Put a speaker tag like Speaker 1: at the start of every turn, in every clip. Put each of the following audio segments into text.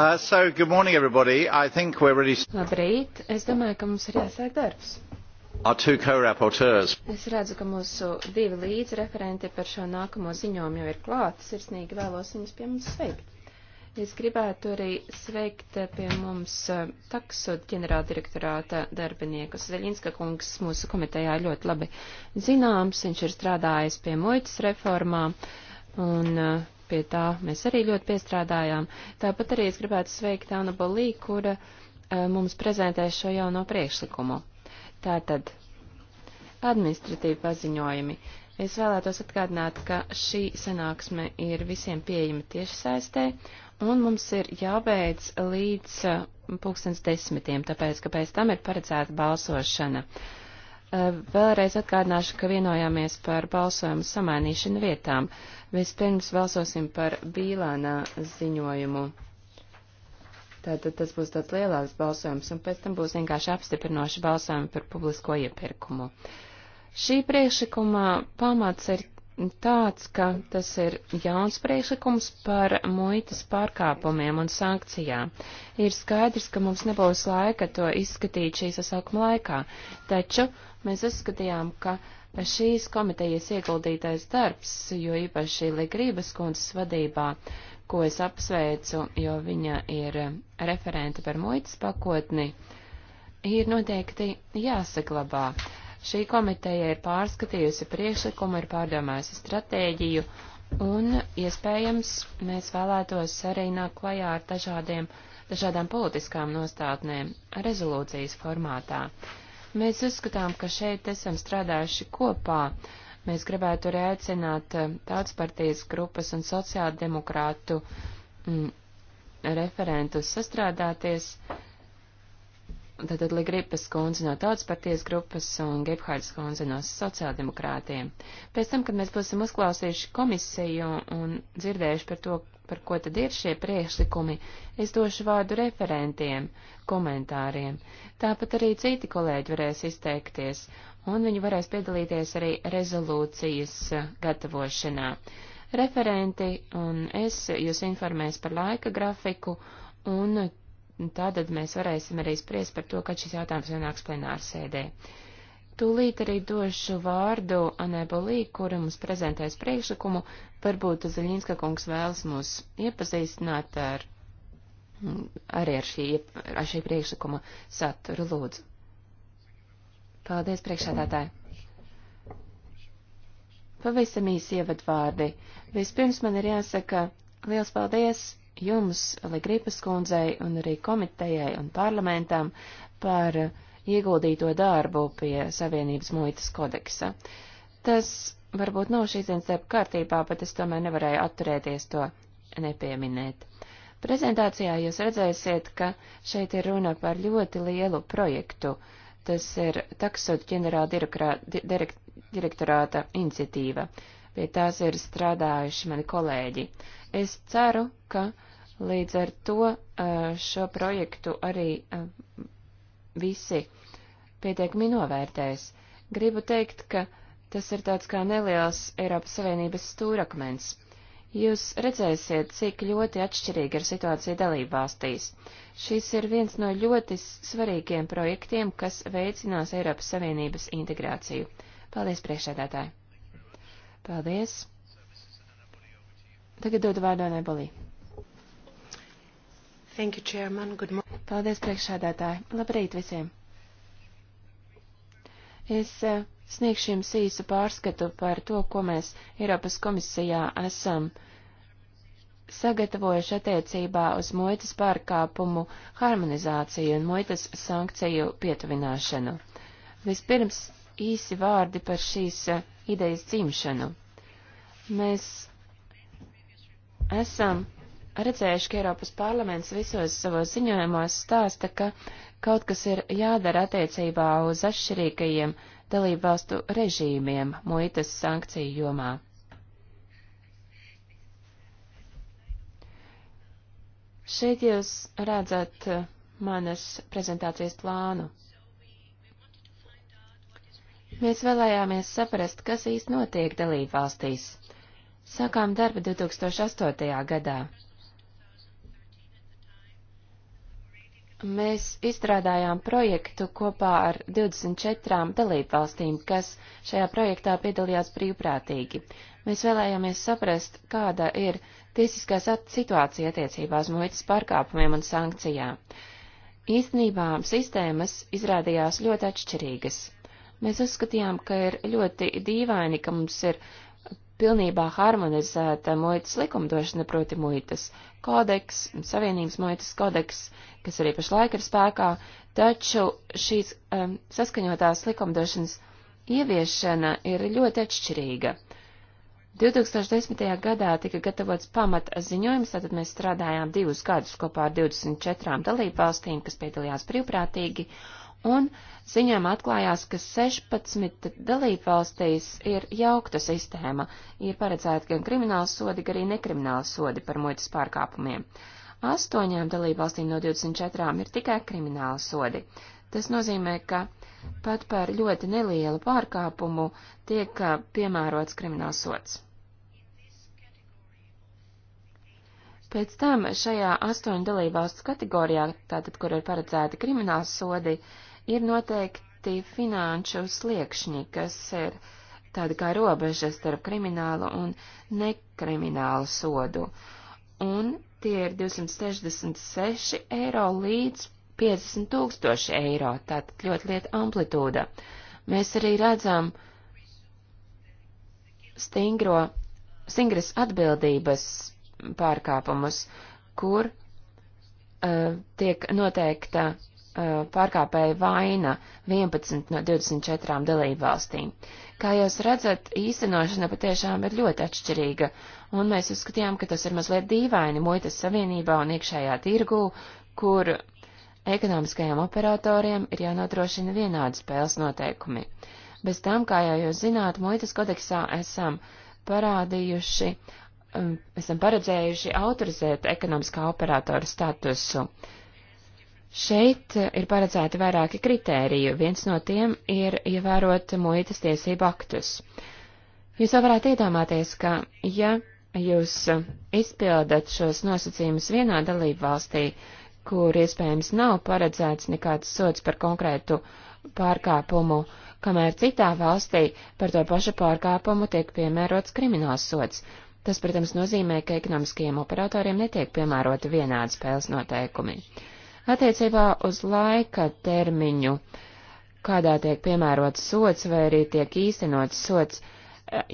Speaker 1: Uh, so, good morning, everybody. I think we're ready.
Speaker 2: Labrīt. Es domāju, ka mums ir jāsāk darbs.
Speaker 1: Our two co-rapporteurs.
Speaker 2: Es redzu, ka mūsu divi līdzreferenti par šo nākamo ziņojumu jau ir klāt. Sirsnīgi vēlos viņus pie mums sveikt. Es gribētu arī sveikt pie mums uh, taksot ģenerāldirektorāta darbiniekus. Zeļinska kungs mūsu komitejā ļoti labi zināms. Viņš ir strādājis pie muitas reformām un uh, Pie tā mēs arī ļoti piestrādājām. Tāpat arī es gribētu sveikt Anna Bolī, kura e, mums prezentēs šo jauno priekšlikumu. Tātad, administratīvi paziņojumi. Es vēlētos atgādināt, ka šī sanāksme ir visiem pieejama tieši saistē, un mums ir jābeidz līdz e, pulkstens desmitiem, tāpēc, ka pēc tam ir paredzēta balsošana. Uh, Eh, vēlreiz atgādināšu, ka vienojāmies par balsojumu samainīšanu vietām. Vispirms balsosim par Bīlānā ziņojumu. Tātad tas būs tāds lielāks balsojums, un pēc tam būs vienkārši apstiprinoši balsojumi par publisko iepirkumu. Šī priekšlikuma pamats ir tāds, ka tas ir jauns priekšlikums par muitas pārkāpumiem un sankcijām. Ir skaidrs, ka mums nebūs laika to izskatīt šī sasaukuma laikā, taču Mēs uzskatījām, ka šīs komitejas ieguldītais darbs, jo īpaši Ligrības kundzes vadībā, ko es apsveicu, jo viņa ir referente par muitas pakotni, ir noteikti jāsaglabā. Šī komiteja ir pārskatījusi priekšlikumu, ir pārdomājusi stratēģiju, un iespējams mēs vēlētos arī nākt klajā ar dažādiem, dažādām politiskām nostātnēm rezolūcijas formātā. Mēs uzskatām, ka šeit esam strādājuši kopā. Mēs gribētu arī aicināt eh, tāds partijas grupas un sociāldemokrātu mm, referentus sastrādāties. Tātad Ligripas kundze no tautas partijas grupas un Gebhards kundze no sociāldemokrātiem. Pēc tam, kad mēs būsim uzklausījuši komisiju un dzirdējuši par to, par ko tad ir šie priekšlikumi, es došu vārdu referentiem, komentāriem. Tāpat arī citi kolēģi varēs izteikties, un viņi varēs piedalīties arī rezolūcijas gatavošanā. Referenti un es jūs informēs par laika grafiku, un tātad mēs varēsim arī spriest par to, kad šis jautājums nonāks plenārsēdē. sēdē. Tūlīt arī došu vārdu Anēbolī, kura mums prezentēs priekšlikumu. Varbūt Zaļinska kungs vēlas mūs iepazīstināt ar, arī ar šī, ar šī priekšlikuma saturu lūdzu. Paldies, priekšsēdētāji! Pavisam īsi ievadvārdi. Vispirms man ir jāsaka liels paldies jums, Ligripas kundzei un arī komitejai un parlamentam par uh, ieguldīto darbu pie Savienības muitas kodeksa. Tas varbūt nav šīs dienas darba kārtībā, bet es tomēr nevarēju atturēties to nepieminēt. Prezentācijā jūs redzēsiet, ka šeit ir runa par ļoti lielu projektu. Tas ir taksot ģenerāla direkt, direktorāta iniciatīva. Pie tās ir strādājuši mani kolēģi. Es ceru, ka līdz ar to šo projektu arī visi pietiekami novērtēs. Gribu teikt, ka tas ir tāds kā neliels Eiropas Savienības stūrakmens. Jūs redzēsiet, cik ļoti atšķirīga ir situācija dalībvalstīs. Šis ir viens no ļoti svarīgiem projektiem, kas veicinās Eiropas Savienības integrāciju. Paldies, priekšsēdētāji! Paldies! Tagad dodu vārdu Nebolī. Thank you, Chairman. Good morning. Paldies, priekšsēdētāji. Labrīt visiem! Es eh, sniegšu jums īsu pārskatu par to, ko mēs Eiropas komisijā esam sagatavojuši attiecībā uz muitas pārkāpumu harmonizāciju un muitas sankciju pietuvināšanu. Vispirms īsi vārdi par šīs eh, idejas dzimšanu. Mēs esam redzējuši, ka Eiropas parlaments visos savos ziņojumos stāsta, ka Kaut kas ir jādara attiecībā uz atšķirīgajiem dalību valstu režīmiem muitas sankciju jomā. Šeit jūs redzat manas prezentācijas plānu. Mēs vēlējāmies saprast, kas īsti notiek dalību valstīs. Sākām darbu 2008. gadā. Mēs izstrādājām projektu kopā ar 24 dalību valstīm, kas šajā projektā piedalījās brīvprātīgi. Mēs vēlējāmies saprast, kāda ir tiesiskā situācija attiecībā uz muitas pārkāpumiem un sankcijām. Īstenībā sistēmas izrādījās ļoti atšķirīgas. Mēs uzskatījām, ka ir ļoti dīvaini, ka mums ir pilnībā harmonizēta muitas likumdošana, proti muitas kodeks, savienības muitas kodeks, kas arī pašlaik ir spēkā, taču šīs um, saskaņotās likumdošanas ieviešana ir ļoti atšķirīga. 2010. gadā tika gatavots pamata ziņojums, tātad mēs strādājām divus gadus kopā ar 24 dalību valstīm, kas piedalījās brīvprātīgi, un ziņām atklājās, ka 16 dalību valstīs ir jaukta sistēma, ir paredzēti gan krimināls sodi, gan arī nekrimināls sodi par muitas pārkāpumiem. Uh, Astoņām dalībvalstīm no 24 ir tikai krimināli sodi. Tas nozīmē, ka pat par ļoti nelielu pārkāpumu tiek piemērots krimināls sots. Pēc tam šajā astoņu dalībvalstu kategorijā, tātad, kur ir paredzēti krimināls sodi, ir noteikti finanšu sliekšņi, kas ir tāda kā robeža starp kriminālu un nekriminālu sodu. Un tie ir 266 eiro līdz 50 tūkstoši eiro, tātad ļoti lieta amplitūda. Mēs arī redzam stingro, stingras atbildības pārkāpumus, kur uh, tiek noteikta uh, pārkāpēja vaina 11 no 24 dalībvalstīm. Kā jūs redzat, īstenošana patiešām ir ļoti atšķirīga, un mēs uzskatījām, ka tas ir mazliet dīvaini muitas savienībā un iekšējā tirgū, kur ekonomiskajiem operatoriem ir jānodrošina vienādi spēles noteikumi. Bez tam, kā jau jūs zināt, muitas kodeksā esam parādījuši, um, esam paredzējuši autorizēt ekonomiskā operatora statusu. Šeit ir paredzēti vairāki kritēriju, viens no tiem ir ievērot muitas tiesību aktus. Jūs jau varētu iedomāties, ka, ja jūs uh, izpildat šos nosacījumus vienā dalību valstī, kur iespējams nav paredzēts nekāds sots par konkrētu pārkāpumu, kamēr citā valstī par to pašu pārkāpumu tiek piemērots krimināls sots. Tas, protams, nozīmē, ka ekonomiskajiem operatoriem netiek piemēroti vienādi spēles noteikumi. Attiecībā uz laika termiņu, kādā tiek piemērots sots vai arī tiek īstenots sots,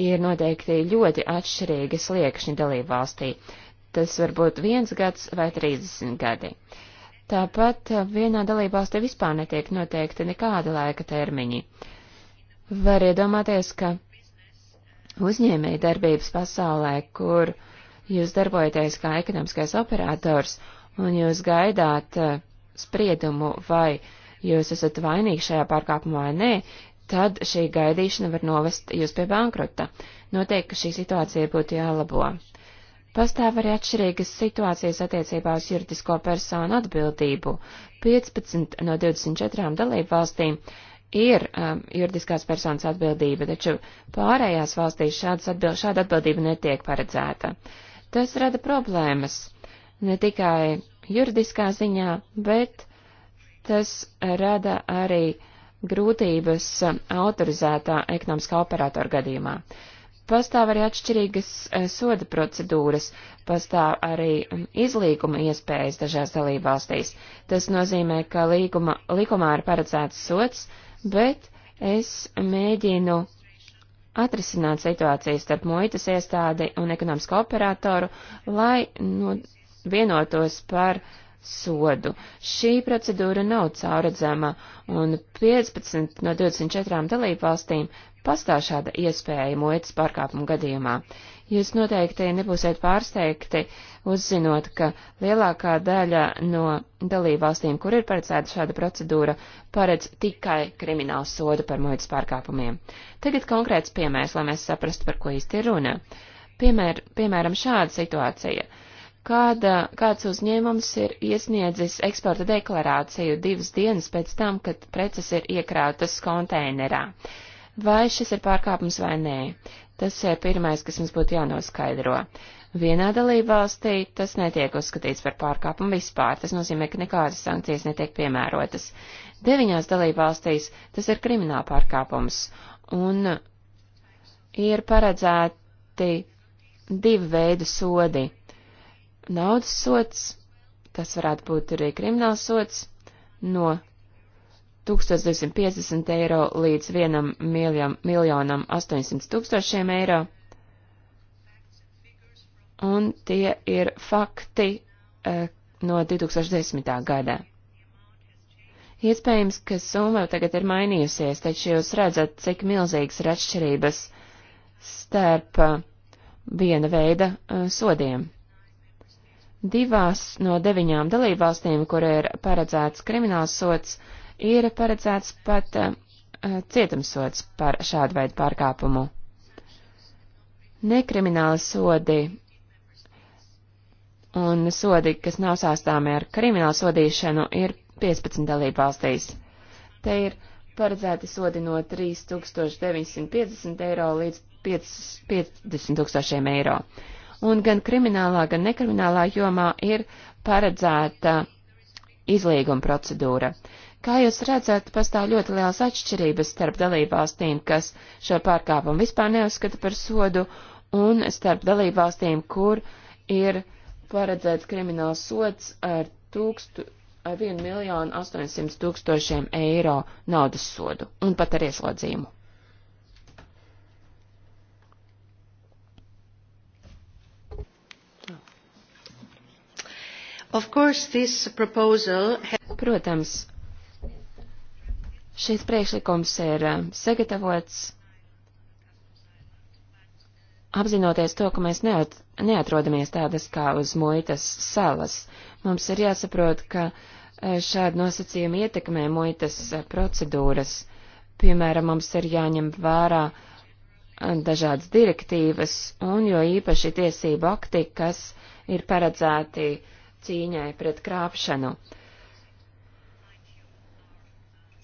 Speaker 2: ir noteikti ļoti atšķirīgi sliekšņi dalību valstī. Tas var būt viens gads vai 30 gadi. Tāpat vienā dalību valstī vispār netiek noteikti nekāda laika termiņi. Var iedomāties, ka uzņēmēji darbības pasaulē, kur jūs darbojaties kā ekonomiskais operators un jūs gaidāt eh, spriedumu vai jūs esat vainīgi šajā pārkāpumā vai nē, tad šī gaidīšana var novest jūs pie bankrota. Noteikti, ka šī situācija būtu jālabo. Pastāv arī atšķirīgas situācijas attiecībā uz juridisko personu atbildību. 15 no 24 dalību valstīm ir um, juridiskās personas atbildība, taču pārējās valstīs atbild, šāda atbildība netiek paredzēta. Tas rada problēmas ne tikai juridiskā ziņā, bet tas rada arī uh, grūtības autorizētā ekonomiskā operatora gadījumā. Pastāv arī atšķirīgas soda procedūras, pastāv arī izlīguma iespējas dažās dalībvalstīs. Tas nozīmē, ka līguma, likumā ir paredzēts sots, bet es mēģinu atrisināt situācijas starp muitas iestādi un ekonomisko operatoru, lai nu, vienotos par uh, sodu. Šī procedūra nav cauradzama, un 15 no 24 dalībvalstīm pastāv šāda iespēja muitas pārkāpuma gadījumā. Jūs noteikti nebūsiet pārsteigti, uzzinot, ka lielākā daļa no dalībvalstīm, kur ir paredzēta šāda procedūra, paredz tikai kriminālu sodu par muitas pārkāpumiem. Tagad konkrēts piemērs, lai mēs saprastu, par ko īsti ir runa. Piemēr, piemēram, šāda situācija. Uh, kāda, kāds uzņēmums ir iesniedzis eksporta deklarāciju divas dienas pēc tam, kad preces ir iekrautas konteinerā. Vai šis ir pārkāpums vai nē? Tas ir pirmais, kas mums būtu jānoskaidro. Vienā dalībvalstī tas netiek uzskatīts par pārkāpumu vispār, tas nozīmē, ka nekādas sankcijas netiek piemērotas. Deviņās dalībvalstīs tas ir krimināla pārkāpums, un ir paredzēti divi veidi sodi naudas sots, tas varētu būt arī krimināls sots, no 1250 eiro līdz 1 miljam, miljonam 800 tūkstošiem eiro. Un tie ir fakti eh, no 2010. gadā. Iespējams, ka summa tagad ir mainījusies, taču jūs redzat, cik milzīgas ir atšķirības starp eh, viena veida eh, sodiem. Divās no deviņām dalībvalstīm, kur ir paredzēts krimināls sots, ir paredzēts pat uh, cietumsots par šādu veidu pārkāpumu. Nekrimināli sodi un sodi, kas nav sāstāmi ar kriminālu sodīšanu, ir 15 dalībvalstīs. Te ir paredzēti sodi no 3950 eiro līdz 50 tūkstošiem eiro un gan kriminālā, gan nekriminālā jomā ir paredzēta izlīguma procedūra. Kā jūs redzat, pastāv ļoti liels atšķirības starp dalībvalstīm, kas šo pārkāpumu vispār neuzskata par sodu, un starp dalībvalstīm, kur ir paredzēts krimināls sods ar, tūkstu, ar 1 miljonu 800 tūkstošiem eiro naudas sodu un pat ar ieslodzījumu. Protams, šis priekšlikums ir eh, sagatavots apzinoties to, ka mēs neat, neatrodamies tādas kā uz muitas salas. Mums ir jāsaprot, ka eh, šādi nosacījumi ietekmē muitas eh, procedūras. Piemēram, mums ir jāņem vērā dažādas direktīvas un jo īpaši tiesību akti, kas ir paredzēti uh, cīņai pret krāpšanu.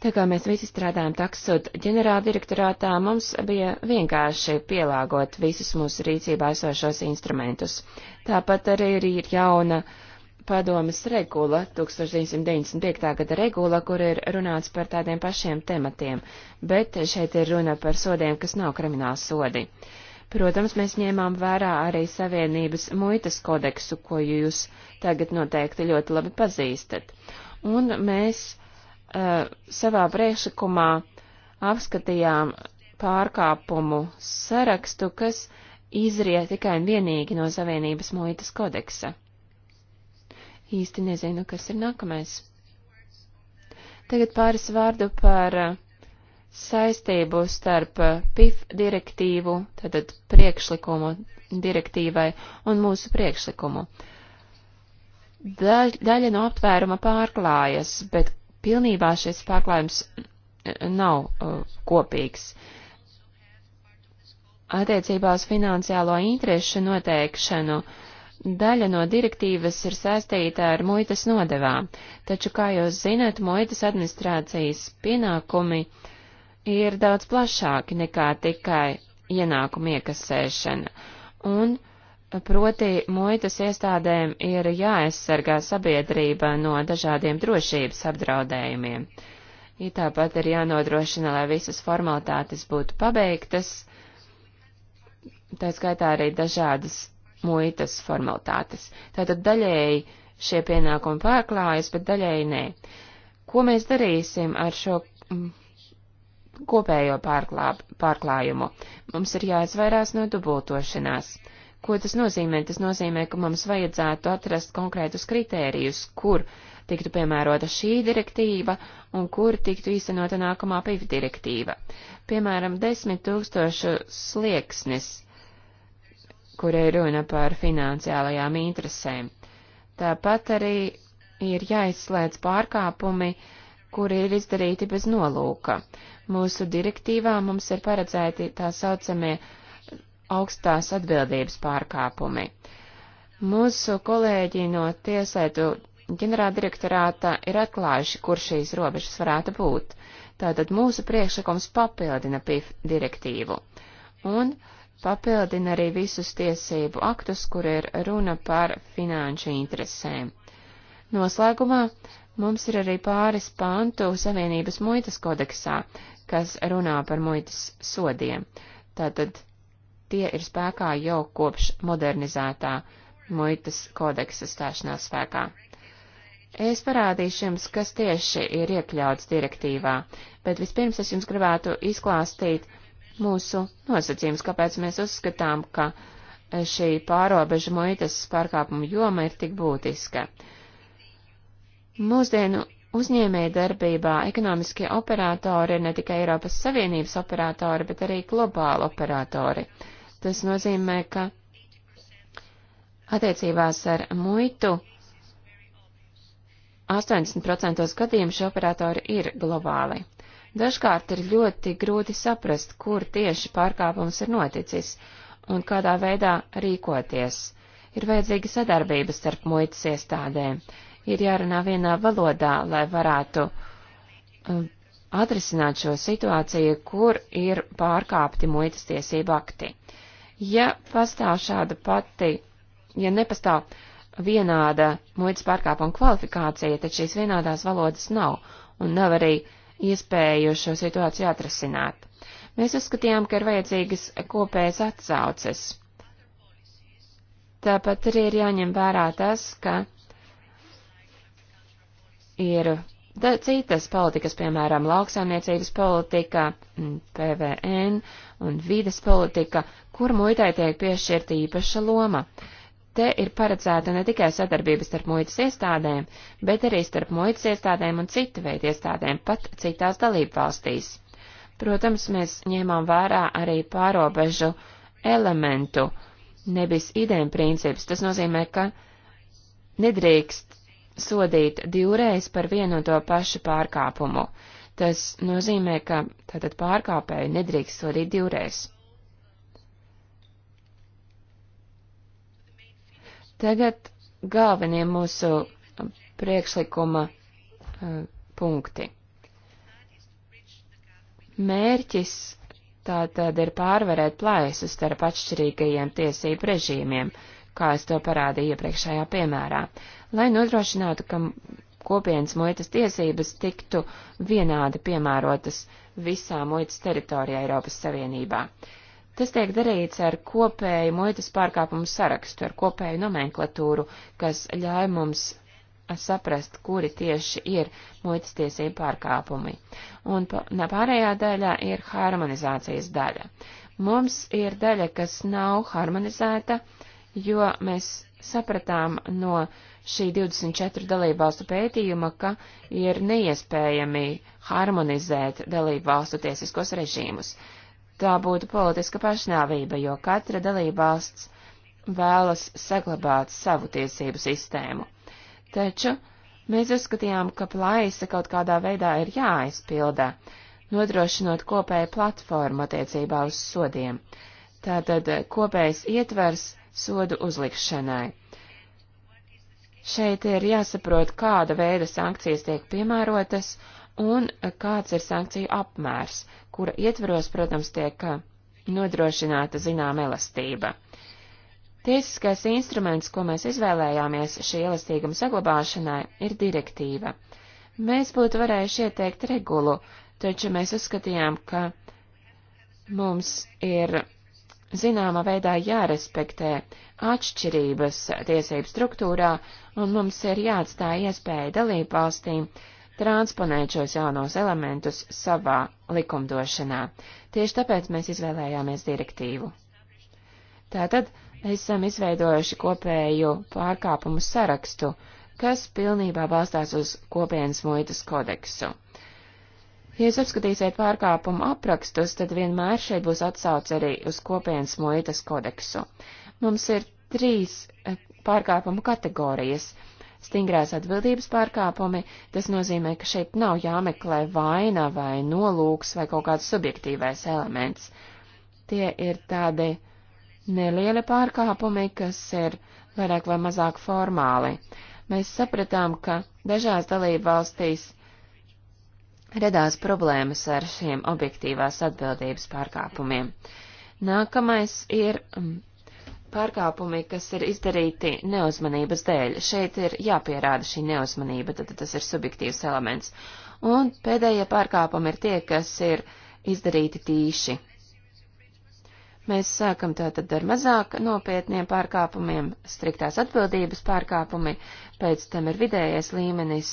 Speaker 2: Tā kā mēs visi strādājam taksot ģenerāldirektorātā, mums bija vienkārši pielāgot visus mūsu rīcībā esošos instrumentus. Tāpat arī ir jauna padomas regula, 1995. gada regula, kur ir runāts par tādiem pašiem tematiem, bet šeit ir runa par sodiem, kas nav krimināls sodi. Protams, mēs ņēmām vērā arī Savienības muitas kodeksu, ko jūs tagad noteikti ļoti labi pazīstat. Un mēs uh, savā priekšlikumā apskatījām pārkāpumu sarakstu, kas izriet tikai un vienīgi no Savienības muitas kodeksa. Īsti nezinu, kas ir nākamais. Tagad pāris vārdu par uh, saistību starp eh, PIF direktīvu, tātad priekšlikumu direktīvai un mūsu priekšlikumu. Uh, Daļ, daļa no aptvēruma pārklājas, bet pilnībā šis pārklājums nav uh, kopīgs. Attiecībā uz finansiālo interešu noteikšanu daļa no direktīvas ir saistīta ar muitas nodevām, taču, kā jūs zinat, muitas administrācijas pienākumi ir daudz plašāki nekā tikai ienākumu iekasēšana, un uh, Proti, muitas iestādēm ir jāaizsargā sabiedrība no dažādiem drošības apdraudējumiem. Ja tāpat ir jānodrošina, lai visas formalitātes būtu pabeigtas, tā skaitā arī dažādas muitas formalitātes. Tātad daļēji šie pienākumi pārklājas, bet daļēji nē. Ko mēs darīsim ar šo mm, kopējo pārklā, pārklājumu? Mums ir jāizvairās no dubultošanās. Ko tas nozīmē? Tas nozīmē, ka mums vajadzētu atrast konkrētus kritērijus, kur tiktu piemērota šī direktīva un kur tiktu īstenota nākamā PIF direktīva. Piemēram, desmit tūkstošu slieksnis, kur ir runa par finansiālajām interesēm. Tāpat arī ir jāizslēdz pārkāpumi, kuri ir izdarīti bez nolūka. Mūsu direktīvā mums ir paredzēti tā saucamie augstās atbildības pārkāpumi. Mūsu kolēģi no tieslietu ģenerāldirektorāta ir atklājuši, kur šīs robežas varētu būt. Tātad mūsu priekšlikums papildina PIF direktīvu un papildina arī visus tiesību aktus, kur ir runa par finanšu interesēm. Noslēgumā mums ir arī pāris pantu Savienības muitas kodeksā, kas runā par muitas sodiem. Tātad Tie ir spēkā jau kopš modernizētā muitas kodeksa stāšanās spēkā. Es parādīšu jums, kas tieši ir iekļauts direktīvā, bet vispirms es jums gribētu izklāstīt mūsu nosacījums, kāpēc mēs uzskatām, ka šī pārobeža muitas pārkāpuma joma ir tik būtiska. Mūsdienu uzņēmēja darbībā ekonomiskie operatori ir ne tikai Eiropas Savienības operatori, bet arī globāli operatori. Uh, Tas nozīmē, ka attiecībās ar muitu 80% gadījumu šie operatori ir globāli. Dažkārt ir ļoti grūti saprast, kur tieši pārkāpums ir noticis un kādā veidā rīkoties. Ir vajadzīga sadarbība starp muitas iestādēm, ir jārunā vienā valodā, lai varētu um, atrisināt šo situāciju, kur ir pārkāpti muitas tiesību akti. Ja pastāv šāda pati, ja nepastāv vienāda muitas pārkāpuma kvalifikācija, tad šīs vienādās valodas nav un nav arī iespēju šo situāciju atrasināt. Mēs uzskatījām, ka ir vajadzīgas kopējas atsauces. Tāpat arī ir jāņem vērā tas, ka ir citas politikas, piemēram, lauksaimniecības politika, mm, PVN un vides politika, kur muitai tiek piešķirta īpaša loma. Te ir paredzēta ne tikai sadarbības starp muitas iestādēm, bet arī starp muitas iestādēm un citu veidu iestādēm pat citās dalību valstīs. Protams, mēs ņēmām vērā arī pārobežu elementu, nevis idēm princips. Tas nozīmē, ka nedrīkst sodīt divreiz par vienu un to pašu pārkāpumu. Tas nozīmē, ka tātad pārkāpēju nedrīkst sodīt divreiz. Tagad galvenie mūsu priekšlikuma uh, punkti. Mērķis tātad ir pārvarēt plaisu starp atšķirīgajiem tiesību režīmiem, kā es to parādīju iepriekšējā piemērā, lai nodrošinātu, ka kopienas muitas tiesības tiktu vienādi piemērotas visā muitas teritorijā Eiropas Savienībā. Uh, Tas tiek darīts ar kopēju muitas pārkāpumu sarakstu, ar kopēju nomenklatūru, kas ļauj mums saprast, kuri tieši ir muitas tiesību pārkāpumi. Un pārējā daļā ir harmonizācijas daļa. Mums ir daļa, kas nav harmonizēta, jo mēs sapratām no šī 24 dalību valstu pētījuma, ka ir neiespējami harmonizēt dalību valstu tiesiskos režīmus tā būtu politiska pašnāvība, jo katra dalībvalsts vēlas saglabāt savu tiesību sistēmu. Taču mēs uzskatījām, ka plaisa kaut kādā veidā ir jāaizpilda, nodrošinot kopēju platformu attiecībā uz sodiem. Tātad kopējs ietvers sodu uzlikšanai. Šeit ir jāsaprot, kāda veida sankcijas tiek piemērotas un kāds ir sankciju apmērs, kura ietveros, protams, tiek uh, nodrošināta zināma elastība. Tiesiskais instruments, ko mēs izvēlējāmies šī elastīguma saglabāšanai, ir direktīva. Mēs būtu varējuši ieteikt regulu, taču mēs uzskatījām, ka mums ir zināma veidā jārespektē atšķirības tiesību struktūrā, un mums ir jāatstāja iespēja dalībvalstīm transponēt šos jaunos elementus savā likumdošanā. Tieši tāpēc mēs izvēlējāmies direktīvu. Tātad esam izveidojuši kopēju pārkāpumu sarakstu, kas pilnībā balstās uz kopienas muitas kodeksu. Ja jūs apskatīsiet pārkāpumu aprakstus, tad vienmēr šeit būs atsauce arī uz kopienas muitas kodeksu. Mums ir trīs eh, pārkāpumu kategorijas stingrās atbildības pārkāpumi, tas nozīmē, ka šeit nav jāmeklē vaina vai nolūks vai kaut kāds subjektīvais elements. Tie ir tādi nelieli pārkāpumi, kas ir vairāk vai mazāk formāli. Mēs sapratām, ka dažās dalību valstīs redās problēmas ar šiem objektīvās atbildības pārkāpumiem. Nākamais ir mm, pārkāpumi, kas ir izdarīti neuzmanības dēļ. Šeit ir jāpierāda šī neuzmanība, tad tas ir subjektīvs elements. Un pēdējie pārkāpumi ir tie, kas ir izdarīti tīši. Mēs sākam tātad ar mazāk nopietniem pārkāpumiem, striktās atbildības pārkāpumi, pēc tam ir vidējais līmenis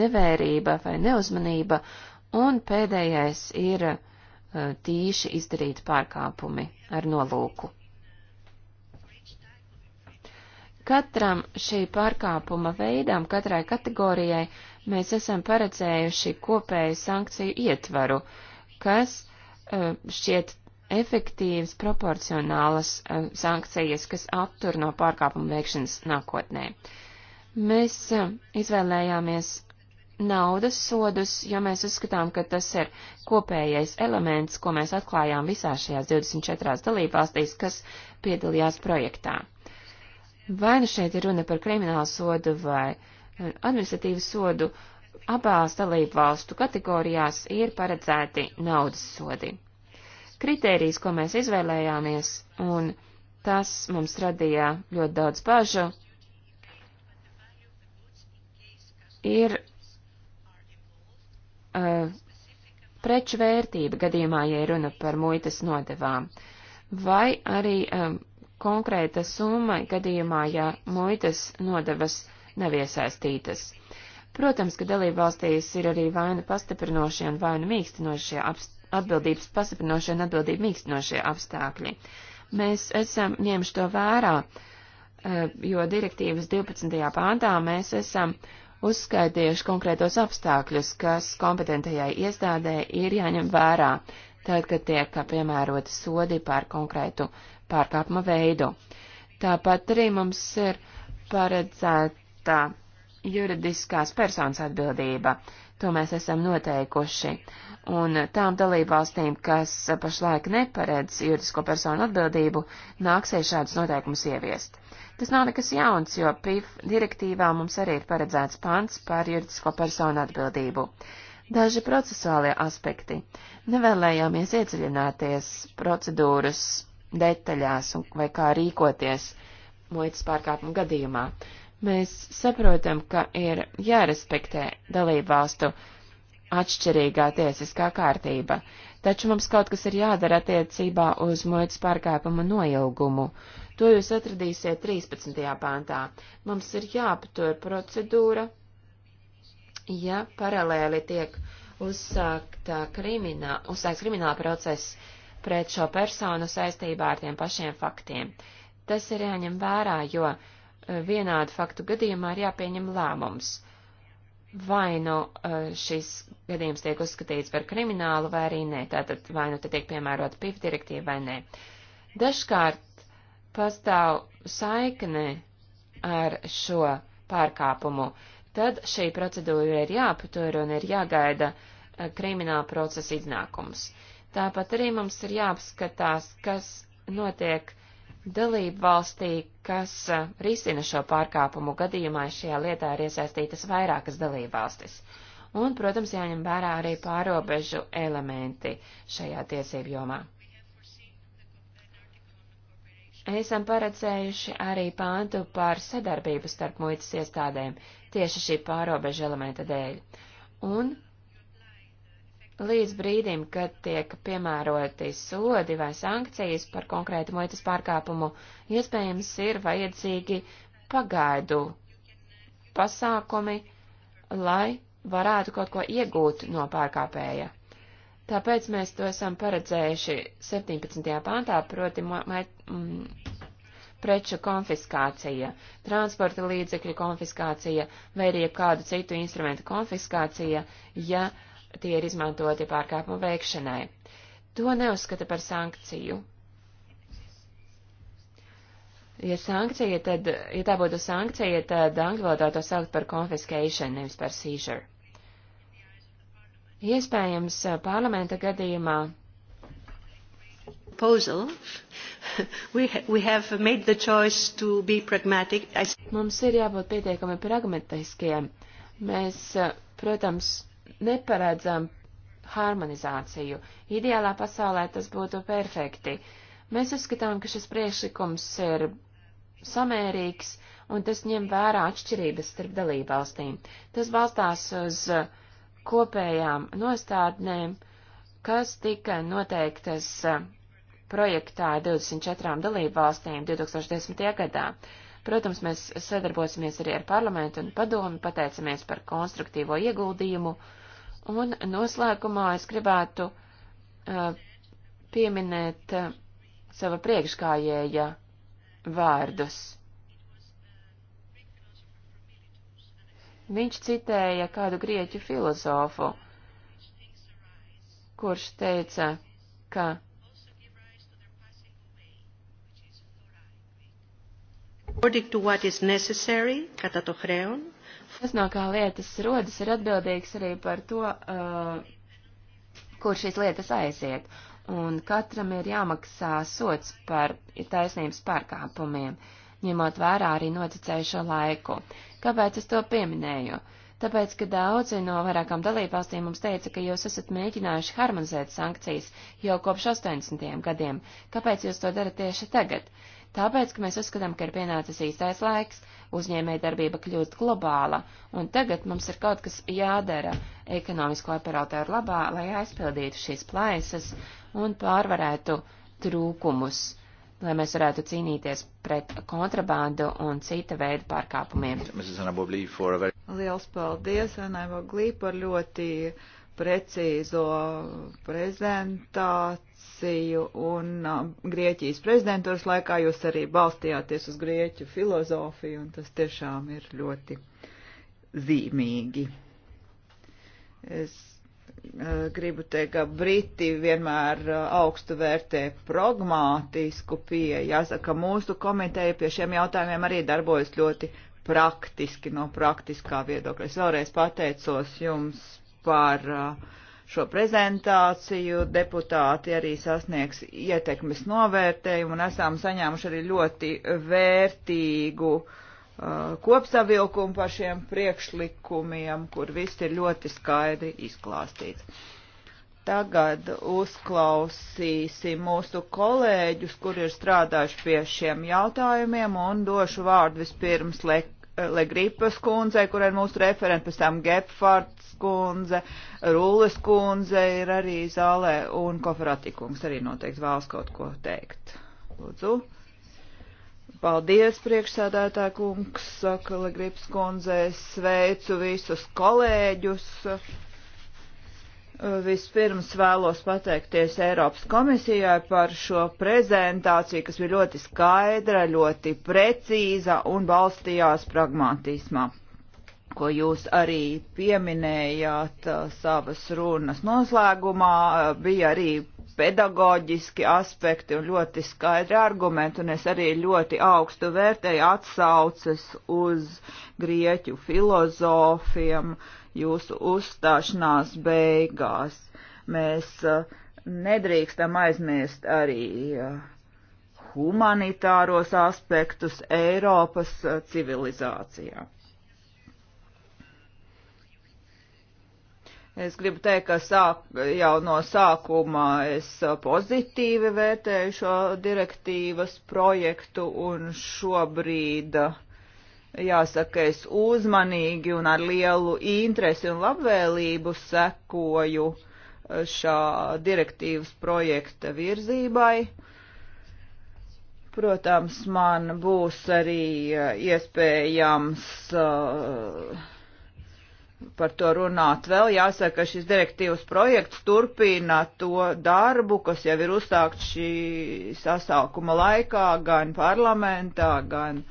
Speaker 2: nevērība vai neuzmanība, un pēdējais ir eh, tīši izdarīti pārkāpumi ar nolūku. Katram šī pārkāpuma veidam, katrai kategorijai mēs esam paredzējuši kopēju sankciju ietvaru, kas e, šķiet efektīvas, proporcionālas e, sankcijas, kas aptur no pārkāpuma veikšanas nākotnē. Mēs e, izvēlējāmies naudas sodus, jo mēs uzskatām, ka tas ir kopējais elements, ko mēs atklājām visās šajās 24 dalībvalstīs, kas piedalījās projektā. Vai nu šeit ir runa par kriminālu sodu vai eh, administratīvu sodu, abās dalību valstu kategorijās ir paredzēti naudas sodi. Kritērijs, ko mēs izvēlējāmies, un tas mums radīja ļoti daudz bažu, ir uh, preču vērtība gadījumā, ja runa par muitas nodevām, vai arī um, konkrēta summa gadījumā, ja muitas nodevas nav iesaistītas. Protams, ka dalībvalstīs ir arī vaina pastiprinošie un vaina mīkstinošie atbildības pastiprinošie un atbildība mīkstinošie apstākļi. Mēs esam ņemši to vērā, eh, jo direktīvas 12. pāntā mēs esam uzskaitījuši konkrētos apstākļus, kas kompetentajai iestādē ir jāņem vērā, tad, kad tiek piemēroti sodi par konkrētu pārkāpuma veidu. Tāpat arī mums ir paredzēta juridiskās personas atbildība. To mēs esam noteikuši. Un tām dalībvalstīm, kas pašlaik neparedz juridisko personu atbildību, nāksies šādus noteikumus ieviest. Tas nav nekas jauns, jo PIF direktīvā mums arī ir paredzēts pants par juridisko personu atbildību. Daži procesuālie aspekti. Nevēlējāmies iedziļināties procedūras detaļās un vai kā rīkoties muitas pārkāpuma gadījumā. Mēs saprotam, ka ir jārespektē dalību valstu atšķirīgā tiesiskā kārtība, taču mums kaut kas ir jādara attiecībā uz muitas pārkāpuma noilgumu. To jūs atradīsiet 13. pāntā. Mums ir jāaptur procedūra, ja paralēli tiek uzsākta krimināla, uzsāks krimināla process pret šo personu saistībā ar tiem pašiem faktiem. Tas ir jāņem vērā, jo eh, vienādu faktu gadījumā ir jāpieņem lēmums. Vai nu eh, šis gadījums tiek uzskatīts par kriminālu vai arī nē, tātad vai nu te tiek piemērota PIF direktīva vai nē. Dažkārt pastāv saikne ar šo pārkāpumu, tad šī procedūra ir jāpatur un ir jāgaida eh, krimināla procesa iznākums. Tāpat arī mums ir jāapskatās, kas notiek dalību valstī, kas uh, risina šo pārkāpumu gadījumā, šajā lietā ir iesaistītas vairākas dalību valstis. Un, protams, jāņem vērā arī pārobežu elementi šajā tiesību jomā. Esam paredzējuši arī pāntu par sadarbību starp muitas iestādēm tieši šī pārobežu elementa dēļ. Un Līdz brīdim, kad tiek piemēroti sodi vai sankcijas par konkrētu muitas pārkāpumu, iespējams ir vajadzīgi pagaidu pasākumi, lai varētu kaut ko iegūt no pārkāpēja. Tāpēc mēs to esam paredzējuši 17. pāntā, proti mm, preču konfiskācija, transporta līdzekļu konfiskācija vai arī kādu citu instrumentu konfiskācija, ja uh, tie ir izmantoti pārkāpumu veikšanai. To neuzskata par sankciju. Ja sankcija, tad, ja tā būtu sankcija, tad angļu valodā to saukt par confiscation, nevis par seizure. Iespējams, parlamenta gadījumā proposal, we, ha we have made the choice to be pragmatic. I... Mums ir jābūt pietiekami pragmatiskiem. Mēs, eh, protams, neparedzam harmonizāciju. Ideālā pasaulē tas būtu perfekti. Mēs uzskatām, ka šis priekšlikums ir samērīgs un tas ņem vērā atšķirības starp dalībvalstīm. Tas balstās uz kopējām nostādnēm, kas tika noteiktas projektā 24 dalībvalstīm 2010. gadā. Protams, mēs sadarbosimies arī ar parlamentu un padomi, pateicamies par konstruktīvo ieguldījumu. Uh, Un noslēgumā es gribētu uh, pieminēt uh, sava priekškājēja vārdus. Viņš citēja kādu grieķu filozofu, kurš teica, ka according to what is necessary, κατά το χρέον, Tas, no kā lietas rodas, ir atbildīgs arī par to, uh, kur šīs lietas aiziet. Un katram ir jāmaksā sots par taisnības pārkāpumiem, ņemot vērā arī noticējušo laiku. Kāpēc es to pieminēju? Tāpēc, ka daudzi no vairākām dalībvalstīm mums teica, ka jūs esat mēģinājuši harmonizēt sankcijas jau kopš 80. gadiem. Kāpēc jūs to darat tieši tagad? Uh, Tāpēc, ka mēs uzskatām, ka ir pienācis īstais laiks, uzņēmēja darbība kļūst globāla, un tagad mums ir kaut kas jādara ekonomisko operatoru labā, lai aizpildītu šīs plaisas un pārvarētu trūkumus, lai mēs varētu cīnīties pret kontrabandu un cita veida pārkāpumiem. Liels paldies, Anai Voglī, par ļoti
Speaker 3: precīzo prezentāciju diskusiju un Grieķijas prezidentūras laikā jūs arī balstījāties uz Grieķu filozofiju, un tas tiešām ir ļoti zīmīgi. Es gribu teikt, ka Briti vienmēr augstu vērtē pragmātisku pieeju. Jāsaka, mūsu komiteja pie šiem jautājumiem arī darbojas ļoti praktiski no praktiskā viedokļa. Es vēlreiz pateicos jums par uh, šo prezentāciju. Deputāti arī sasniegs ietekmes novērtējumu un esam saņēmuši arī ļoti vērtīgu uh, kopsavilkumu par šiem priekšlikumiem, kur viss ir ļoti skaidri izklāstīts. Tagad uzklausīsim mūsu kolēģus, kur ir strādājuši pie šiem jautājumiem, un došu vārdu vispirms Lek Legripas kundzei, kur ir mūsu referenti, pēc tam Gepfard kundze, Rūles kundze ir arī zālē un Koferatikums arī noteikti vēlas kaut ko teikt. Lūdzu. Paldies, priekšsēdētā kungs, saka Legrips kundze, sveicu visus kolēģus. Vispirms vēlos pateikties Eiropas komisijai par šo prezentāciju, kas bija ļoti skaidra, ļoti precīza un balstījās pragmatismā ko jūs arī pieminējāt savas runas noslēgumā, bija arī pedagoģiski aspekti un ļoti skaidri argumenti, un es arī ļoti augstu vērtēju atsauces uz grieķu filozofiem jūsu uzstāšanās beigās. Mēs nedrīkstam aizmirst arī humanitāros aspektus Eiropas civilizācijā. Es gribu teikt, ka sāk, jau no sākuma es pozitīvi vērtēju šo direktīvas projektu un šobrīd, jāsaka, es uzmanīgi un ar lielu interesi un labvēlību sekoju eh, šā direktīvas projekta virzībai. Protams, man būs arī eh, iespējams uh, par to runāt vēl. Jāsaka, ka šis direktīvas projekts turpina to darbu, kas jau ir uzsākts šī sasaukuma laikā gan parlamentā, gan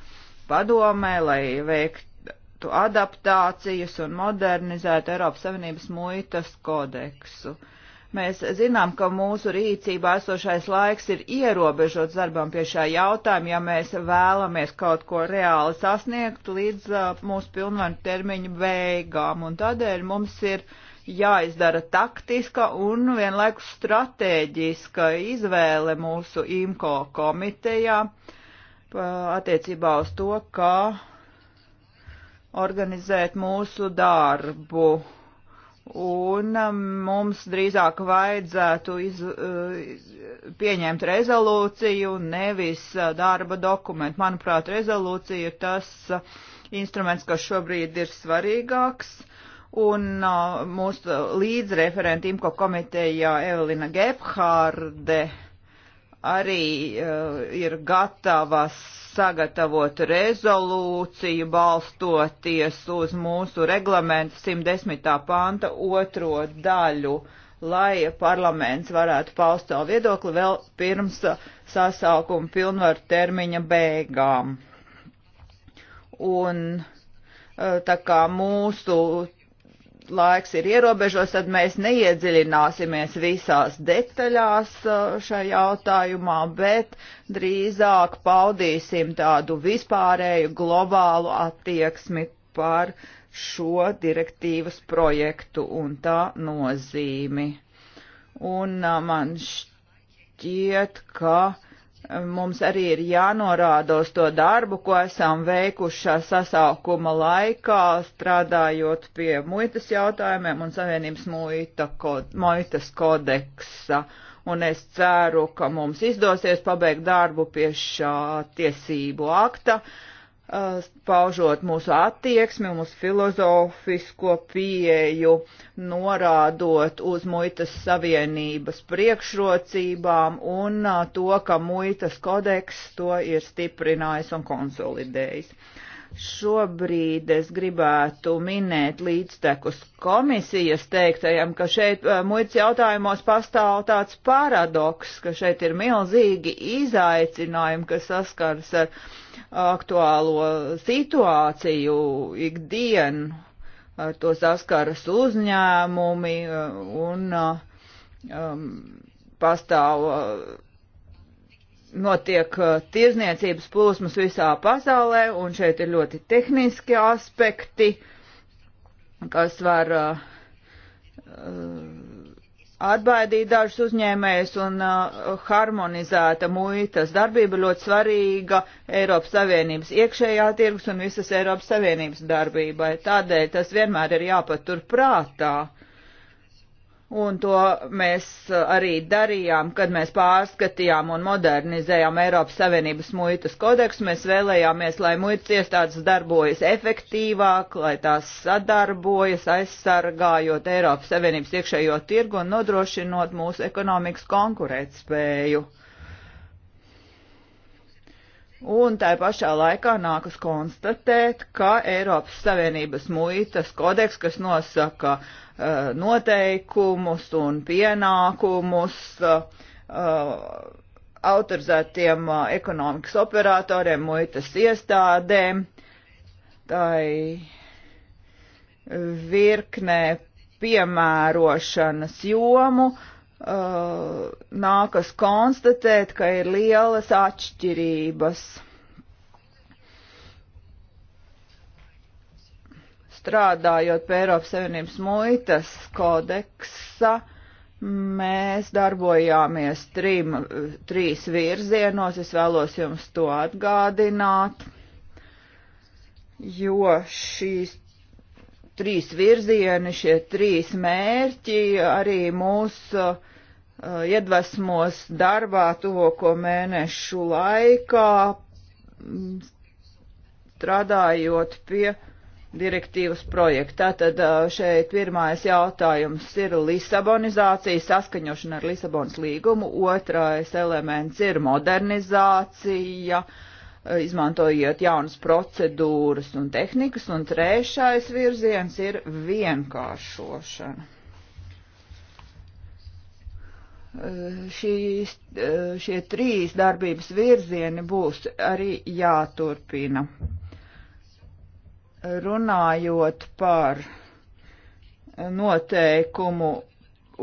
Speaker 3: padomē, lai veiktu adaptācijas un modernizētu Eiropas Savienības muitas kodeksu. Uh, Mēs zinām, ka mūsu rīcībā esošais laiks ir ierobežots darbam pie šā jautājuma, ja mēs vēlamies kaut ko reāli sasniegt līdz uh, mūsu pilnvaru termiņu beigām. Un tādēļ mums ir jāizdara taktiska un vienlaikus stratēģiska izvēle mūsu IMCO komitejā attiecībā uz to, kā organizēt mūsu darbu Un um, mums drīzāk vajadzētu iz, uh, pieņemt rezolūciju, nevis uh, darba dokumentu. Manuprāt, rezolūcija ir tas uh, instruments, kas šobrīd ir svarīgāks. Un mūsu līdzreferenti IMCO komitejā Evelina Gebhārde arī uh, ir gatavas sagatavot rezolūciju balstoties uz mūsu reglamentu 110. panta otro daļu, lai parlaments varētu paust savu viedokli vēl pirms sasaukuma pilnvaru termiņa beigām. Un eh, tā kā mūsu laiks ir ierobežos, tad mēs neiedziļināsimies visās detaļās uh, šajā jautājumā, bet drīzāk paudīsim tādu vispārēju globālu attieksmi par šo direktīvas projektu un tā nozīmi. Un uh, man šķiet, ka mums arī ir jānorāda uz to darbu, ko esam veikuši šā sasaukuma laikā, strādājot pie muitas jautājumiem un Savienības muita kod, muitas kodeksa. Un es ceru, ka mums izdosies pabeigt darbu pie šā tiesību akta. Uh, Uh, paužot mūsu attieksmi, mūsu filozofisko pieeju, norādot uz muitas savienības priekšrocībām un uh, to, ka muitas kodeks to ir stiprinājis un konsolidējis. Šobrīd es gribētu minēt līdztekus komisijas teiktajam, ka šeit uh, muitas jautājumos pastāv tāds paradoks, ka šeit ir milzīgi izaicinājumi, kas saskars ar aktuālo situāciju ikdienu, ar to saskaras uzņēmumi uh, un uh, um, pastāv uh, notiek tirzniecības plūsmas visā pasaulē, un šeit ir ļoti tehniski aspekti, kas var uh, atbaidīt dažus uzņēmējus un uh, harmonizēta muitas darbība ļoti svarīga Eiropas Savienības iekšējā tirgus un visas Eiropas Savienības darbībai. Tādēļ tas vienmēr ir jāpatur prātā. Un to mēs uh, arī darījām, kad mēs pārskatījām un modernizējām Eiropas Savienības muitas kodeksu. Mēs vēlējāmies, lai muitas iestādes darbojas efektīvāk, lai tās sadarbojas, aizsargājot Eiropas Savienības iekšējo tirgu un nodrošinot mūsu ekonomikas konkurētspēju. spēju Un tā pašā laikā nākas konstatēt, ka Eiropas Savienības muitas kodeks, kas nosaka uh, noteikumus un pienākumus uh, uh autorizētiem uh, ekonomikas operatoriem, muitas iestādēm, tai virknē piemērošanas jomu, uh, uh, nākas konstatēt, ka ir lielas atšķirības. Strādājot pie Eiropas Savienības muitas kodeksa, mēs darbojāmies trim, trīs virzienos, es vēlos jums to atgādināt, jo šīs trīs virzieni, šie trīs mērķi arī mūs uh, Eh, iedvesmos darbā tuvoko mēnešu laikā, mm, strādājot pie direktīvas projekta. Tad eh, šeit pirmais jautājums ir Lisabonizācija, saskaņošana ar Lisabonas līgumu. Otrais elements ir modernizācija, eh, izmantojot jaunas procedūras un tehnikas. Un trešais virziens ir vienkāršošana šīs, šie trīs darbības virzieni būs arī jāturpina. Runājot par noteikumu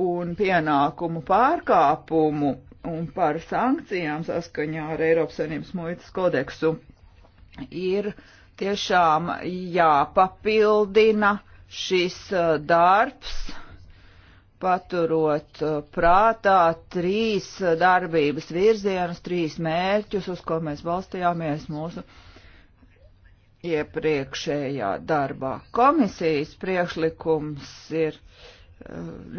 Speaker 3: un pienākumu pārkāpumu un par sankcijām saskaņā ar Eiropas Savienības muitas kodeksu, ir tiešām jāpapildina šis eh, darbs paturot uh, prātā trīs uh, darbības virzienus, trīs mērķus, uz ko mēs balstījāmies mūsu iepriekšējā darbā. Komisijas priekšlikums ir uh,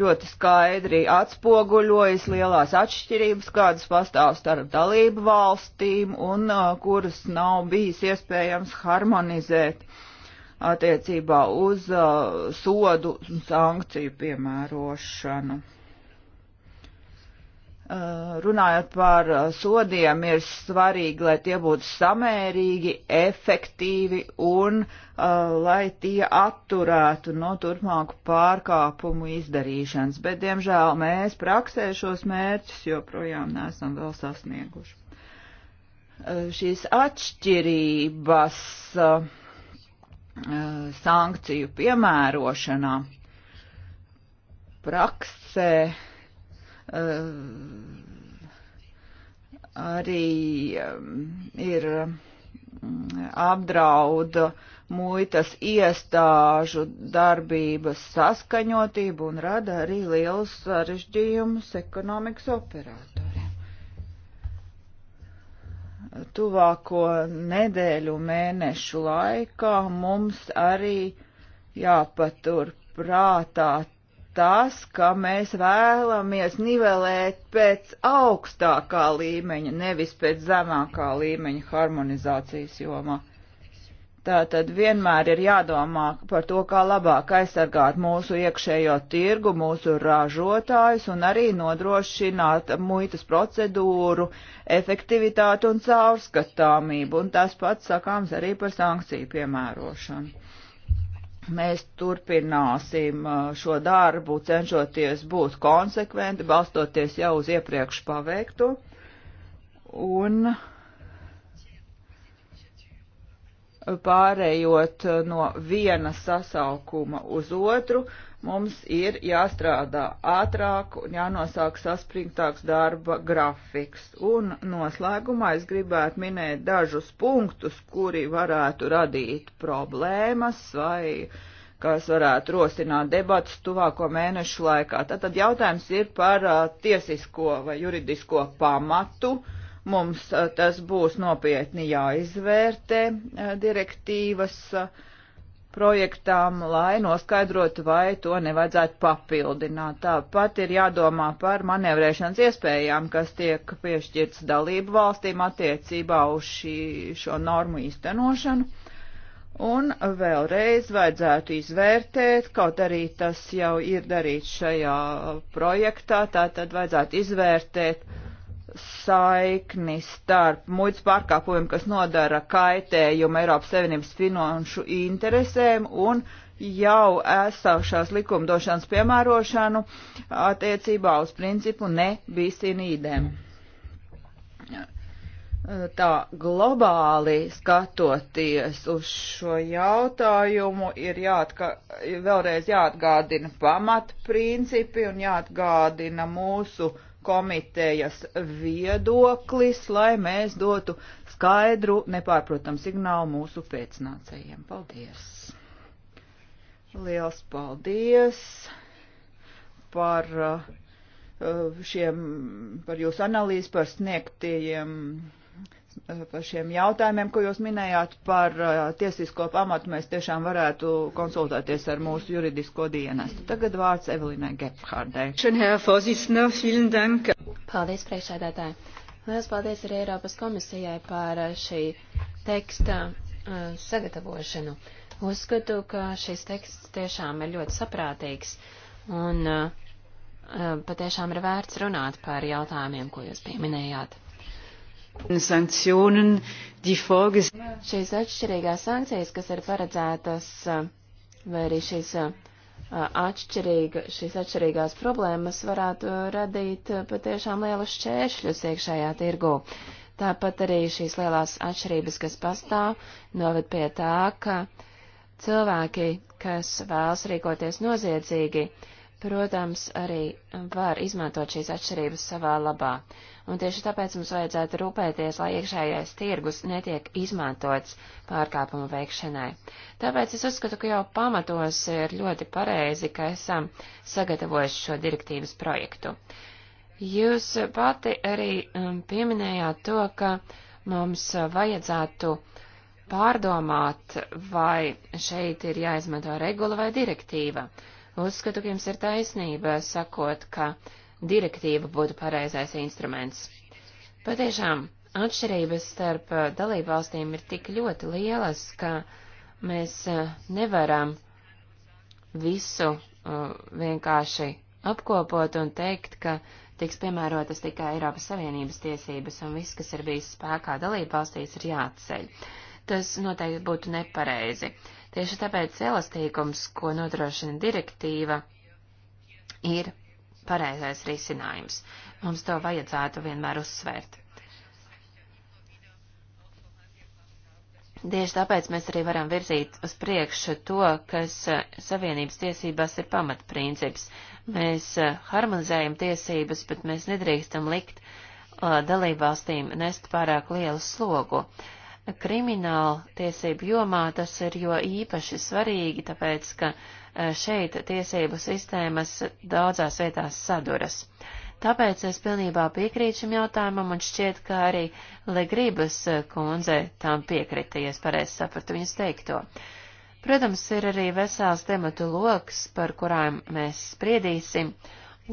Speaker 3: ļoti skaidri atspoguļojas lielās atšķirības, kādas pastāv starp dalību valstīm un kuras nav bijis iespējams harmonizēt uh, attiecībā uz uh, sodu un sankciju piemērošanu. Uh, runājot par uh, sodiem, ir svarīgi, lai tie būtu samērīgi, efektīvi un uh, lai tie atturētu no turpmāku pārkāpumu izdarīšanas, bet, diemžēl, mēs praksē šos mērķus joprojām neesam vēl sasnieguši. Uh, šīs atšķirības uh, Eh, sankciju piemērošanā praksē eh, arī ir mm, apdrauda muitas iestāžu darbības saskaņotību un rada arī liels sarežģījumus ekonomikas operācijām tuvāko nedēļu mēnešu laikā mums arī jāpatur prātā tas, ka mēs vēlamies nivelēt pēc augstākā līmeņa, nevis pēc zemākā līmeņa harmonizācijas jomā. Tātad vienmēr ir jādomā par to, kā labāk aizsargāt mūsu iekšējo tirgu, mūsu ražotājus un arī nodrošināt muitas procedūru efektivitāti un caurskatāmību. Un tas pats sakāms arī par sankciju piemērošanu. Mēs turpināsim uh, šo darbu, cenšoties būt konsekventi, balstoties jau uz iepriekš paveiktu. Un uh, pārējot uh, no viena sasaukuma uz otru, mums ir jāstrādā ātrāk un jānosāk saspringtāks darba grafiks. Un noslēgumā es gribētu minēt dažus punktus, kuri varētu radīt problēmas vai kas varētu rosināt debatas tuvāko mēnešu laikā. Tātad jautājums ir par uh, tiesisko vai juridisko pamatu uh, Mums tas būs nopietni jāizvērtē direktīvas projektām, lai noskaidrotu, vai to nevajadzētu papildināt. Tāpat ir jādomā par manevrēšanas iespējām, kas tiek piešķirts dalību valstīm attiecībā uz šī, šo normu īstenošanu. Un vēlreiz vajadzētu izvērtēt, kaut arī tas jau ir darīts šajā projektā, tātad vajadzētu izvērtēt, saikni starp muitas pārkāpumiem, kas nodara kaitējumu Eiropas Savienības finanšu interesēm un jau esošās likumdošanas piemērošanu attiecībā uz principu ne bisinīdēm. Tā globāli skatoties uz šo jautājumu ir jāatka, vēlreiz jāatgādina pamatprincipi un jāatgādina mūsu komitejas viedoklis, lai mēs dotu skaidru, nepārprotam signālu mūsu pēcnācējiem. Paldies! Liels paldies par uh, uh, šiem, par jūsu analīzi, par sniegtajiem par šiem jautājumiem, ko jūs minējāt par uh, tiesisko pamatu, mēs tiešām varētu konsultēties ar mūsu juridisko dienestu. Tagad vārds Evelinai Gephárdai.
Speaker 2: Paldies, priekšsēdētāji. Lielas paldies arī Eiropas komisijai par uh, šī teksta uh, sagatavošanu. Uzskatu, ka šis teksts tiešām ir ļoti saprātīgs un patiešām ir vērts runāt par jautājumiem, ko jūs pieminējāt. Sankcionen, die vorgesehen. Šīs atšķirīgās sankcijas, kas ir paredzētas, vai arī šīs atšķirīga, šīs atšķirīgās problēmas varētu radīt patiešām lielus šķēršļus iekšējā tirgu. Tāpat arī šīs lielās atšķirības, kas pastāv, noved pie tā, ka cilvēki, kas vēlas rīkoties noziedzīgi, uh, protams, arī var izmantot šīs atšķirības savā labā. Un tieši tāpēc mums vajadzētu rūpēties, lai iekšējais tirgus netiek izmantots pārkāpumu veikšanai. Tāpēc es uzskatu, ka jau pamatos ir ļoti pareizi, ka esam sagatavojuši šo direktīvas projektu. Jūs pati arī um, pieminējāt to, ka mums vajadzētu pārdomāt, vai šeit ir jāizmanto regula vai direktīva. Uh, Uzskatu, ka jums ir taisnība sakot, ka direktīva būtu pareizais instruments. Patiešām, atšķirības starp eh, dalībvalstīm ir tik ļoti lielas, ka mēs eh, nevaram visu uh, vienkārši apkopot un teikt, ka tiks piemērotas tikai Eiropas Savienības tiesības un viss, kas ir bijis spēkā dalībvalstīs, ir jāatceļ. Tas noteikti būtu nepareizi. Tieši tāpēc elastīgums, ko nodrošina direktīva, ir pareizais risinājums. Mums to vajadzētu vienmēr uzsvērt. Tieši tāpēc mēs arī varam virzīt uz priekšu to, kas eh, Savienības tiesībās ir pamatprincips. Mēs eh, harmonizējam tiesības, bet mēs nedrīkstam likt eh, dalībvalstīm nest pārāk lielu slogu. Uh, krimināla tiesību jomā tas ir jo īpaši svarīgi, tāpēc, ka eh, šeit tiesību sistēmas daudzās vietās saduras. Tāpēc es pilnībā piekrītu šim jautājumam un šķiet, ka arī Legribas eh, kundze tam piekrita, ja es pareizi sapratu viņas teikto. Protams, ir arī vesels tematu loks, par kurām mēs spriedīsim,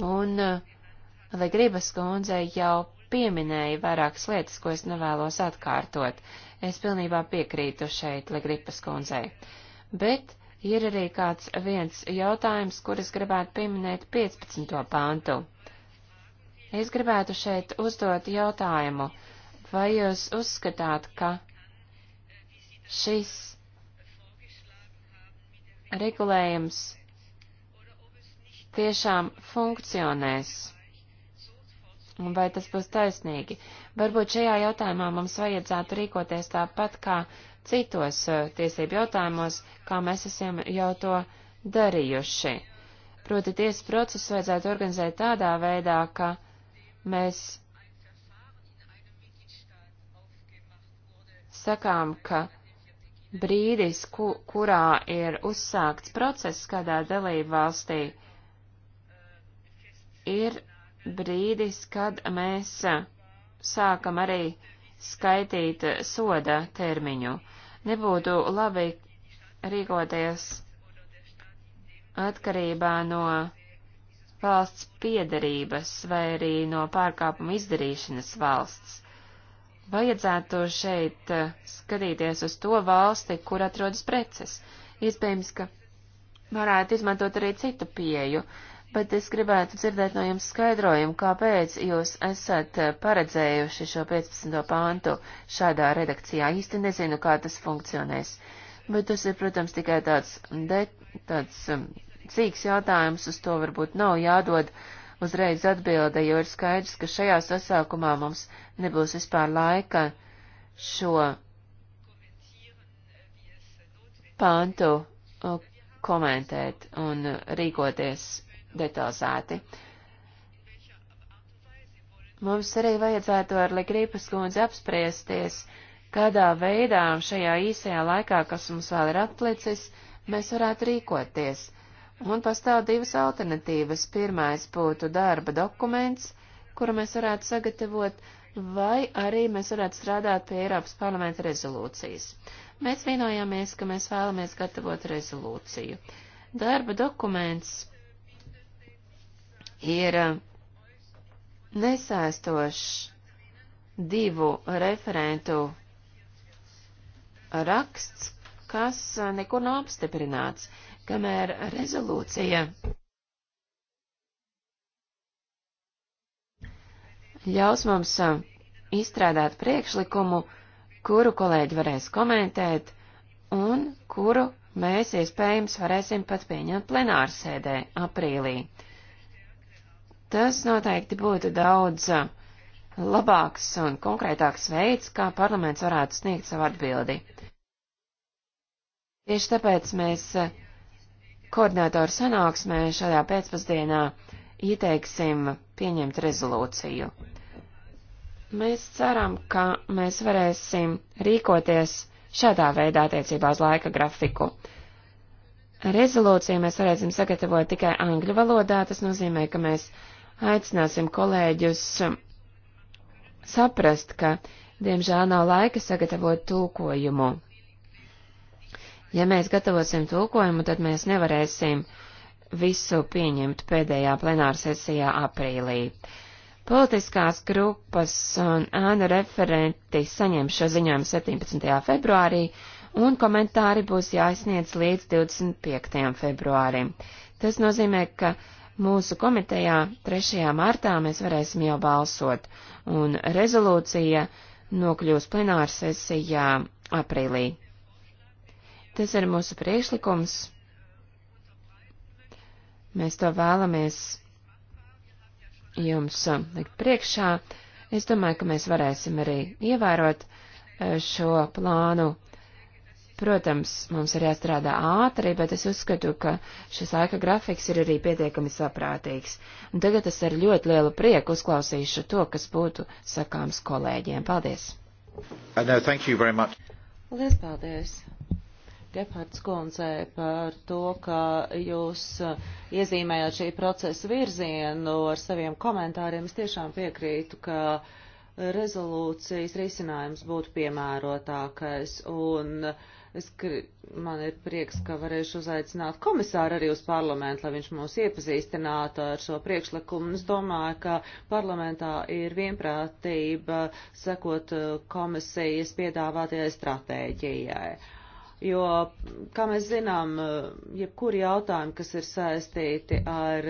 Speaker 2: un eh, Legribas kundze jau pieminēja vairākas lietas, ko es nevēlos atkārtot. Es pilnībā piekrītu šeit Ligripas kundzei. Bet ir arī kāds viens jautājums, kur es gribētu pieminēt 15. pāntu. Es gribētu šeit uzdot jautājumu, vai jūs uzskatāt, ka šis regulējums tiešām funkcionēs? un vai tas būs taisnīgi. Varbūt šajā jautājumā mums vajadzētu rīkoties tāpat kā citos uh, tiesību jautājumos, kā mēs esam jau to darījuši. Proti tiesas procesu vajadzētu organizēt tādā veidā, ka mēs sakām, ka brīdis, ku, kurā ir uzsākts process kādā dalībvalstī, ir brīdis, kad mēs eh, sākam arī skaitīt eh, soda termiņu. Nebūtu labi rīkoties atkarībā no valsts piederības vai arī no pārkāpuma izdarīšanas valsts. Vajadzētu šeit eh, skatīties uz to valsti, kur atrodas preces. Iespējams, ka varētu izmantot arī citu pieju. Uh, bet es gribētu dzirdēt no jums skaidrojumu, kāpēc jūs esat paredzējuši šo 15. pāntu šādā redakcijā. Īsti nezinu, kā tas funkcionēs, bet tas ir, protams, tikai tāds, de, tāds um, cīks jautājums, uz to varbūt nav jādod uzreiz atbilde, jo ir skaidrs, ka šajā sasākumā mums nebūs vispār laika šo pāntu uh, komentēt un uh, rīkoties detalizēti. Mums arī vajadzētu ar Ligrīpas kundzi apspriesties, kādā veidā šajā īsajā laikā, kas mums vēl ir atlicis, mēs varētu rīkoties. Un pastāv divas alternatīvas. Pirmais būtu darba dokuments, kuru mēs varētu sagatavot, vai arī mēs varētu strādāt pie Eiropas parlamenta rezolūcijas. Mēs vienojāmies, ka mēs vēlamies gatavot rezolūciju. Darba dokuments ir eh, nesaistošs divu referentu raksts, kas eh, nekur nav apstiprināts, kamēr rezolūcija ļaus mums eh, izstrādāt priekšlikumu, kuru kolēģi varēs komentēt un kuru mēs iespējams varēsim pat pieņemt plenārsēdē aprīlī. Tas noteikti būtu daudz uh, labāks un konkrētāks veids, kā parlaments varētu sniegt savu atbildi. Tieši tāpēc mēs uh, koordinātoru sanāksmē šajā pēcpusdienā ieteiksim pieņemt rezolūciju. Mēs ceram, ka mēs varēsim rīkoties šādā veidā attiecībā uz laika grafiku. Rezolūciju mēs varēsim sagatavot tikai angļu valodā, tas nozīmē, ka mēs aicināsim kolēģus um, saprast, ka, diemžēl, nav laika sagatavot tulkojumu. Ja mēs gatavosim tulkojumu, tad mēs nevarēsim visu pieņemt pēdējā plenārsesijā aprīlī. Politiskās grupas un ēna referenti saņem šo ziņojumu 17. februārī, un komentāri būs jāizsniedz līdz 25. februārim. Tas nozīmē, ka Mūsu komitejā 3. martā mēs varēsim jau balsot, un rezolūcija nokļūs plenāra sesijā aprīlī. Tas ir mūsu priekšlikums. Mēs to vēlamies jums likt priekšā. Es domāju, ka mēs varēsim arī ievērot eh, šo plānu Protams, mums ir jāstrādā ātri, bet es uzskatu, ka šis laika grafiks ir arī pietiekami saprātīgs. Un tagad es ar ļoti lielu prieku uzklausīšu to, kas būtu sakāms kolēģiem. Paldies!
Speaker 1: Uh, no, thank you very much.
Speaker 4: Liels paldies! Gephards Kundzei par to, ka jūs uh, iezīmējāt šī procesa virzienu ar saviem komentāriem. Es tiešām piekrītu, ka rezolūcijas risinājums būtu piemērotākais un uh, Es, man ir prieks, ka varēšu uzaicināt komisāru arī uz parlamentu, lai viņš mūs iepazīstinātu ar šo priekšlikumu. Es domāju, ka parlamentā ir vienprātība sekot uh, komisijas piedāvātajai stratēģijai jo, kā mēs zinām, jebkuri jautājumi, kas ir saistīti ar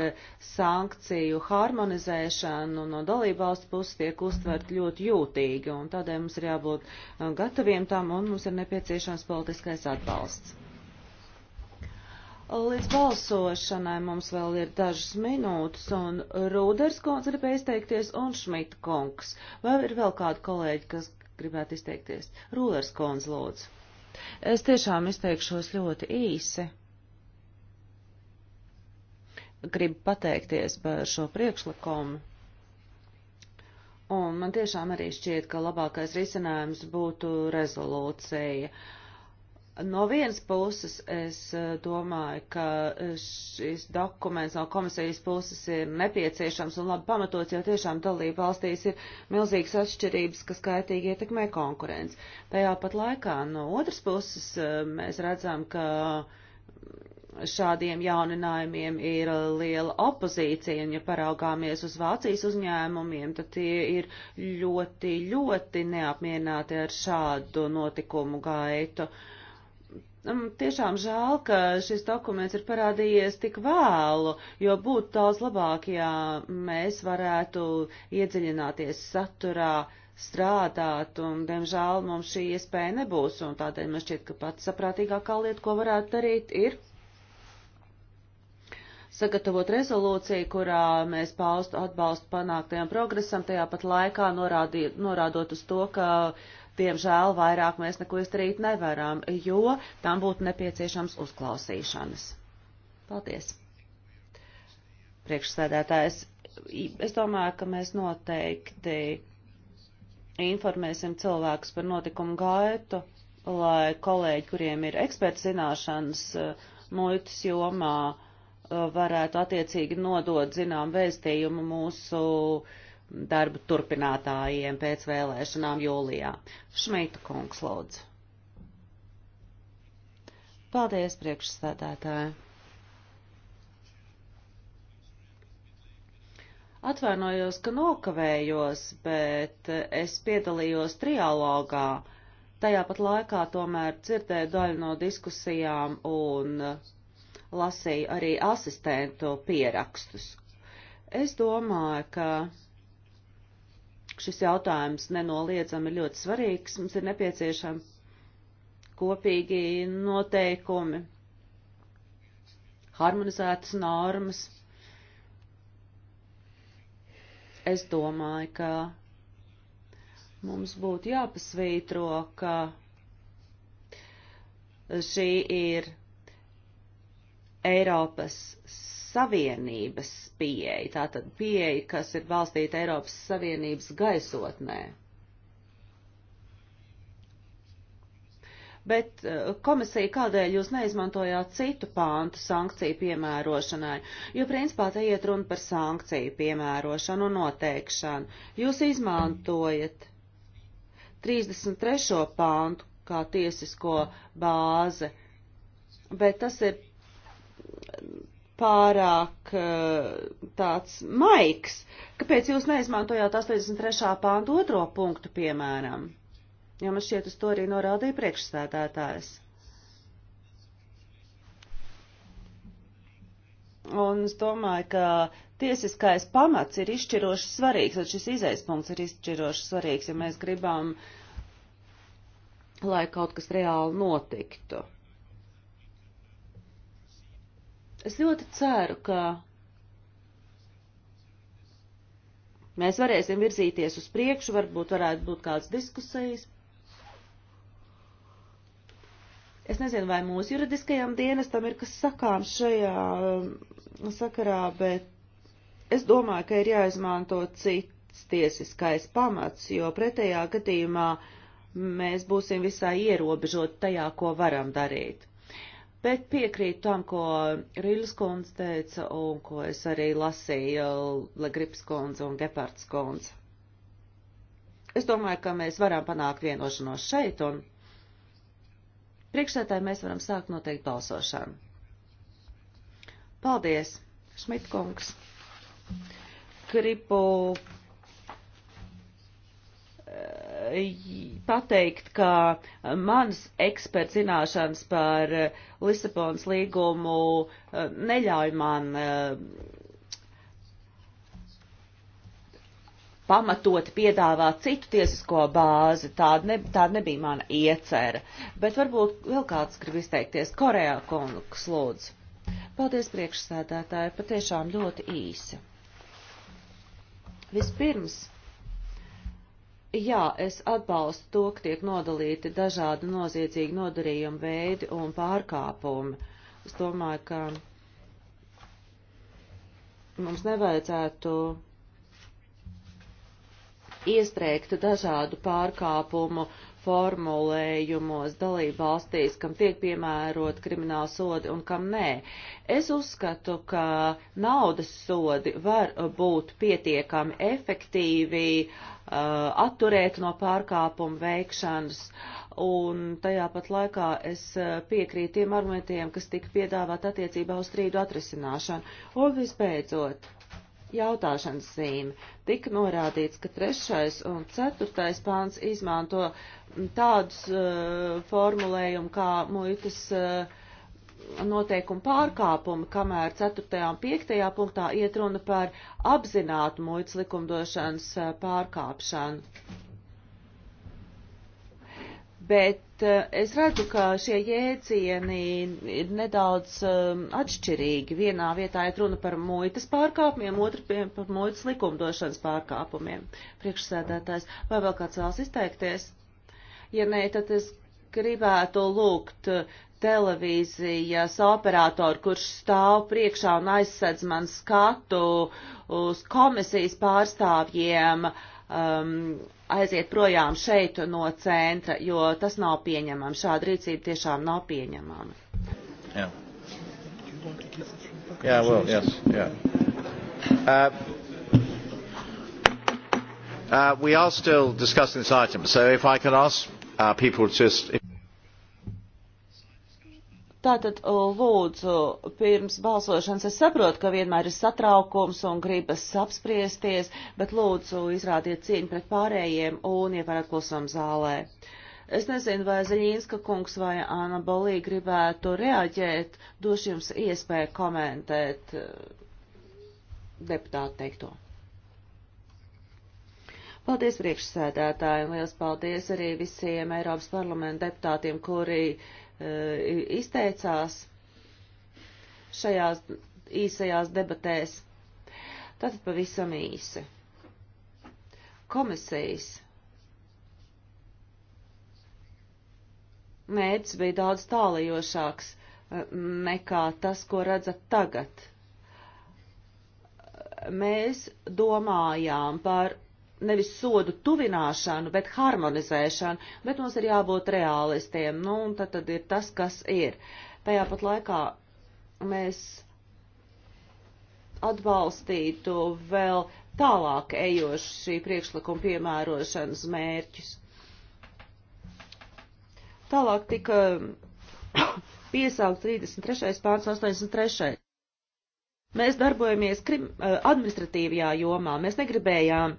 Speaker 4: sankciju harmonizēšanu no dalībvalstu puses, tiek uztvert ļoti jūtīgi, un tādēļ mums ir jābūt uh, gataviem tam, un mums ir nepieciešams politiskais atbalsts. Līdz balsošanai mums vēl ir dažas minūtes, un Rūders kungs grib izteikties, un Šmita kungs. Vai ir vēl kādi kolēģi, kas gribētu izteikties? Rūders kungs lūdzu. Es tiešām izteikšos ļoti īsi. Gribu pateikties par šo priekšlikumu. Un man tiešām arī šķiet, ka labākais risinājums būtu rezolūcija. Uh, No vienas puses es eh, domāju, ka eh, šis dokuments no komisijas puses ir nepieciešams un labi pamatots, jo tiešām dalība valstīs ir milzīgas atšķirības, kas kaitīgi ietekmē konkurenci. Tajā pat laikā no otras puses eh, mēs redzam, ka šādiem jauninājumiem ir liela opozīcija, un ja paraugāmies uz Vācijas uzņēmumiem, tad tie ir ļoti, ļoti neapmierināti ar šādu notikumu gaitu. Uh,
Speaker 2: Nu, tiešām žēl,
Speaker 4: ka šis dokuments ir parādījies tik vēlu, jo būtu daudz labāk, ja mēs varētu iedziļināties saturā, strādāt, un, diemžēl, mums šī iespēja nebūs, un tādēļ man šķiet, ka pats saprātīgākā lieta, ko varētu darīt, ir sagatavot rezolūciju, kurā mēs paustu atbalstu panāktajam progresam, tajā pat laikā norādī, norādot uz to, ka uh, diemžēl vairāk mēs neko izdarīt nevaram, jo tam būtu nepieciešams uzklausīšanas. Paldies. Priekšsēdētājs, es domāju, ka mēs noteikti informēsim cilvēkus par notikumu gaitu, lai kolēģi, kuriem ir eksperts zināšanas muitas jomā, varētu attiecīgi nodot zinām vēstījumu mūsu uh, darba turpinātājiem pēc vēlēšanām jūlijā. Šmeita kungs lūdzu. Paldies, priekšsēdētāji. Atvainojos, ka nokavējos, bet es piedalījos trialogā. Tajā pat laikā tomēr dzirdēju daļu no diskusijām un lasīju arī asistentu pierakstus. Es domāju, ka Šis jautājums nenoliedzami ir ļoti svarīgs. Mums ir nepieciešami kopīgi noteikumi, harmonizētas normas. Es domāju, ka mums būtu jāpasvītro, ka šī ir Eiropas Savienības pieeja, tātad pieeja, kas ir balstīta Eiropas Savienības gaisotnē. Bet uh, komisija, kādēļ jūs neizmantojāt citu pāntu sankciju piemērošanai? Jo principā te iet runa par sankciju piemērošanu un noteikšanu. Jūs izmantojat 33. pāntu kā tiesisko bāzi, bet tas ir pārāk eh, tāds maigs. Kāpēc jūs neizmantojāt 83. pāntu otro punktu, piemēram? Jo man šķiet, uz to arī norādīja priekšsēdētājs. Un es domāju, ka tiesiskais pamats ir izšķiroši svarīgs, un šis izaispunkts ir izšķiroši svarīgs, ja mēs gribam, lai kaut kas reāli notiktu. Es ļoti ceru, ka mēs varēsim virzīties uz priekšu, varbūt varētu būt kādas diskusijas. Es nezinu, vai mūsu juridiskajam dienestam ir kas sakāms šajā um, sakarā, bet es domāju, ka ir jāizmanto cits tiesiskais pamats, jo pretējā gadījumā mēs būsim visai ierobežoti tajā, ko varam darīt bet piekrītu tam, ko Rīles kundze teica un ko es arī lasīju Legrips kundze un Gepards kundze. Es domāju, ka mēs varam panākt vienošanos šeit un priekšsētāji mēs varam sākt noteikt balsošanu. Paldies, Šmitkungs. Gribu pateikt, ka manas eksperta zināšanas par Lisabonas līgumu eh, neļauj man eh, pamatot piedāvāt citu tiesisko bāzi. Tāda, ne, tāda nebija mana iecera. Bet varbūt vēl kāds grib izteikties. Korejā kungs lūdzu. Paldies priekšsēdētāji, patiešām ļoti īsi. Vispirms Jā, es atbalstu to, ka tiek nodalīti dažādi noziedzīgi nodarījumi veidi un pārkāpumi. Es domāju, ka mums nevajadzētu iestrēgt dažādu pārkāpumu formulējumos dalību valstīs, kam tiek piemērot krimināli sodi un kam nē. Es uzskatu, ka naudas sodi var būt pietiekami efektīvi uh, Uh, atturēt no pārkāpumu veikšanas. Un tajā pat laikā es uh, piekrītu tiem argumentiem, kas tika piedāvāt attiecībā uz strīdu atrisināšanu. Un visbeidzot, jautāšanas zīme. Tika norādīts, ka trešais un ceturtais pāns izmanto tādus uh, formulējumu kā muitas uh, noteikumu pārkāpumi, kamēr 4. un 5. punktā iet runa par apzinātu muitas likumdošanas pārkāpšanu. Bet es redzu, ka šie jēdzieni ir nedaudz um, atšķirīgi. Vienā vietā ir runa par muitas pārkāpumiem, otrā par muitas likumdošanas pārkāpumiem. Priekšsēdētājs, vai vēl kāds vēlas izteikties? Ja nē, tad es gribētu lūgt televīzijas operātoru, kurš stāv priekšā un aizsedz man skatu uz komisijas pārstāvjiem, um, aiziet projām šeit no centra, jo tas nav pieņemami. Šāda rīcība tiešām nav pieņemama.
Speaker 1: Yeah. Yeah, well, yes, yeah. Uh, uh, we are still discussing this item, so if I can ask uh, people just. If
Speaker 4: Tātad, lūdzu, pirms balsošanas es saprotu, ka vienmēr ir satraukums un gribas apspriesties, bet lūdzu, izrādiet cieņu pret pārējiem un ievērēt klusam zālē. Es nezinu, vai Zaļīnska kungs vai Anna Bolī gribētu reaģēt, došu jums iespēju komentēt eh, deputātu teikto. Paldies priekšsēdētājiem, liels paldies arī visiem Eiropas parlamenta deputātiem, kuri uh, Eh, izteicās šajās īsajās debatēs. Tātad pavisam īsi. Komisijas mērķis bija daudz tālajošāks eh, nekā tas, ko redzat tagad. Mēs domājām par nevis sodu tuvināšanu, bet harmonizēšanu, bet mums ir jābūt realistiem. Nu, un tad, tad ir tas, kas ir. Tajā pat laikā mēs atbalstītu vēl tālāk ejošu šī priekšlikuma piemērošanas mērķus. Tālāk tika piesaukt 33. pārs 83. Mēs darbojamies eh, administratīvajā jomā, mēs negribējām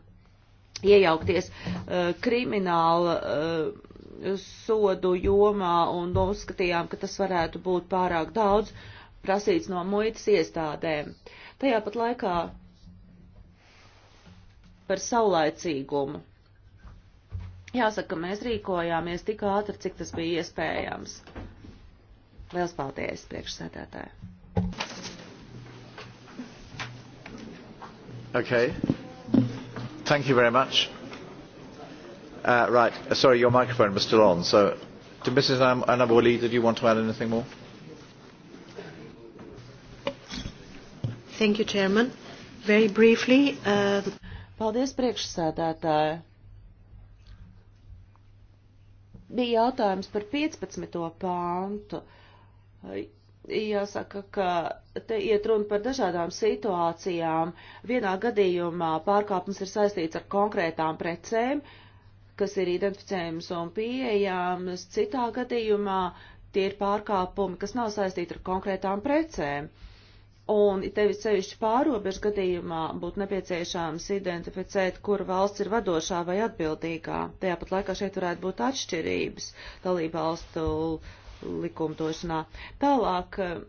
Speaker 4: iejaukties uh, krimināla uh, sodu jomā un uzskatījām, ka tas varētu būt pārāk daudz prasīts no muitas iestādēm. Tajā pat laikā par saulaicīgumu. Jāsaka, mēs rīkojāmies tik ātri, cik tas bija iespējams. Liels paldies, priekšsēdētāji!
Speaker 1: Okay. Thank you very much. Uh, right, uh, sorry, your microphone was still on. So, to Mrs. Anaboli, did you want to add anything more?
Speaker 4: Thank you, Chairman. Very briefly. Uh... Paldies, priekšsēdētāja. Bija jautājums par 15. pāntu jāsaka, ka te iet runa par dažādām situācijām. Vienā gadījumā pārkāpums ir saistīts ar konkrētām precēm, kas ir identificējamas un pieejamas. Citā gadījumā tie ir pārkāpumi, kas nav saistīti ar konkrētām precēm. Un tevis sevišķi pārobežu gadījumā būtu nepieciešams identificēt, kur valsts ir vadošā vai atbildīgā. Tajāpat laikā šeit varētu būt atšķirības dalībvalstu valstu likumdošanā. Tālāk, eh,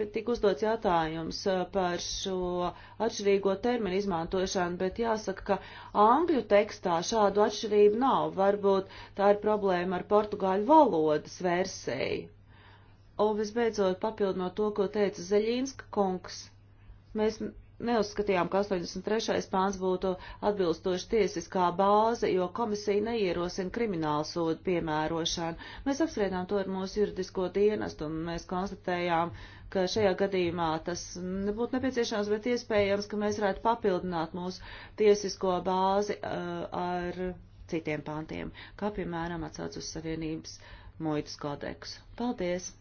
Speaker 4: bet tik uzdots jautājums eh, par šo atšķirīgo terminu izmantošanu, bet jāsaka, ka angļu tekstā šādu atšķirību nav. Varbūt tā ir problēma ar portugāļu valodas versiju. Un visbeidzot, papildinot to, ko teica Zeļīnska kungs, mēs neuzskatījām, ka 83. pāns būtu atbilstoši tiesiskā bāze, jo komisija neierosina kriminālu sodu piemērošanu. Mēs apspriedām to ar mūsu juridisko dienestu un mēs konstatējām, ka šajā gadījumā tas nebūtu nepieciešams, bet iespējams, ka mēs varētu papildināt mūsu tiesisko bāzi uh, ar citiem pāntiem, kā piemēram atsauc uz Savienības muitas kodeksu. Paldies!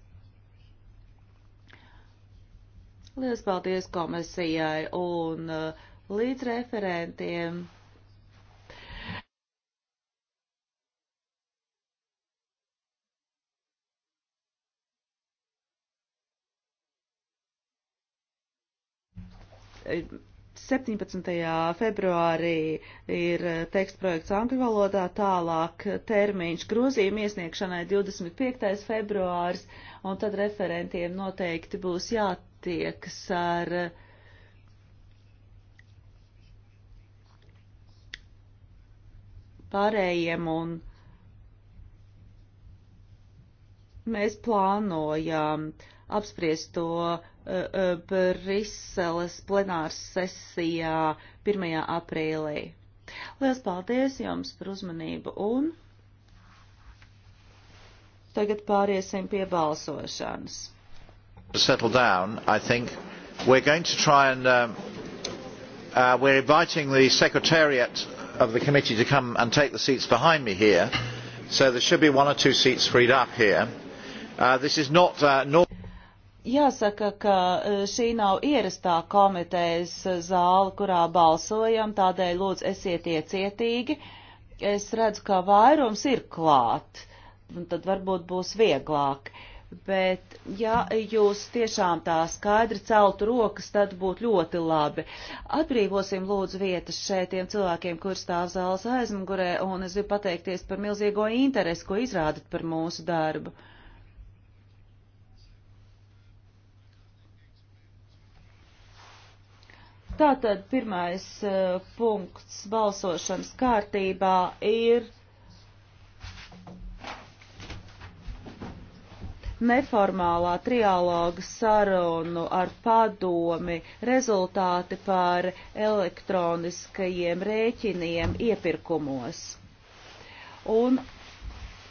Speaker 4: Lielas paldies komisijai un līdzreferentiem. Uh, 17. februārī ir uh, tekstprojekts angļu valodā, tālāk termiņš grozījuma iesniegšanai 25. februāris, un tad referentiem noteikti būs jā, satiekas ar pārējiem un mēs plānojām apspriest to uh, uh, Briseles plenāras sesijā 1. aprīlī. Lielas paldies jums par uzmanību un tagad pāriesim pie balsošanas
Speaker 1: settle down, I think, we're going to try and um, uh, we're inviting the secretariat of the committee to come and take the seats behind me here, so there should be one or two seats freed up here. Uh, this is not. Uh, nor- Jāsaka,
Speaker 4: ka uh, šī nav ierastā komitejas uh, zāle, kurā balsojam, tādēļ lūdzu esiet iecietīgi. Es redzu, ka vairums ir klāt, un tad varbūt būs vieglāk. Uh, bet ja jūs tiešām tā skaidri celtu rokas, tad būtu ļoti labi. Atbrīvosim lūdzu vietas šeit tiem cilvēkiem, kur stāv zāles aizmugurē, un es gribu pateikties par milzīgo interesi, ko izrādat par mūsu darbu. Tātad pirmais uh, punkts balsošanas kārtībā ir neformālā trialoga sarunu ar padomi rezultāti par elektroniskajiem rēķiniem iepirkumos. Un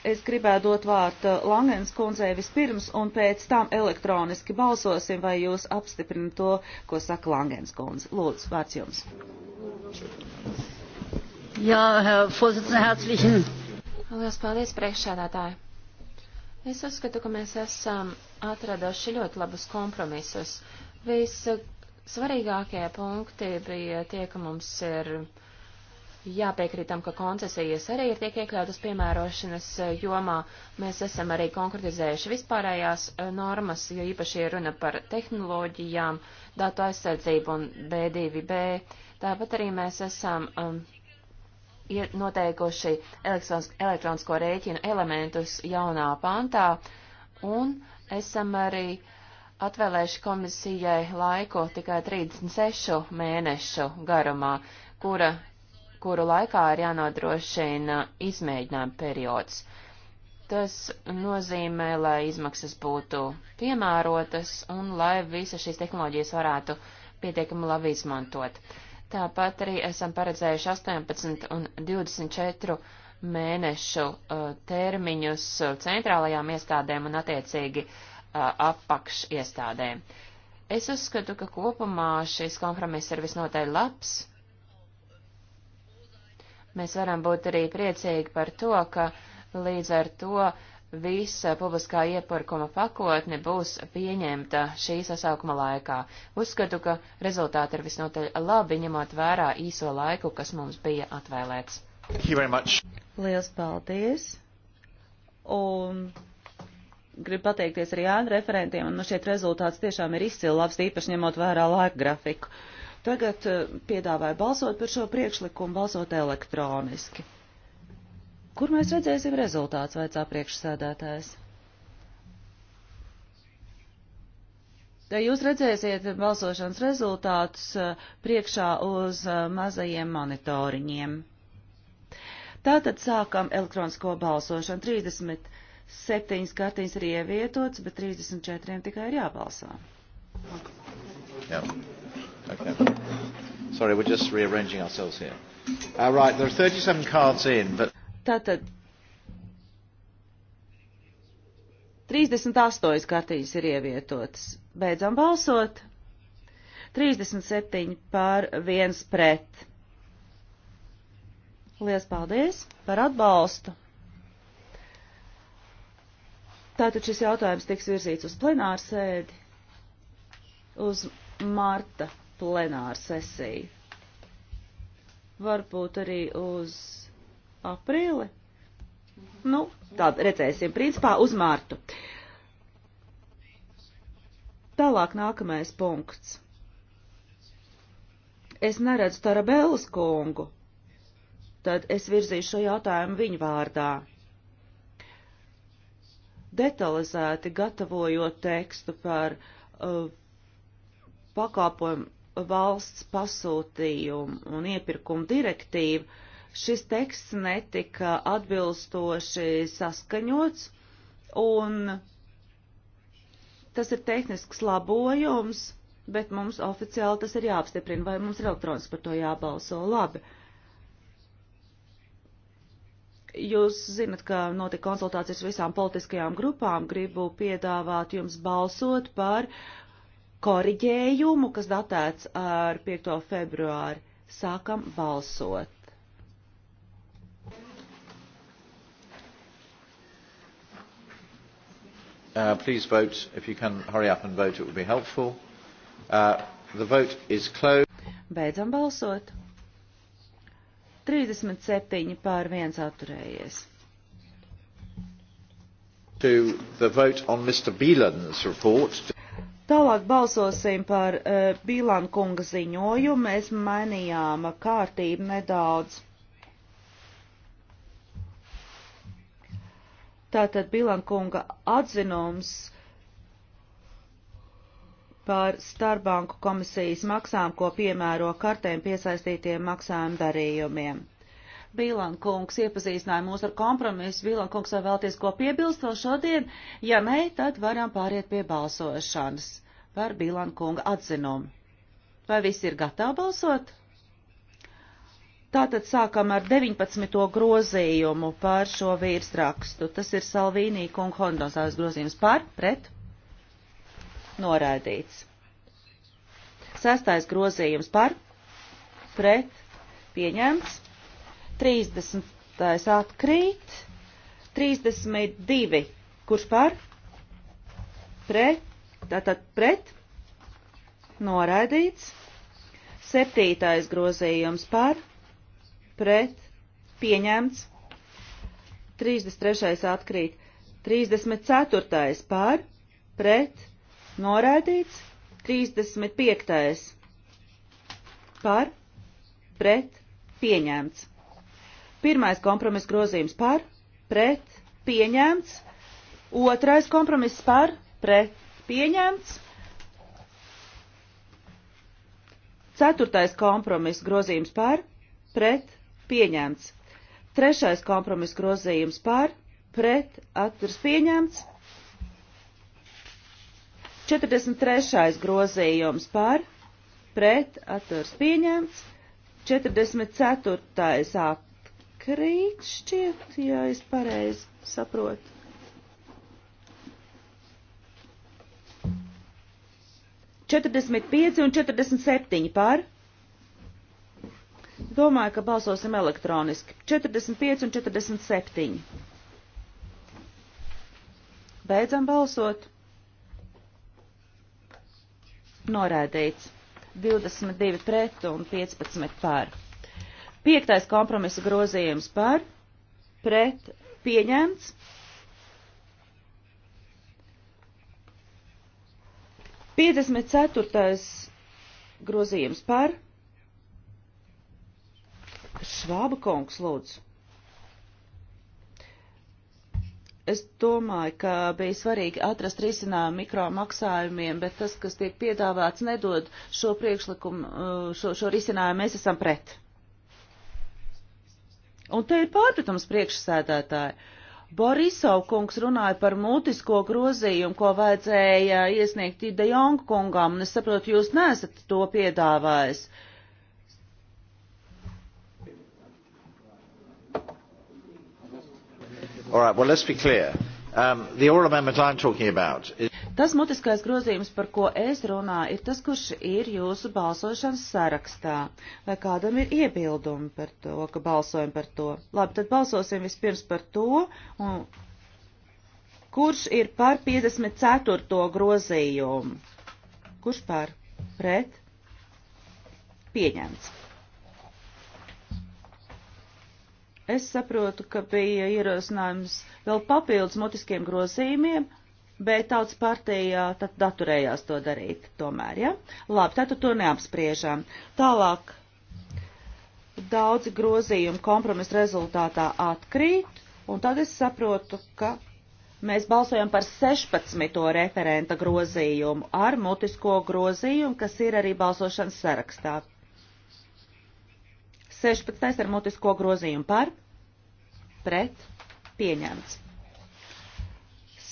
Speaker 4: es gribētu dot vārtu Langens kundzei vispirms, un pēc tam elektroniski balsosim, vai jūs apstiprinat to, ko saka Langens kundze. Lūdzu, vārds jums. Jā, Herr Vorsitzender, herzlichen.
Speaker 2: Lielas paldies, priekšsēdētāji. Es uzskatu, ka mēs esam atraduši ļoti labus kompromisus. Vissvarīgākie punkti bija tie, ka mums ir jāpiekrītam, ka koncesijas arī ir tiek iekļautas piemērošanas jomā. Mēs esam arī konkretizējuši vispārējās e, normas, jo īpaši ir runa par tehnoloģijām, datu aizsardzību un B2B. Tāpat arī mēs esam um, ir noteikuši elektronisko rēķinu elementus jaunā pantā, un esam arī atvēlējuši komisijai laiku tikai 36 mēnešu garumā, kura, kuru laikā ir jānodrošina izmēģinājuma periods. Tas nozīmē, lai izmaksas būtu piemērotas un lai visas šīs tehnoloģijas varētu pietiekami labi izmantot. Uh, Tāpat arī esam paredzējuši 18 un 24 mēnešu uh, termiņus uh, centrālajām iestādēm un attiecīgi uh, apakš iestādēm. Es uzskatu, ka kopumā šis kompromiss ir visnotaļ labs. Mēs varam būt arī priecīgi par to, ka līdz ar to uh, visa publiskā iepirkuma pakotne būs pieņemta šī sasaukuma laikā. Uzskatu, ka rezultāti ir visnotaļ labi, ņemot vērā īso laiku, kas mums bija atvēlēts. Lielas paldies!
Speaker 4: Un gribu pateikties arī Jāna referentiem, un nu šeit rezultāts tiešām ir izcili labs, īpaši ņemot vērā laika grafiku. Tagad eh, piedāvāju balsot par šo priekšlikumu, balsot elektroniski. Kur mēs redzēsim rezultāts, vaicā priekšsēdētājs? Te jūs redzēsiet balsošanas rezultātus uh, priekšā uz uh, mazajiem monitoriņiem. Tātad sākam elektronisko balsošanu. 37 kartiņas ir ievietots, bet 34 tikai ir jābalso.
Speaker 1: Yeah. Okay. Sorry, we're just rearranging ourselves here. Uh, right, there are 37 cards in, but...
Speaker 4: Tātad 38 kartīņas ir ievietotas. Beidzam balsot. 37 pār 1 pret. Lielas paldies par atbalstu. Tātad šis jautājums tiks virzīts uz plenāru sēdi, uz marta plenāru sesiju. Varbūt arī uz aprīli. Nu, tad redzēsim, principā uz mārtu. Tālāk nākamais punkts. Es neredzu Tarabēlas kungu, tad es virzīšu šo jautājumu viņu vārdā. Detalizēti gatavojot tekstu par uh, pakalpojumu valsts pasūtījumu un iepirkumu direktīvu, uh, Šis teksts netika atbilstoši saskaņots, un tas ir tehnisks labojums, bet mums oficiāli tas ir jāapstiprina, vai mums ir elektroniski par to jābalso labi. Jūs zinat, ka notika konsultācijas visām politiskajām grupām. Gribu piedāvāt jums balsot par koriģējumu, kas datēts ar 5. februāru. Sākam
Speaker 1: balsot. Uh, please vote. If you can hurry up and vote, it would be helpful. Uh, the vote is closed.
Speaker 4: Beidzam balsot. 37 pār 1 atturējies.
Speaker 1: To the vote on Mr. Bielan's report.
Speaker 4: Tālāk balsosim par uh, Bīlāna kunga ziņojumu. Mēs mainījām kārtību nedaudz. Tātad Bilankunga atzinums par starpbanku komisijas maksām, ko piemēro kartēm piesaistītiem maksājumu darījumiem. Bīlankungs iepazīstināja mūs ar kompromisu. Bīlankungs vēl vēlties ko piebilst vēl šodien? Ja nē, tad varam pāriet pie balsošanas par Bīlankunga atzinumu. Vai visi ir gatavi balsot? Tātad sākam ar 19. grozījumu par šo virsrakstu. Tas ir Salvīnī kunga hondosāvis grozījums par, pret, noraidīts. Sestais grozījums par, pret, pieņemts. 30. atkrīt. 32. Kurš par? Pret. Tātad pret. Noraidīts. Septītais grozījums par pret pieņemts. 33. atkrīt. 34. par pret noraidīts. 35. par pret pieņemts. Pirmais kompromiss grozījums par pret pieņemts. Otrais kompromiss par pret pieņemts. Ceturtais kompromiss grozījums par pret pieņemts. Trešais kompromis grozījums par, pret, atturs pieņemts. 43. grozījums par, pret, atturs pieņemts. 44. atkrīt šķiet, ja es pareizi saprotu. Četrdesmit pieci un četrdesmit septiņi par, Domāju, ka balsosim elektroniski. 45 un 47. Beidzam balsot. Norēdīts. 22 pret un 15 pār. Piektais kompromisa grozījums par, pret, pieņemts. Piecdesmit ceturtais grozījums par, Švāba kungs, lūdzu. es domāju, ka bija svarīgi atrast risinājumu mikro maksājumiem, bet tas, kas tiek piedāvāts, nedod šo priekšlikumu, uh, šo, šo risinājumu, mēs esam pret. Un te ir pārpratums priekšsēdētāji. Borisov kungs runāja par mutisko grozījumu, ko vajadzēja iesniegt Ida Jonga kungām, un es saprotu, jūs nesat to piedāvājis. Uh,
Speaker 1: All right, well, let's be clear. Um, the oral amendment I'm talking about is...
Speaker 4: Tas mutiskais grozījums, par ko es runāju, ir tas, kurš ir jūsu balsošanas sarakstā. Vai kādam ir iebildumi par to, ka balsojam par to? Labi, tad balsosim vispirms par to, un kurš ir par 54. grozījumu? Kurš par? Pret? Pieņemts. Es saprotu, ka bija ierosinājums vēl papildus mutiskiem grozījumiem, bet tautas partija tad daturējās to darīt tomēr, ja? Labi, tātad to neapspriežām. Tālāk daudzi grozījumi kompromisa rezultātā atkrīt, un tad es saprotu, ka Mēs balsojam par 16. referenta grozījumu ar mutisko grozījumu, kas ir arī balsošanas sarakstā. 16. ar mutisko grozījumu par, pret, pieņemts.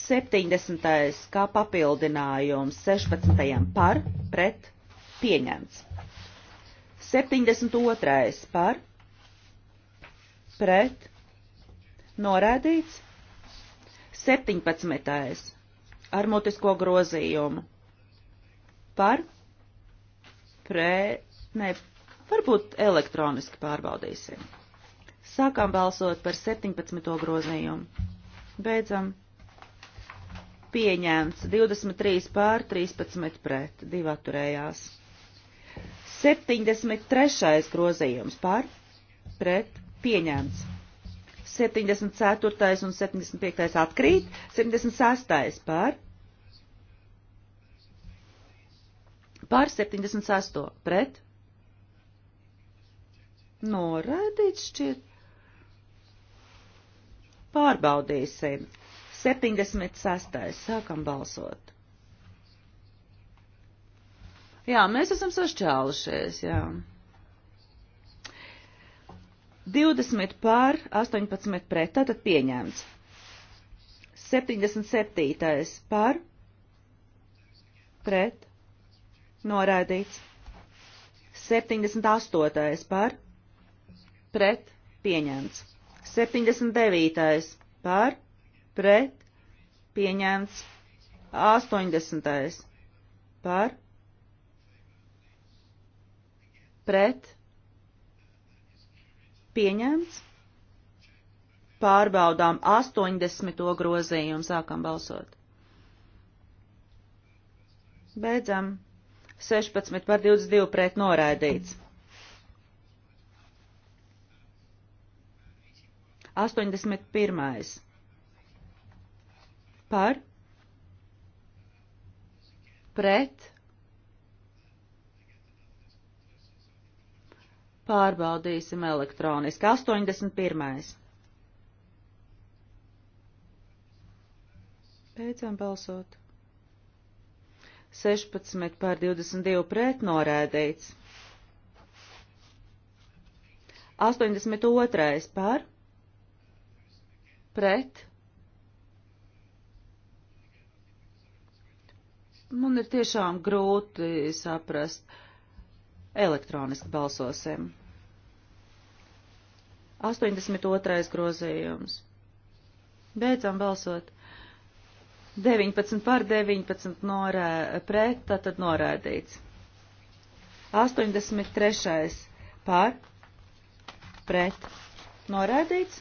Speaker 4: 70. kā papildinājums 16. par, pret, pieņemts. 72. par, pret, norādīts. 17. ar mutisko grozījumu par, pret, ne, Varbūt elektroniski pārbaudīsim. Sākām balsot par 17. grozījumu. Beidzam. Pieņemts 23 pār 13 pret, 2 atturējās. 73. grozījums pār, pret, pieņemts. 74. un 75. atkrīt, 76. pār, pār 76. pret, Noraidīts šķiet. Pārbaudīsim. 76. Sākam balsot. Jā, mēs esam sašķēlušies, jā. 20 pār 18 pret, tātad pieņemts. 77. pār pret noraidīts. 78. pār pret pieņemts. 79. par pret pieņemts. 80. par pret pieņemts. Pārbaudām 80. grozījumu, sākam balsot. Beidzam. 16 par 22 pret noraidīts. 81. par pret pārbaudīsim elektroniski 81. Beidzam balsot. 16 pār 22 pret norēdīts. 82 pār pret. Man ir tiešām grūti saprast. Elektroniski balsosim. 82. grozījums. Beidzam balsot. 19 par 19 norē, pret, tātad norādīts. 83. par pret norādīts.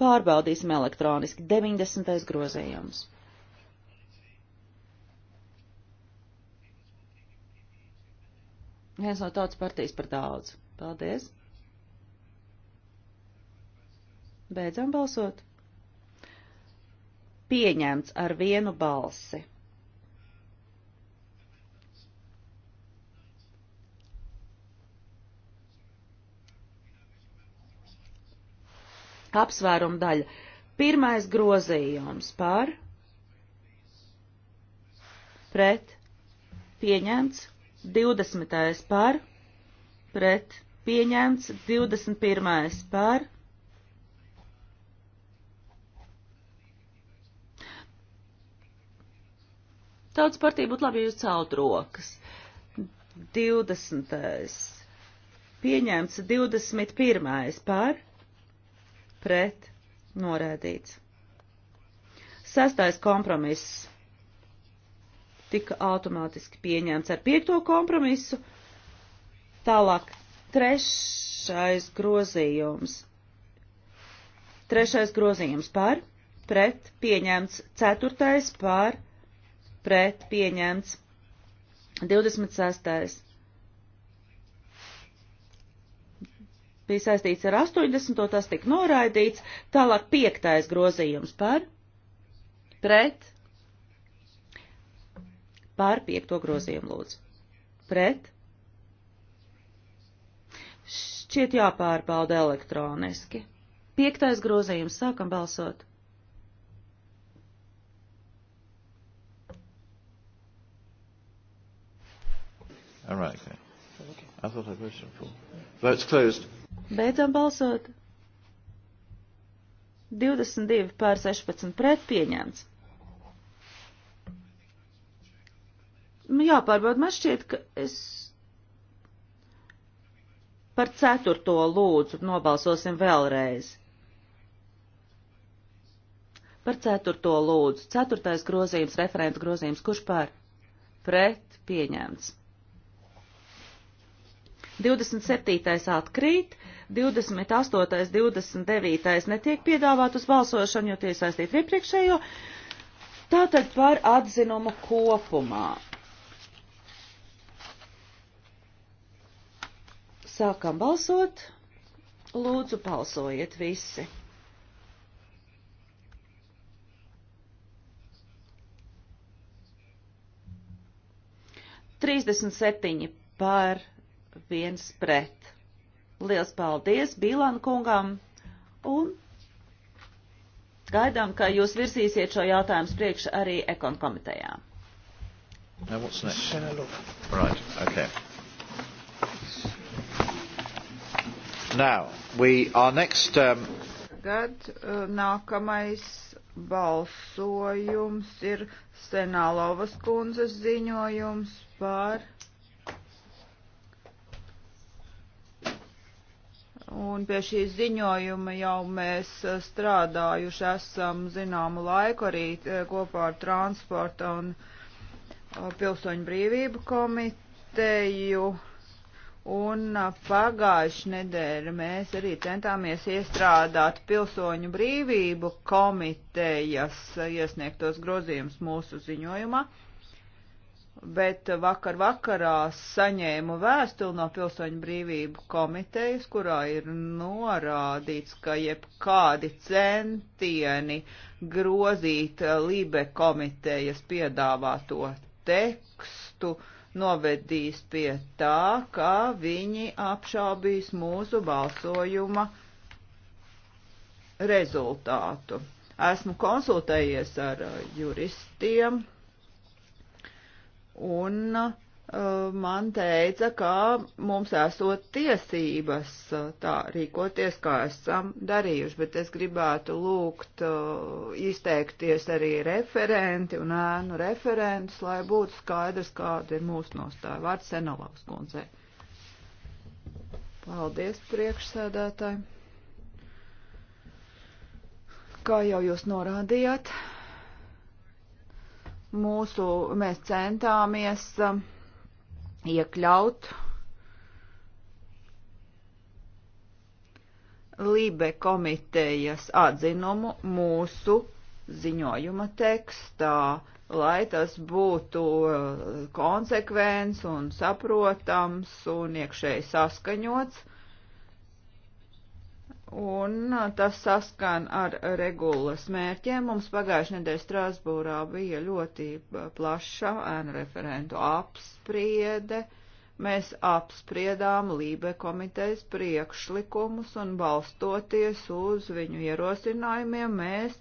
Speaker 4: Pārbaudīsim elektroniski 90. grozējums. Viens no tautas partijas par daudz. Paldies. Beidzam balsot. Pieņemts ar vienu balsi. apsvērumu daļa. Pirmais grozījums par, pret, pieņemts, 20. par, pret, pieņemts, 21. par, Tautas partija būtu labi, ja jūs celt rokas. 20. Pieņemts 21. par pret norēdīts. Sestais kompromiss tika automātiski pieņemts ar piekto kompromisu. Tālāk trešais grozījums. Trešais grozījums par, pret pieņemts, ceturtais par, pret pieņemts, 26. bija saistīts ar 80. tas tika noraidīts. Tālāk piektais grozījums par pret pār piekto grozījumu lūdzu. Pret šķiet jāpārbauda elektroniski. Piektais grozījums sākam balsot.
Speaker 1: All right, okay. I thought I voted for. Votes closed.
Speaker 4: Beidzam balsot. 22 pār 16 pret pieņemts. Nu, jāpārbauda, man šķiet, ka es par ceturto lūdzu nobalsosim vēlreiz. Par ceturto lūdzu. Ceturtais grozījums, referents grozījums, kurš pār? Pret pieņemts. 27. atkrīt, 28. 29. netiek piedāvāt uz balsošanu, jo tie saistīt iepriekšējo. Tātad par atzinumu kopumā. Sākam balsot. Lūdzu, balsojiet visi. Trīsdesmit septiņi par viens pret. Liels paldies Bīlāna kungam un gaidām, ka jūs virsīsiet šo jautājumu priekš arī ekon komitejā.
Speaker 1: Now what's next? Right, okay. Now, we are next. Um...
Speaker 3: Tagad uh, nākamais balsojums ir Senālovas kundzes ziņojums par Un pie šī ziņojuma jau mēs eh, strādājuši esam zināmu laiku arī eh, kopā ar transporta un eh, pilsoņu brīvību komiteju. Un pagājuši nedēļa mēs arī centāmies iestrādāt pilsoņu brīvību komitejas iesniegtos grozījums mūsu ziņojumā bet vakar vakarā saņēmu vēstuli no Pilsoņu brīvību komitejas, kurā ir norādīts, ka jebkādi centieni grozīt Lībe komitejas piedāvāto tekstu novedīs pie tā, ka viņi apšaubīs mūsu balsojuma rezultātu. Esmu konsultējies ar uh, juristiem, un uh, man teica, ka mums esot tiesības uh, tā rīkoties, kā esam darījuši, bet es gribētu lūgt uh, izteikties arī referenti un ēnu referentus, lai būtu skaidrs, kāda ir mūsu nostāja. Vārds Senolavs kundzei. Paldies, priekšsēdētāji. Kā jau jūs norādījāt, mūsu, mēs centāmies um, iekļaut Lībe komitejas atzinumu mūsu ziņojuma tekstā, lai tas būtu uh, konsekvents un saprotams un iekšēji saskaņots Un tas saskan ar regulas mērķiem. Mums pagājušajā nedēļā Strasbūrā bija ļoti plaša ēnu referentu apspriede. Mēs apspriedām Lībe komitejas priekšlikumus un balstoties uz viņu ierosinājumiem, mēs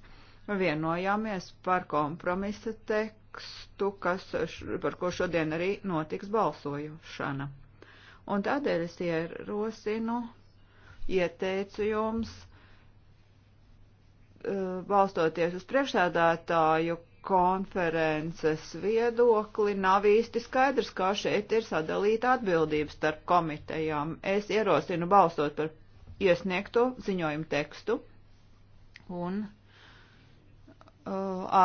Speaker 3: vienojāmies par kompromisa tekstu, kas, par ko šodien arī notiks balsojušana. Un tādēļ es ierosinu ieteicu jums, eh, balstoties uz priekšsēdētāju konferences viedokli, nav īsti skaidrs, kā šeit ir sadalīta atbildības starp komitejām. Es ierosinu balstot par iesniegto ziņojumu tekstu un uh,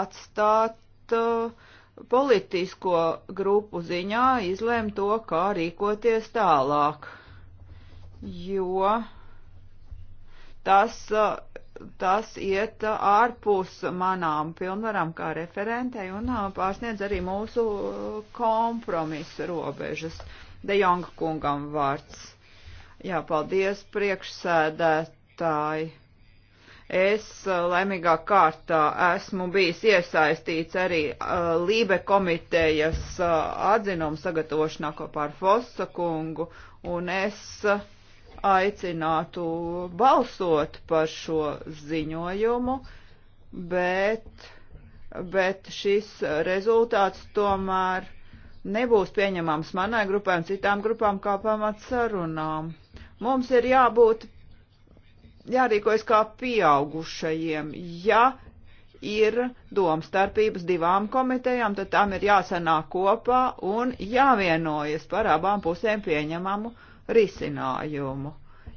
Speaker 3: atstāt uh, politisko grupu ziņā izlēmt to, kā rīkoties tālāk. Jo uh, tas, uh, tas iet uh, ārpus manām pilnvarām kā referentei un uh, pārsniedz arī mūsu kompromisa robežas. De Jonga kungam vārds. Jā, paldies, priekšsēdētāji. Es laimīgā kārtā esmu bijis iesaistīts arī uh, Lībe komitejas uh, atzinumu sagatavošanā kopā ar Fosa kungu, un es uh, aicinātu balsot par šo ziņojumu, bet, bet šis rezultāts tomēr nebūs pieņemams manai grupai un citām grupām kā pamats sarunām. Mums ir jābūt, jārīkojas kā pieaugušajiem. Ja ir domstarpības divām komitejām, tad tām ir jāsanāk kopā un jāvienojas par abām pusēm pieņemamu uh, risinājumu.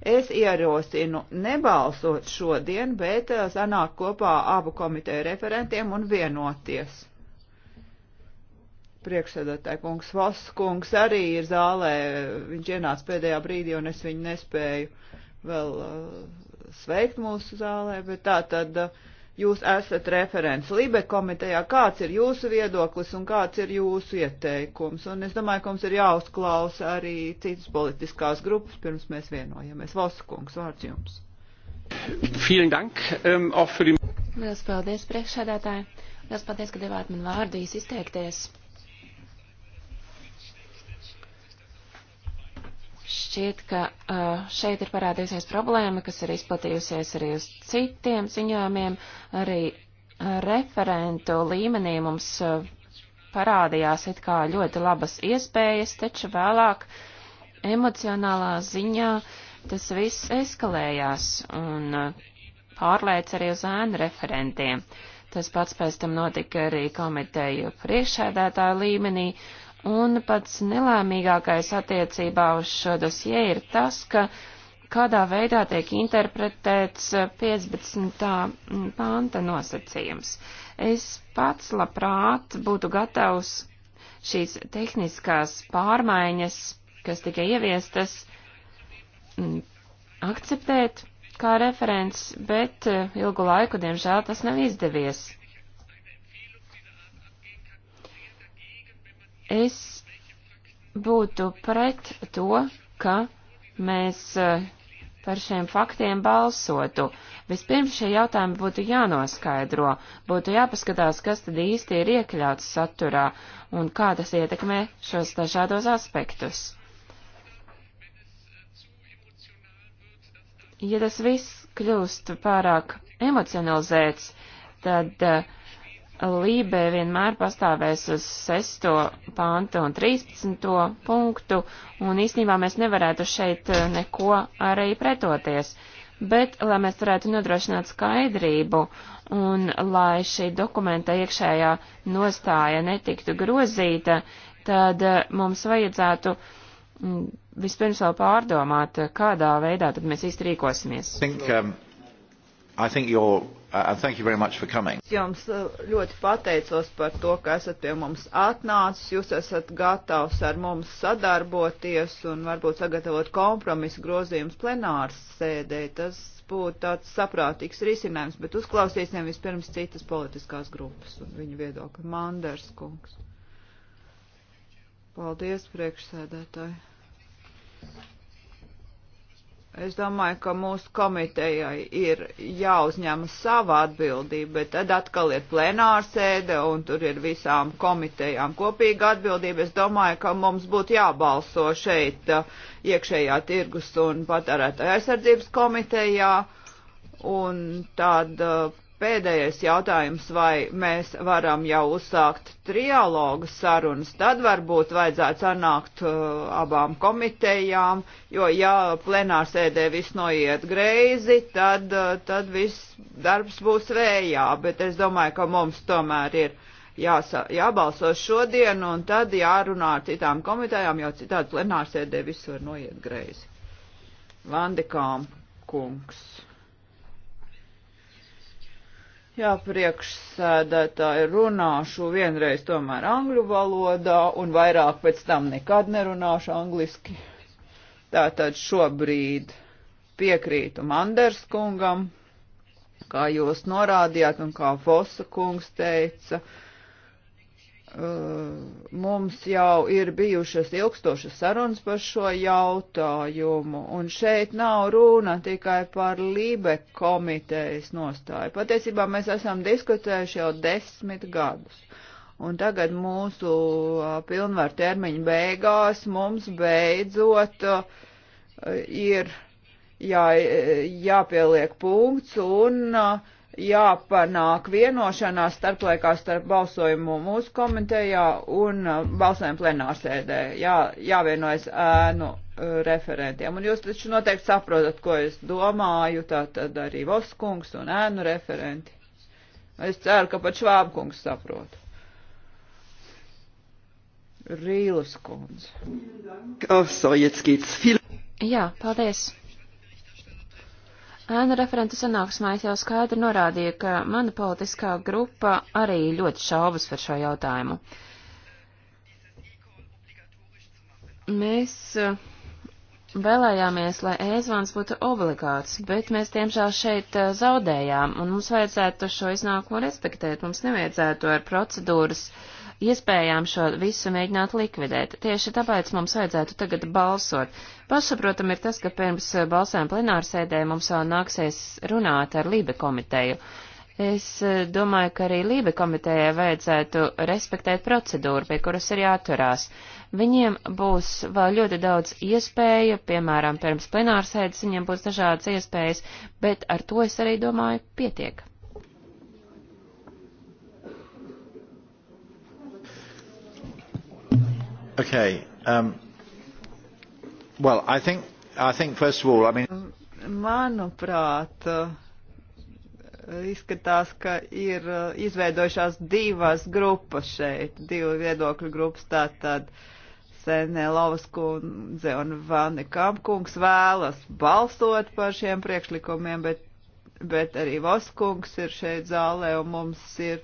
Speaker 3: Es ierosinu nebalsot šodien, bet eh, sanāk kopā abu komiteju referentiem un vienoties. Priekšsēdētāji kungs Voskungs arī ir zālē, viņš ienāca pēdējā brīdī un es viņu nespēju vēl uh, sveikt mūsu zālē, bet tā tad uh, jūs esat referents Libe komitejā, kāds ir jūsu viedoklis un kāds ir jūsu ieteikums. Un es domāju, ka mums ir jāuzklausa arī citas politiskās grupas, pirms mēs vienojamies. Valskungs, vārds jums.
Speaker 1: Vielen Dank, um, auch für die...
Speaker 2: Lielas paldies, priekšsēdētāji. Lielas paldies, ka devāt man vārdu izteikties. Šķiet, ka uh, šeit ir parādījusies problēma, kas ir izplatījusies arī uz citiem ziņojumiem, arī uh, referentu līmenī mums uh, parādījās it kā ļoti labas iespējas, taču vēlāk emocionālā ziņā tas viss eskalējās un uh, pārlēc arī uz ēnu referentiem. Tas pats pēc tam notika arī komiteju priekšēdētāju līmenī. Uh, Un pats nelēmīgākais attiecībā uz šo dosie ir tas, ka kādā veidā tiek interpretēts 15. panta nosacījums. Es pats labprāt būtu gatavs šīs tehniskās pārmaiņas, kas tika ieviestas, akceptēt kā referents, bet eh, ilgu laiku, diemžēl, tas nav izdevies. Es būtu pret to, ka mēs eh, par šiem faktiem balsotu. Vispirms šie jautājumi būtu jānoskaidro, būtu jāpaskatās, kas tad īsti ir iekļauts saturā un kā tas ietekmē šos dažādos aspektus. Ja tas viss kļūst pārāk emocionalizēts, tad uh, Lībē vienmēr pastāvēs uz 6. pāntu un 13. punktu, un īstenībā mēs nevarētu šeit eh, neko arī pretoties. Bet, lai mēs varētu nodrošināt skaidrību un lai šī dokumenta iekšējā nostāja netiktu grozīta, tad eh, mums vajadzētu mm, vispirms vēl pārdomāt, eh, kādā veidā tad mēs īsti rīkosimies. Think, um... I think you're Uh, thank you very much for coming.
Speaker 3: Jums uh, ļoti pateicos par to, ka esat pie mums atnācis. Jūs esat gatavs ar mums sadarboties un varbūt sagatavot kompromisu grozījumus plenāras sēdē. Tas būtu tāds saprātīgs risinājums, bet uzklausīsim vispirms citas politiskās grupas un viņu viedokli. Manders kungs. Paldies, priekšsēdētāji. Es domāju, ka mūsu komitejai ir jāuzņem sava atbildība, bet tad atkal ir plenārsēde un tur ir visām komitejām kopīga atbildība. Es domāju, ka mums būtu jābalso šeit uh, iekšējā tirgus un patērētāja aizsardzības komitejā un tad uh, pēdējais jautājums, vai mēs varam jau uzsākt trialogu sarunas, tad varbūt vajadzētu sanākt uh, abām komitejām, jo ja plenārsēdē viss noiet greizi, tad, uh, tad viss darbs būs vējā, bet es domāju, ka mums tomēr ir jāsa, jābalso šodien un tad jārunā ar citām komitejām, jo citādi plenārsēdē viss var noiet greizi. Vandekām kungs. Jā, priekšsēdētāji runāšu vienreiz tomēr angļu valodā un vairāk pēc tam nekad nerunāšu angliski. Tātad šobrīd piekrītu Manders kungam, kā jūs norādījāt un kā Fosa kungs teica, uh, Uh, mums jau ir bijušas ilgstošas sarunas par šo jautājumu, un šeit nav runa tikai par Lībe komitejas nostāju. Patiesībā mēs esam diskutējuši jau desmit gadus, un tagad mūsu uh, pilnvar termiņa beigās mums beidzot uh, ir jā, jāpieliek punkts un uh, jāpanāk vienošanās starplaikā starp balsojumu mūsu komitejā un uh, balsojumu plenārsēdē. Jā, jāvienojas ēnu uh, referentiem. Un jūs taču noteikti saprotat, ko es domāju, tā tad arī Voskungs un ēnu referenti. Es ceru, ka pat Švābkungs saprot. Rīlas kundze. Oh, so,
Speaker 2: Jā, paldies. Ēnu referenta sanāksmā es jau skaidri norādīju, ka mana politiskā grupa arī ļoti šaubas par šo jautājumu. Mēs eh, vēlējāmies, lai ēzvans būtu obligāts, bet mēs tiemžēl šeit eh, zaudējām, un mums vajadzētu šo iznākumu respektēt. Mums nevajadzētu ar procedūras uh, iespējām šo visu mēģināt likvidēt. Tieši tāpēc mums vajadzētu tagad balsot. Pašsaprotam ir tas, ka pirms eh, balsēm plenārsēdē mums vēl nāksies runāt ar Lībe komiteju. Es eh, domāju, ka arī Lībe komitejai vajadzētu respektēt procedūru, pie kuras ir jāturās. Viņiem būs vēl ļoti daudz iespēju, piemēram, pirms plenārsēdes viņiem būs dažādas iespējas, bet ar to es arī domāju pietiek.
Speaker 1: Okay. Um, well, I think, I think first of all, I mean...
Speaker 3: Manuprāt, uh, izskatās, ka ir uh, izveidojušās divas grupas šeit, divu viedokļu grupas, tātad Senēlovas kundze un Vani Kampkungs vēlas balsot par šiem priekšlikumiem, bet, bet arī Voskungs ir šeit zālē un mums ir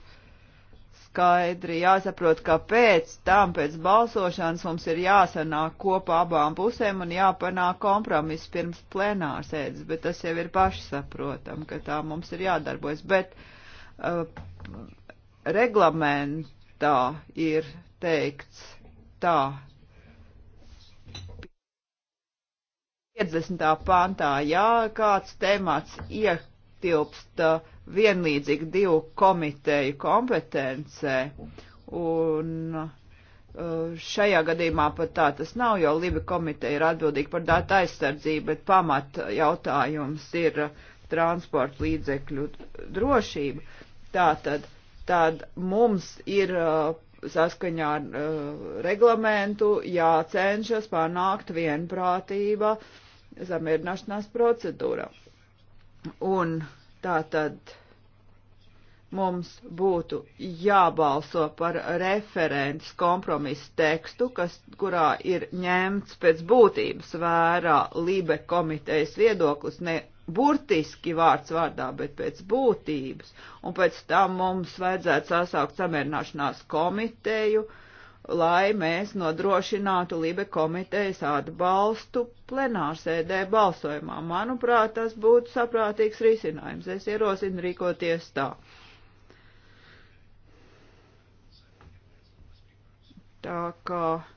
Speaker 3: skaidri jāsaprot, ka pēc tam, pēc balsošanas mums ir jāsanāk kopā abām pusēm un jāpanāk kompromiss pirms plenārsēdes, bet tas jau ir pašsaprotam, ka tā mums ir jādarbojas. Bet uh, reglamentā ir teikts tā. 50. pantā, jā, kāds temats ietilpst uh, vienlīdzīgi divu komiteju kompetencē, un uh, šajā gadījumā pat tā tas nav, jo Liba komiteja ir atbildīga par datu aizsardzību, bet pamat jautājums ir uh, transporta līdzekļu drošība. Tātad, tad mums ir uh, saskaņā ar uh, reglamentu jācenšas panākt vienprātība samierināšanās procedūra. Un tā tad mums būtu jābalso par referents kompromisu tekstu, kas, kurā ir ņemts pēc būtības vērā Lībe komitejas viedoklis, ne burtiski vārds vārdā, bet pēc būtības, un pēc tam mums vajadzētu sasaukt samierināšanās komiteju, lai mēs nodrošinātu Lībe komitejas atbalstu plenārsēdē balsojumā. Manuprāt, tas būtu saprātīgs risinājums. Es ierosinu rīkoties tā. Tā kā eh,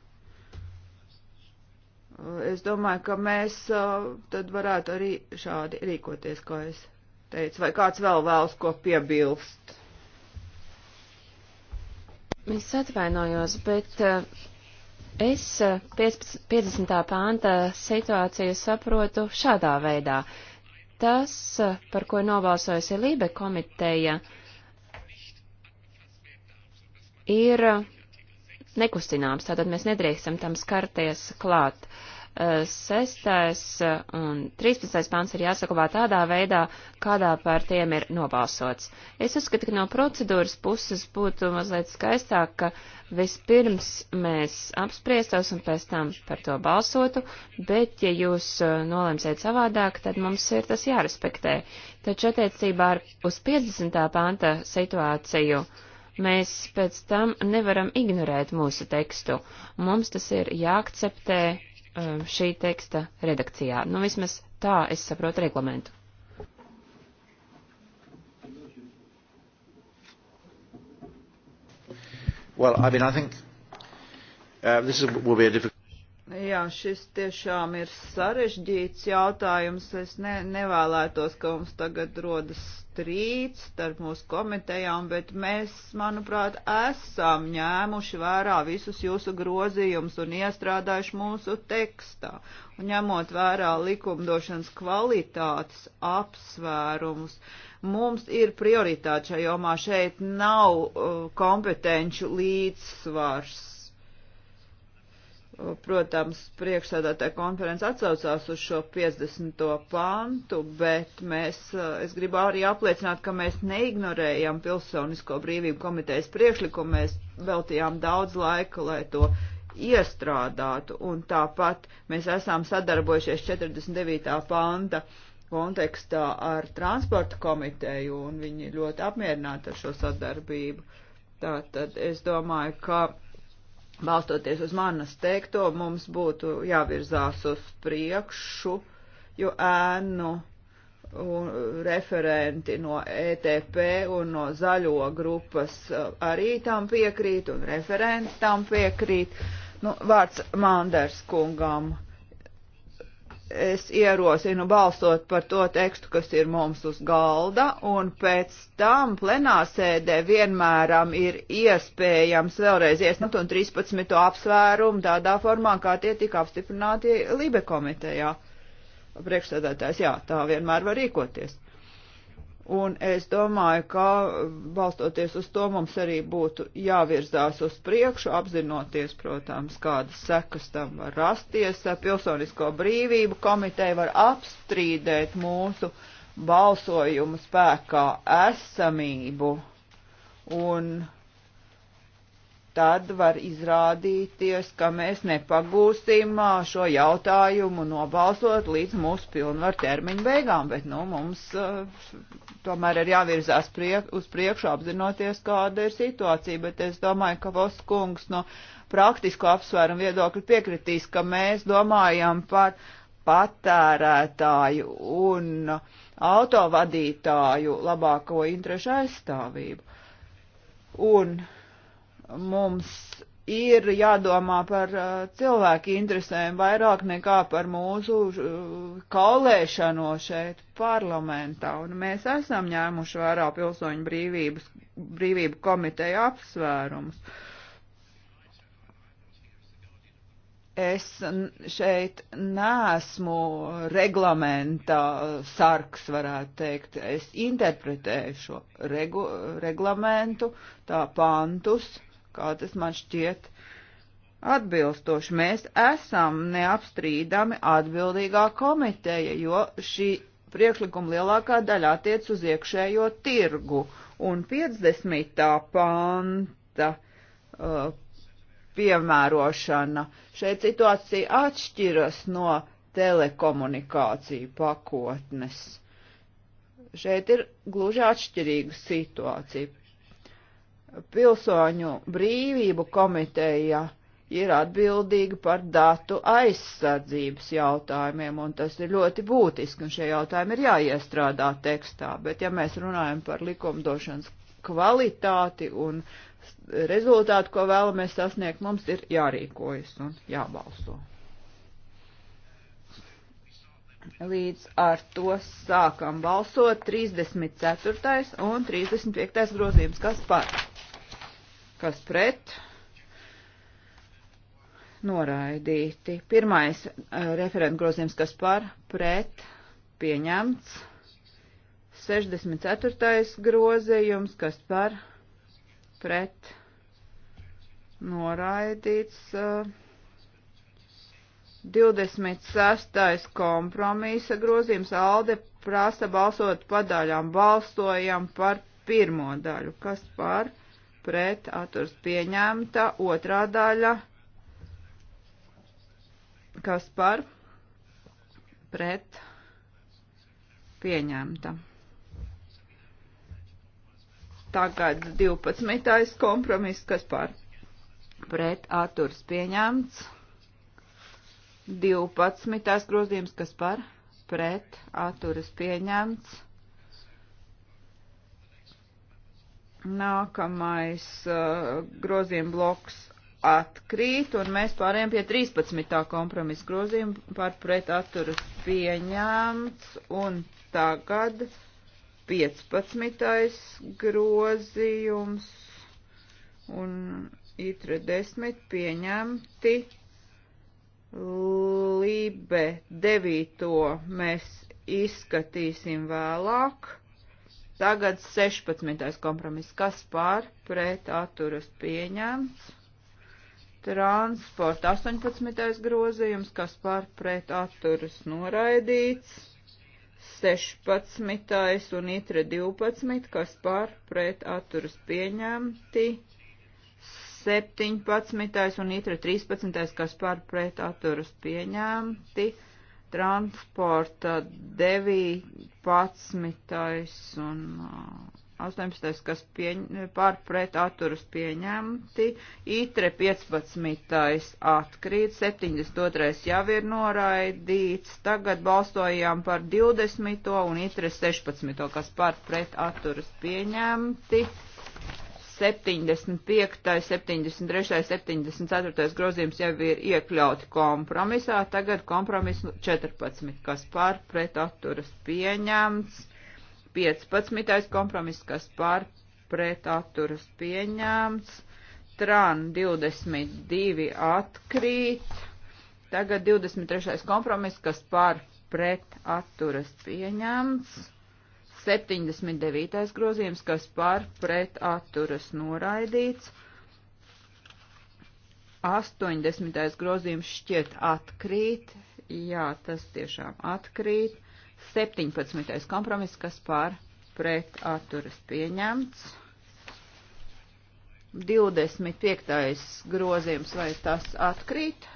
Speaker 3: es domāju, ka mēs eh, tad varētu arī šādi rīkoties, kā es teicu. Vai kāds vēl vēlas ko piebilst?
Speaker 2: Es atvainojos, bet eh, es 15, 50. pānta situāciju saprotu šādā veidā. Tas, par ko nobalsojusi Lībe komiteja, ir nekustināms, tātad mēs nedrīkstam tam skarties klāt. Eh, sestais eh, un 13. pants ir jāsaklabā tādā veidā, kādā par tiem ir nobalsots. Es uzskatu, ka no procedūras puses būtu mazliet skaistāk, ka vispirms mēs apspriestos un pēc tam par to balsotu, bet ja jūs eh, nolemsiet savādāk, tad mums ir tas jārespektē. Taču attiecībā uz 50. panta situāciju. Uh, mēs pēc tam nevaram ignorēt mūsu tekstu. Mums tas ir jāakceptē um, šī teksta redakcijā. Nu, vismaz tā es saprotu reglamentu.
Speaker 1: Well, I mean, I think uh, this will be a difficult
Speaker 3: Jā, šis tiešām ir sarežģīts jautājums. Es ne, nevēlētos, ka mums tagad rodas strīds starp mūsu komitejām, bet mēs, manuprāt, esam ņēmuši vērā visus jūsu grozījumus un iestrādājuši mūsu tekstā. Un ņemot vērā likumdošanas kvalitātes apsvērumus, mums ir prioritāte šajā jomā. Šeit nav uh, kompetenču līdzsvars Protams, priekšsēdētāja konference atsaucās uz šo 50. pantu, bet mēs, eh, es gribu arī apliecināt, ka mēs neignorējam Pilsonisko brīvību komitejas priekšlikumu, mēs veltījām daudz laika, lai to iestrādātu, un tāpat mēs esam sadarbojušies 49. panta kontekstā ar transporta komiteju, un viņi ļoti apmierināti ar šo sadarbību. Tātad es domāju, ka balstoties uz manas teikto, mums būtu jāvirzās uz priekšu, jo ēnu referenti no ETP un no zaļo grupas uh, arī tam piekrīt un referenti tam piekrīt. Nu, vārds Manders kungam es ierosinu balsot par to tekstu, kas ir mums uz galda, un pēc tam plenāsēdē vienmēram ir iespējams vēlreiz iesnot un 13. apsvērumu tādā formā, kā tie tika apstiprināti Libe komitejā. Priekšsēdētājs, jā, tā vienmēr var rīkoties. Un es domāju, ka balstoties uz to mums arī būtu jāvirzās uz priekšu, apzinoties, protams, kādas sekas tam var rasties. Pilsonisko brīvību komiteja var apstrīdēt mūsu balsojumu spēkā esamību. Un tad var izrādīties, ka mēs nepagūsim šo jautājumu nobalsot līdz mūsu pilnvar termiņu beigām, bet nu, mums tomēr ir jāvirzās priek, uz priekšu, apzinoties, kāda ir situācija, bet es domāju, ka Voskungs no praktisko apsvērumu viedokļu piekritīs, ka mēs domājam par patērētāju un autovadītāju labāko interešu aizstāvību. Un mums ir jādomā par uh, cilvēku interesēm vairāk nekā par mūsu uh, kaulēšano šeit parlamentā. Un mēs esam ņēmuši vērā pilsoņu brīvības, brīvību komiteja apsvērumus. Es šeit nesmu reglamenta sargs, varētu teikt. Es interpretēju šo regu, reglamentu, tā pantus kā tas man šķiet atbilstoši. Mēs esam neapstrīdami atbildīgā komiteja, jo šī priekšlikuma lielākā daļa attiec uz iekšējo tirgu un 50. panta uh, piemērošana. Šeit situācija atšķiras no telekomunikāciju pakotnes. Šeit ir gluži atšķirīga situācija pilsoņu brīvību komiteja ir atbildīga par datu aizsardzības jautājumiem, un tas ir ļoti būtiski, un šie jautājumi ir jāiestrādā tekstā. Bet ja mēs runājam par likumdošanas kvalitāti un rezultātu, ko vēlamies sasniegt, mums ir jārīkojas un jābalso. Līdz ar to sākam balsot 34. un 35. grozījums, kas par kas pret, noraidīti. Pirmais eh, referenta grozījums, kas par, pret, pieņemts. 64. grozījums, kas par, pret, noraidīts. 26. kompromisa grozījums Alde prasa balsot padaļām. Balstojam par pirmo daļu, kas par, pret pret atturs pieņemta, otrā daļa, kas par pret pieņemta. Tagad 12. kompromiss, kas par pret atturs pieņemts. 12. grozījums, kas par pret atturas pieņemts. Nākamais uh, grozījuma bloks atkrīt, un mēs pārējām pie 13. kompromisa grozījuma par pretaturas pieņēmts, un tagad 15. grozījums, un itre 10 pieņemti, libe 9. mēs izskatīsim vēlāk. Tagad 16. kompromiss. Kas pār pret atturas pieņemts? Transporta 18. grozījums, kas pār pret atturas noraidīts. 16. un itre 12, kas pār pret atturas pieņemti. 17. un itre 13, kas pār pret atturas pieņemti transporta 19. un 18. kas pieņ, pārpret atturus pieņemti, itre 15. atkrīt, 72. jau ir noraidīts, tagad balstojām par 20. un itre 16. kas pārpret atturus pieņemti. 75., 73., 74. grozījums jau ir iekļauti kompromisā, tagad kompromis 14, kas pār pret atturas pieņemts, 15. kompromis, kas pār pret atturas pieņemts, tran 22 atkrīt, tagad 23. kompromis, kas pār pret atturas pieņemts. 79. grozījums, kas par pret atturas noraidīts. 80. grozījums šķiet atkrīt. Jā, tas tiešām atkrīt. 17. kompromiss, kas par pret atturas pieņemts. 25. grozījums, vai tas atkrīt?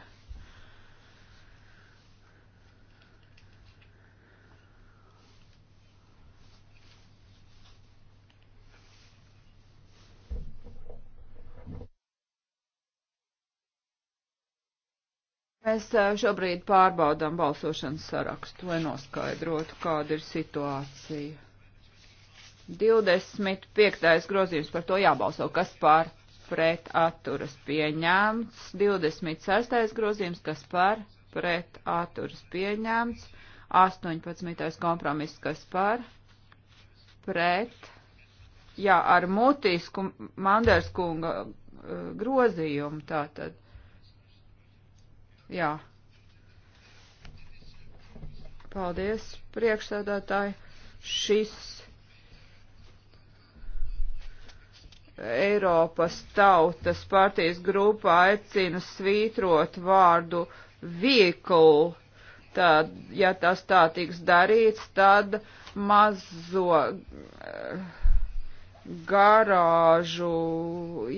Speaker 3: Mēs šobrīd pārbaudām balsošanas sarakstu, lai noskaidrotu, kāda ir situācija. 25. grozījums par to jābalso, kas par pret atturas pieņemts. 26. grozījums, kas par pret atturas pieņemts. 18. kompromiss, kas par pret. Jā, ar mutisku Manders kunga grozījumu tātad jā. Paldies, priekšsēdētāji. Šis Eiropas tautas partijas grupa aicina svītrot vārdu vehicle. Tad, ja tas tā tiks darīts, tad mazo eh, garāžu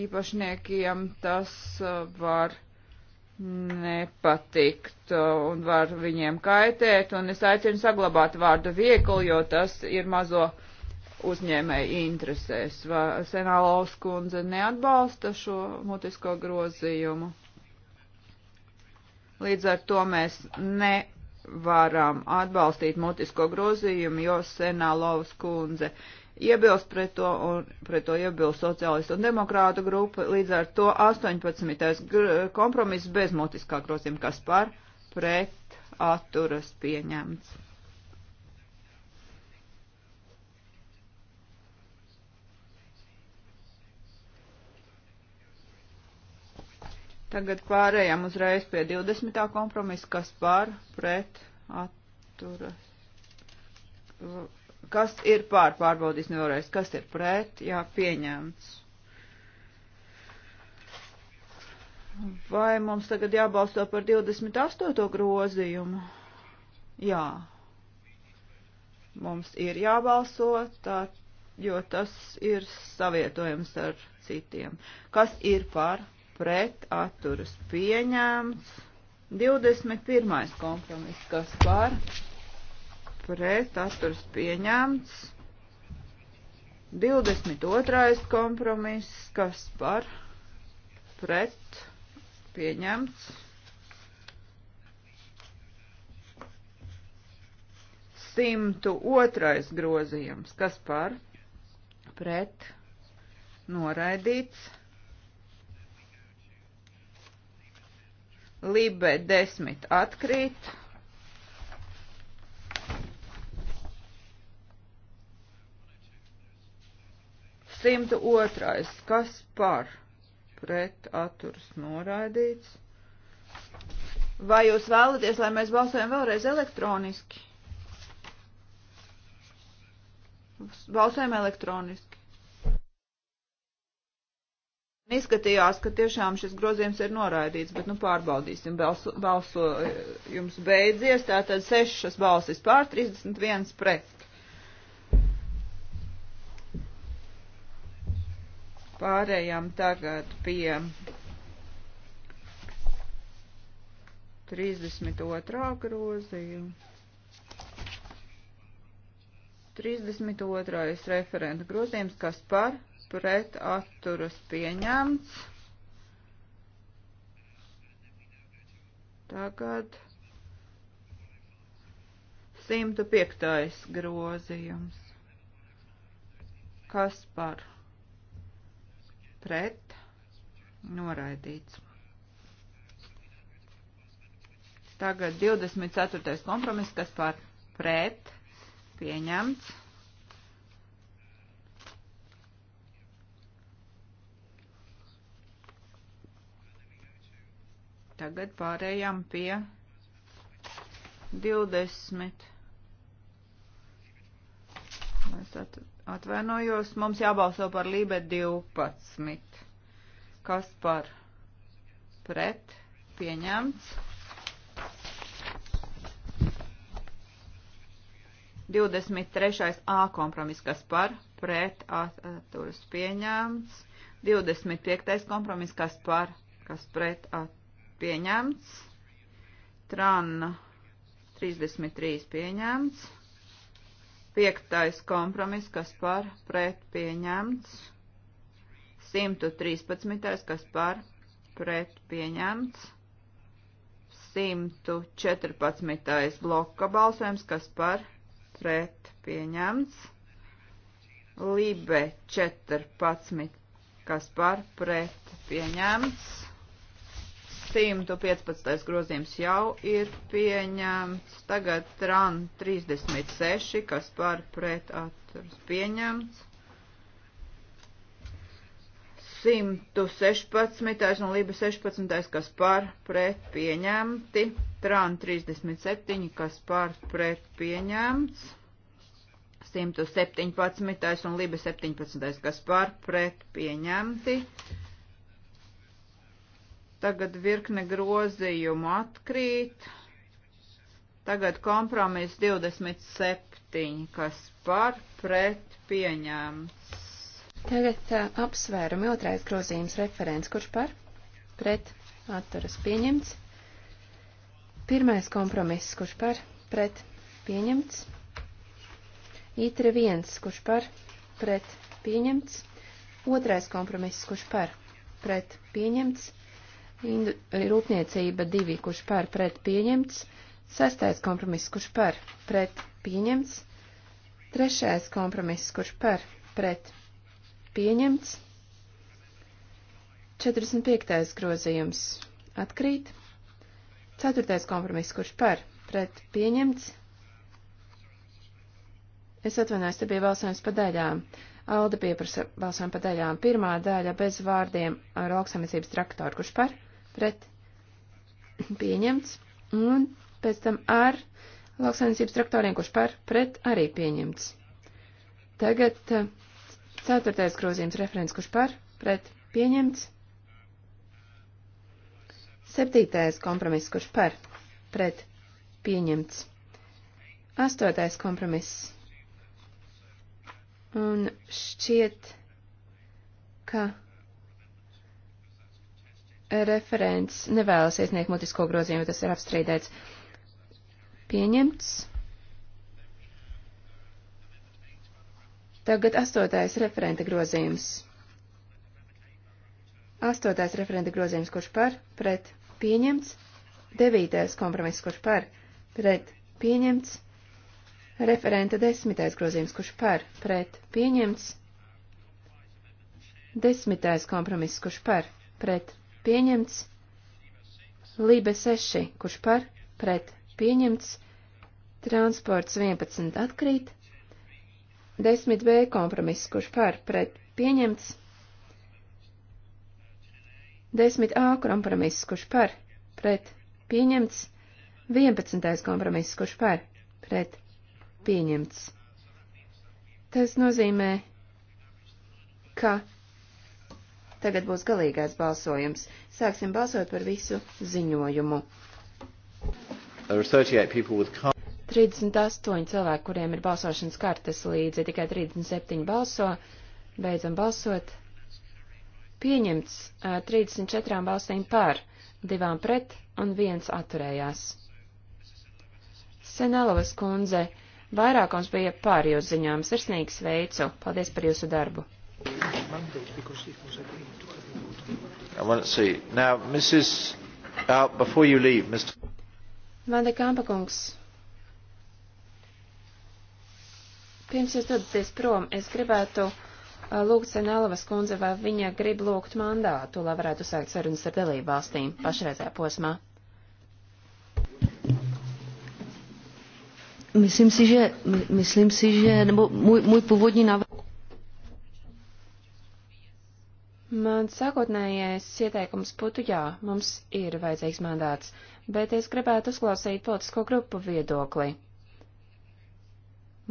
Speaker 3: īpašniekiem tas eh, var nepatikt un var viņiem kaitēt. Un es aicinu saglabāt vārdu viegli, jo tas ir mazo uzņēmēju interesēs. Senālaus kundze neatbalsta šo mutisko grozījumu. Līdz ar to mēs nevaram atbalstīt mutisko grozījumu, jo Senālaus kundze uh, iebilst pret to, un pret to iebilst sociālistu un demokrātu grupa. Līdz ar to 18. kompromiss bez mutiskā grozījuma, kas par pret atturas pieņemts. Tagad pārējām uzreiz pie 20. kompromisa, kas par pret atturas Kas ir pār? Pārbaudīsim nu vēlreiz. Kas ir pret? Jā, pieņemts. Vai mums tagad jābalso par 28. grozījumu? Jā. Mums ir jābalso, tā, jo tas ir savietojams ar citiem. Kas ir par pret atturas pieņēmts? 21. kompromiss, kas par pret atturas pieņemts. 22. kompromiss, kas par pret pieņemts. 102. grozījums, kas par pret noraidīts. Libe 10 atkrīt. 102. Kas par pret atturas noraidīts? Vai jūs vēlaties, lai mēs balsojam vēlreiz elektroniski? Balsojam elektroniski. Izskatījās, ka tiešām šis grozījums ir noraidīts, bet nu pārbaudīsim. Balso, balso eh, jums beidzies, tātad 6 balsis pār 31 pret. Pārējām tagad pie 32. grozījuma. 32. referenta grozījums, kas par pret atturas pieņemts. Tagad 105. grozījums. Kas par? pret noraidīts. Tagad 24. kompromiss, kas par pret pieņemts. Tagad pārējām pie 20. Vai 4. Atvainojos, mums jābalso par Lībe 12. Kas par pret pieņemts? 23. A kompromiss, kas par pret atturas pieņemts. 25. kompromiss, kas par, kas pret pieņemts. Tran 33 pieņemts. Piektais kompromiss, kas par pret pieņemts. 113. kas par pret pieņemts. 114. bloka balsojums, kas par pret pieņemts. Libe 14, kas par pret pieņemts. 115. grozījums jau ir pieņemts, tagad tran 36, kas par pret atturas pieņemts. 116. un Lība 16. kas par pret pieņemti, tran 37, kas par pret pieņemts. 117. un Lība 17. kas par pret pieņemti. Tagad virkne grozījumu atkrīt. Tagad kompromiss 27, kas par pret pieņēmts.
Speaker 2: Tagad uh, apsvērum otrais grozījums referents, kurš par pret atturas pieņemts. Pirmais kompromiss, kurš par pret pieņemts. Itre viens, kurš par pret pieņemts. Otrais kompromiss, kurš par pret pieņemts. Eh, rūpniecība 2, kurš par pret pieņemts, sestais kompromiss, kurš par pret pieņemts, trešais kompromiss, kurš par pret pieņemts, 45. grozījums atkrīt, ceturtais kompromiss, kurš par pret pieņemts, es atvainojos, te bija balsojums pa daļām. Alda pieprasa balsojumu pa daļām. Pirmā daļa bez vārdiem ar lauksamniecības traktoru, kurš par pret pieņemts, un pēc tam ar lauksainicības traktoriem, kurš par pret arī pieņemts. Tagad eh, ceturtais grozījums referents, kurš par pret pieņemts. Septītais kompromiss, kurš par pret pieņemts. Astotais kompromiss. Un šķiet, ka Referents nevēlas iesniegt mutisko grozījumu, tas ir apstrīdēts. Pieņemts. Tagad astotais referenta grozījums. Astotais referenta grozījums, kurš par, pret, pieņemts. Devītais kompromiss, kurš par, pret, pieņemts. Referenta desmitais grozījums, kurš par, pret, pieņemts. Desmitais kompromiss, kurš par, pret, pieņemts. Lībe 6, kurš par, pret, pieņemts. Transports 11 atkrīt. 10b kompromiss, kurš par, pret, pieņemts. 10a kompromiss, kurš par, pret, pieņemts. 11. kompromiss, kurš par, pret, pieņemts. Tas nozīmē, ka Tagad būs galīgais balsojums. Sāksim balsot par visu ziņojumu.
Speaker 1: 38
Speaker 2: cilvēki, kuriem ir balsošanas kartes līdzi, tikai 37 balso. Beidzam balsot. Pieņemts 34 balsīm par, 2 pret un 1 atturējās. Senelovas kundze, vairākums bija pār jūsu ziņām. Sirsnīgi sveicu. Paldies par jūsu darbu. Thank you mandate because it was agreed to have a
Speaker 1: vote. I want to see. Now, Mrs. Uh, before you leave, Mr.
Speaker 2: Vanda Kampakungs. Pirms jūs dodaties prom, es gribētu uh, lūgt Senēlavas kundze, vai viņa grib lūgt mandātu, lai varētu sākt sarunas ar dalībvalstīm pašreizējā posmā.
Speaker 4: Myslím si, že, myslím si, že, nebo můj, můj původní návrh.
Speaker 2: Mans sākotnējais ieteikums būtu jā, mums ir vajadzīgs mandāts, bet es gribētu uzklausīt politisko grupu viedokli.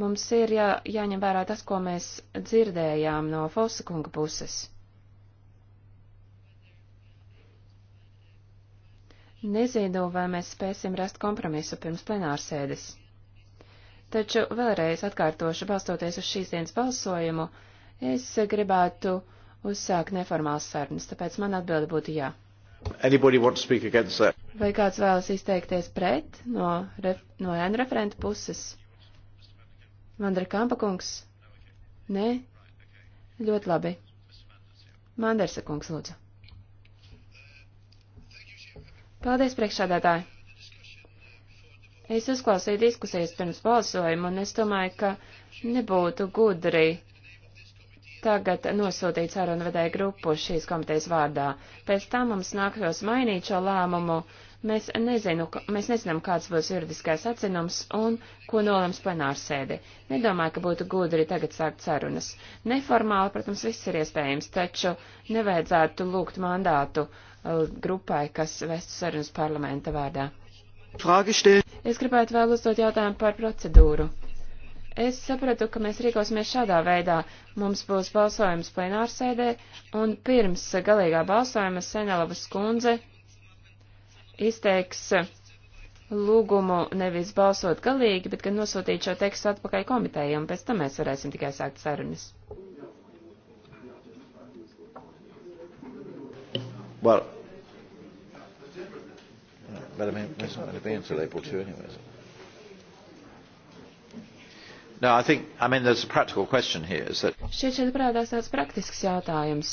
Speaker 2: Mums ir jā, jāņem vērā tas, ko mēs dzirdējām no Fosa kunga puses. Nezinu, vai mēs spēsim rast kompromisu pirms plenārsēdes. Taču vēlreiz atkārtošu, balstoties uz šīs dienas balsojumu, es gribētu uh, uzsākt neformāls sarunas, tāpēc man atbilde būtu jā. Vai kāds vēlas izteikties pret no, ref, no N referenta puses? Vandra Kampakungs? Nē? Ļoti labi. Mandersa kungs, lūdzu. Paldies, priekšādātāji! Es uzklausīju diskusijas pirms balsojuma, un es domāju, ka nebūtu gudri tagad nosūtīt sarunvedēju grupu šīs komitejas vārdā. Pēc tam mums nākļos mainīt šo lēmumu. Mēs, nezinu, mēs nezinām, kāds būs juridiskais atzinums un ko nolems plenārsēdi. Nedomāju, ka būtu gudri tagad sākt sarunas. Neformāli, protams, viss ir iespējams, taču nevajadzētu lūgt mandātu uh, grupai, kas vestu sarunas parlamenta vārdā. Es gribētu vēl uzdot jautājumu par procedūru. Es sapratu, ka mēs rīkosimies šādā veidā. Mums būs balsojums plenārsēdē, un pirms galīgā balsojuma Senelavas kundze izteiks lūgumu nevis balsot galīgi, bet gan nosūtīt šo tekstu atpakaļ komitējai, un pēc tam mēs varēsim tikai sākt sarunas.
Speaker 1: Well, but I mean, that's not going to be until April 2 anyway, is it? No, I think, I mean, there's a practical question here, is that...
Speaker 2: Šķiet šeit parādās tāds praktisks jautājums.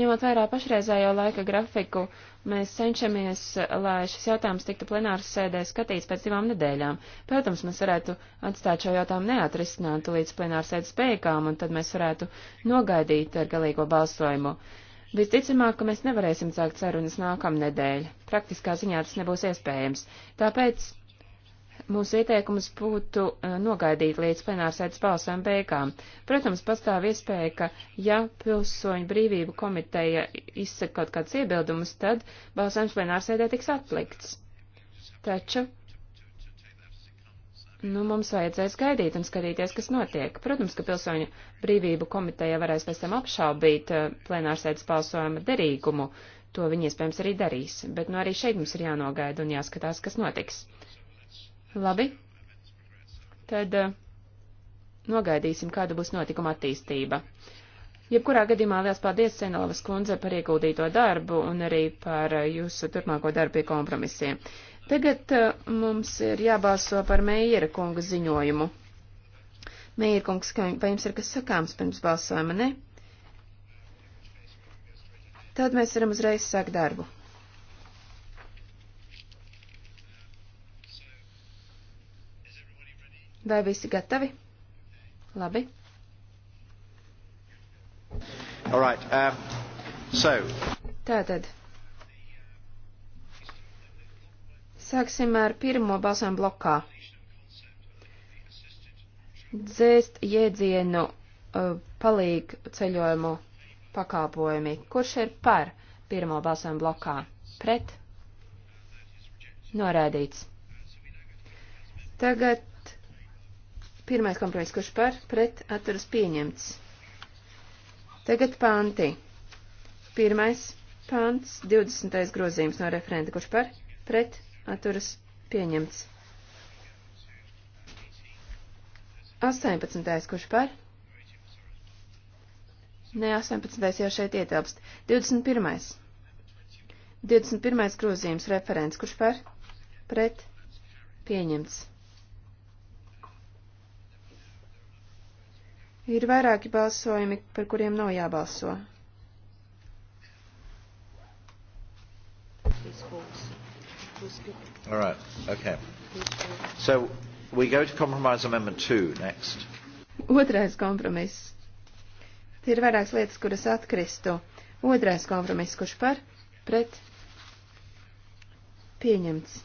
Speaker 2: Ņemot vērā pašreizējo laika grafiku, mēs cenšamies, lai šis jautājums tiktu plenāras sēdē skatīts pēc divām nedēļām. Protams, mēs varētu atstāt šo jautājumu neatrisinātu līdz plenāras sēdes beigām, un tad mēs varētu nogaidīt ar galīgo balsojumu. Visticamāk, ka mēs nevarēsim sākt sarunas nākamnedēļ. Praktiskā ziņā tas nebūs iespējams. Tāpēc Mūsu ieteikums būtu e, nogaidīt līdz plenārsēdes balsojuma beigām. Protams, pastāv iespēja, ka ja pilsoņu brīvību komiteja izsaka kaut kāds iebildumus, tad balsojums plenārsēdē tiks atlikts. Taču, nu, mums vajadzēs gaidīt un skatīties, kas notiek. Protams, ka pilsoņu brīvību komiteja varēs pēc tam apšaubīt e, plenārsēdes balsojuma derīgumu. To viņi iespējams arī darīs, bet nu arī šeit mums ir jānogaida un jāskatās, kas notiks. Labi. Tad eh, nogaidīsim, kāda būs notikuma attīstība. Jebkurā gadījumā liels paldies Senelavas kundze par ieguldīto darbu un arī par eh, jūsu turpmāko darbu pie kompromisiem. Tagad eh, mums ir jābalso par Meijera kunga ziņojumu. Meijera kungs, vai jums ir kas sakāms pirms balsojuma, ne? Tad mēs varam uzreiz sākt darbu. Vai visi gatavi? Labi.
Speaker 1: All right, um, so.
Speaker 2: Tātad. Sāksim ar pirmo balsojumu blokā. Dzēst jēdzienu uh, palīg ceļojumu pakalpojumi. Kurš ir par pirmo balsojumu blokā? Pret? Norādīts. Tagad Pirmais kompromiss, kurš par pret atturas pieņemts. Tagad panti. Pirmais pants, 20. grozījums no referenta, kurš par pret atturas pieņemts. 18. kurš par? Nē, 18. jau šeit ietilpst. 21. 21. grozījums referents, kurš par? Pret. Pieņemts. Ir vairāki balsojumi, par kuriem nav jābalso.
Speaker 1: All right, okay. So we go to compromise amendment 2 next.
Speaker 2: Otrais kompromiss. Te ir vairākas lietas, kuras atkristu. Otrais kompromiss, kurš par, pret, pieņemts.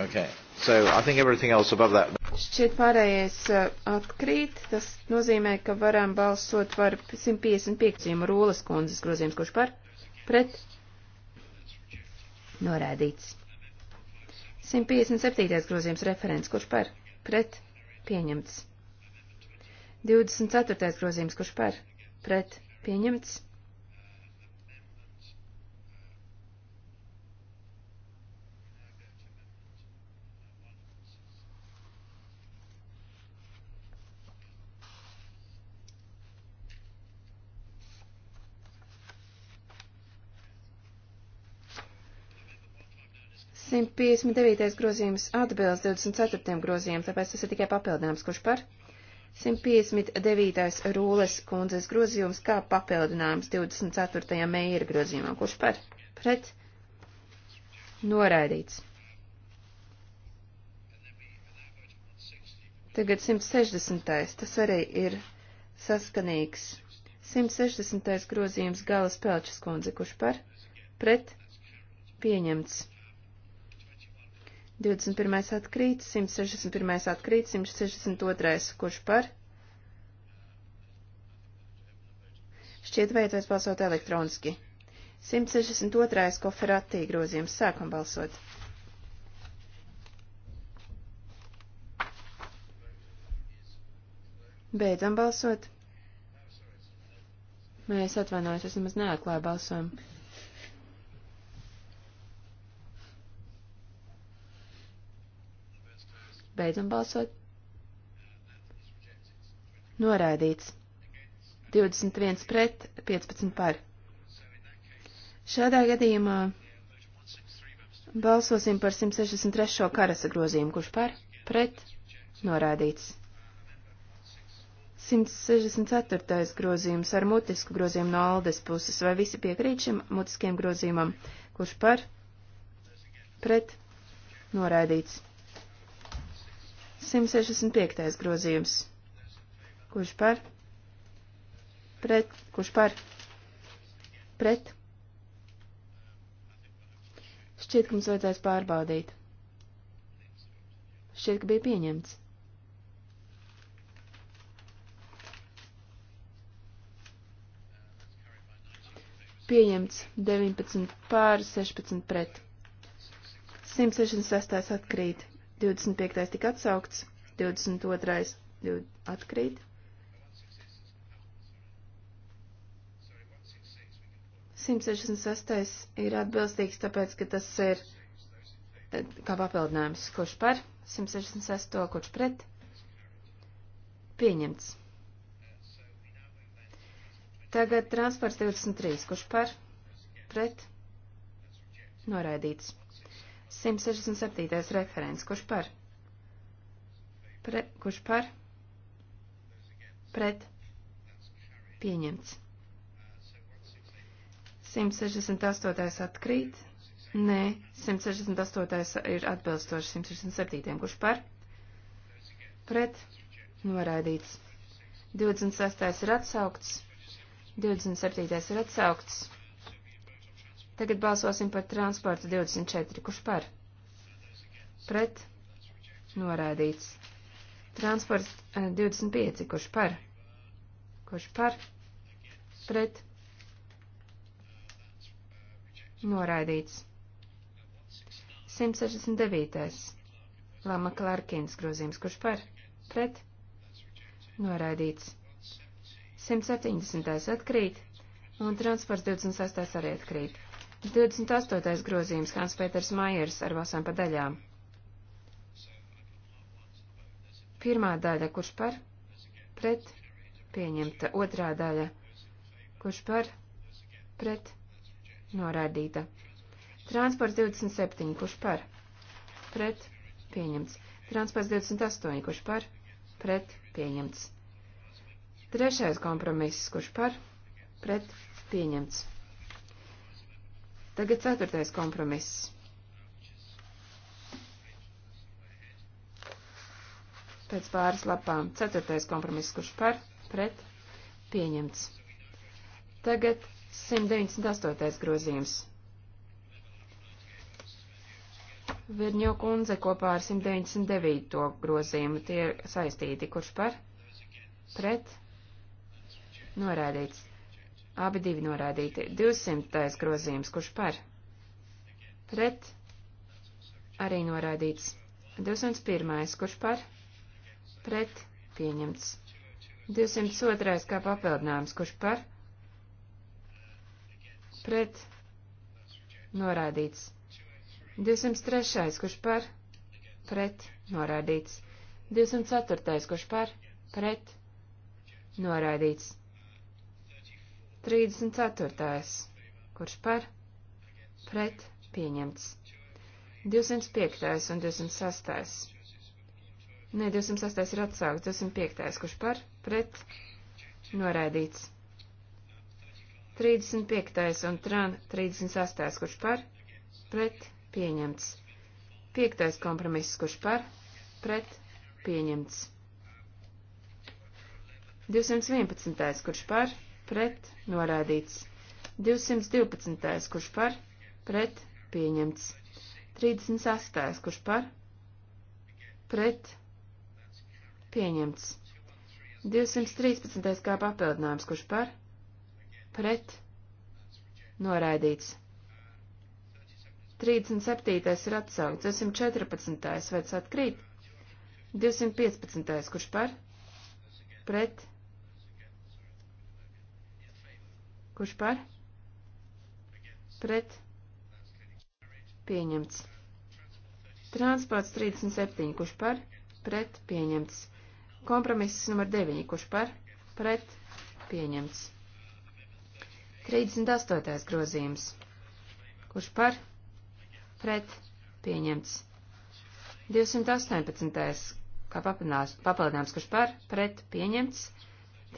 Speaker 1: Okay. So I think everything else above that.
Speaker 2: Šķiet pārējais eh, atkrīt, tas nozīmē, ka varam balsot par 155. Rūlas kundzes grozījums, kurš par pret norādīts. 157. grozījums referents, kurš par pret pieņemts. 24. grozījums, kurš par pret pieņemts. 159. grozījums atbilst 24. grozījumam, tāpēc tas ir tikai papildinājums, kurš par 159. rūles kundzes grozījums kā papildinājums 24. mēra grozījumam, kurš par pret noraidīts. Tagad 160. tas arī ir saskanīgs. 160. grozījums galas pelčas kundze, kurš par pret pieņemts. 21. atkrīt, 161. atkrīt, 162. kurš par? Šķiet vajadzēs balsot elektroniski. 162. koferatī grozījums. Sākam balsot. Beidzam balsot. Mēs atvainojos, es nemaz neatklāju balsojumu. Beidzam balsot. Noraidīts. 21 pret, 15 par. Šādā gadījumā balsosim par 163. karasa grozījumu, kurš par, pret, noraidīts. 164. grozījums ar mutisku grozījumu no Aldes puses. Vai visi piekrīt šim mutiskiem grozījumam, kurš par, pret, noraidīts? 165. grozījums. Kurš par? Pret. Kurš par? Pret. Šķiet, ka mums vajadzēs pārbaudīt. Šķiet, ka bija pieņemts. Pieņemts 19 pār 16 pret. 166. atkrīt. 25. tika atsaukts, 22. atkrīt. 166. ir atbilstīgs, tāpēc, ka tas ir kā papildinājums, kurš par 166. kurš pret. Pieņemts. Tagad transports 23. Kurš par? Pret? Noraidīts. 167. referents. Kurš par? Pre, kurš par? Pret. Pieņemts. 168. atkrīt. Nē, 168. ir atbilstoši 167. Kurš par? Pret. Noraidīts. 26. ir atsaukts. 27. ir atsaukts. Tagad balsosim par transportu 24. Kurš par? Pret? Norādīts. Transports 25. Eh, Kurš par? Kurš par? Pret? Noraidīts. 169. Lama Klarkins grozījums. Kurš par? Pret? Noraidīts. 170. atkrīt. Un transports 26. arī atkrīt. 28. grozījums Hans Pēters Maiers ar vasām pa daļām. Pirmā daļa, kurš par, pret, pieņemta. Otrā daļa, kurš par, pret, norādīta. Transports 27, kurš par, pret, pieņemts. Transports 28, kurš par, pret, pieņemts. Trešais kompromiss, kurš par, pret, pieņemts. Tagad ceturtais kompromiss. Pēc pāris lapām. Ceturtais kompromiss, kurš par, pret, pieņemts. Tagad 198. grozījums. Virņo kundze kopā ar 199. grozījumu tie saistīti, kurš par, pret, norādīts. Abi divi noraidīti. 200. grozījums, kurš par? Pret. Arī noraidīts. 201. kurš par? Pret. Pieņemts. 202. kā papildinājums, kurš par? Pret. Noraidīts. 203. kurš par? Pret. Noraidīts. 204. kurš par? Pret. Noraidīts. 34. Kurš par? Pret. Pieņemts. 205. un 206. Nē, 206. ir atsaukt. 205. Kurš par? Pret. Noraidīts. 35. un tran 38. Kurš par? Pret. Pieņemts. 5. kompromiss. Kurš par? Pret. Pieņemts. 211. Kurš par? pret norādīts. 212. kurš par pret pieņemts. 36. kurš par pret pieņemts. 213. kā papildinājums, kurš par pret noraidīts. 37. ir atsaukt, 214. vai tas atkrīt? 215. kurš par pret pieņemts Kurš par? Pret. Pieņemts. Transports 37. Kurš par? Pret. Pieņemts. Kompromiss numur 9. Kurš par? Pret. Pieņemts. 38. grozījums. Kurš par? Pret. Pieņemts. 218. Kā papildinājums, kurš par? Pret. Pieņemts.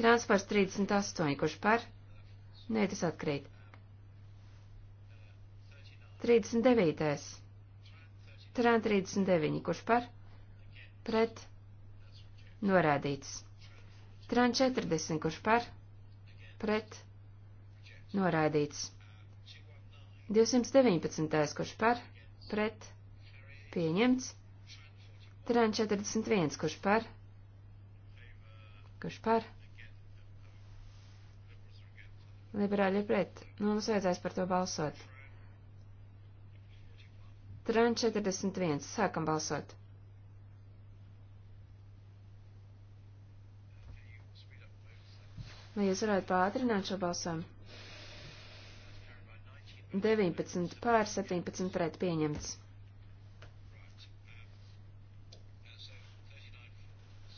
Speaker 2: Transports 38. Kurš par? Nē, tas atkrīt. 39. Tran 39. Kurš par? Pret. Norādīts. Tran 40. Kurš par? Pret. Norādīts. 219. Kurš par? Pret. Pieņemts. Tran 41. Kurš par? Kurš par? Liberāļi ir pret. Nu, mums vajadzēs par to balsot. Tran 41. Sākam balsot. Vai jūs varētu pātrināt šo balsojumu? 19 pār 17 pret pieņemts.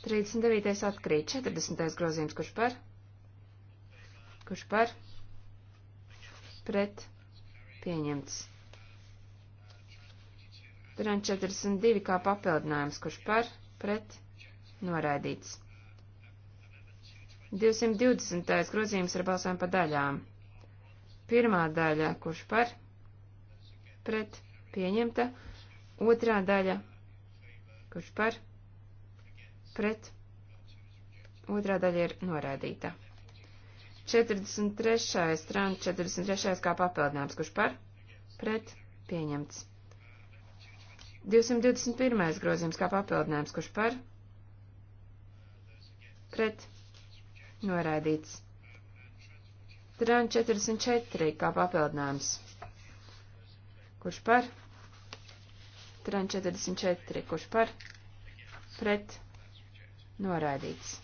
Speaker 2: 39. atkrīt, 40. grozījums, kurš par? Kurš par? Pret. Pieņemts. Turan 42 kā papildinājums. Kurš par? Pret. Noraidīts. 220. grozījums ar balsām pa daļām. Pirmā daļa, kurš par, pret, pieņemta. Otrā daļa, kurš par, pret, otrā daļa ir norādīta. 43. strand, 43. kā papildinājums, kurš par, pret, pieņemts. 221. grozījums kā papildinājums, kurš par, pret, noraidīts. Strand 44 kā papildinājums, kurš par, strand 44, kurš par, pret, noraidīts.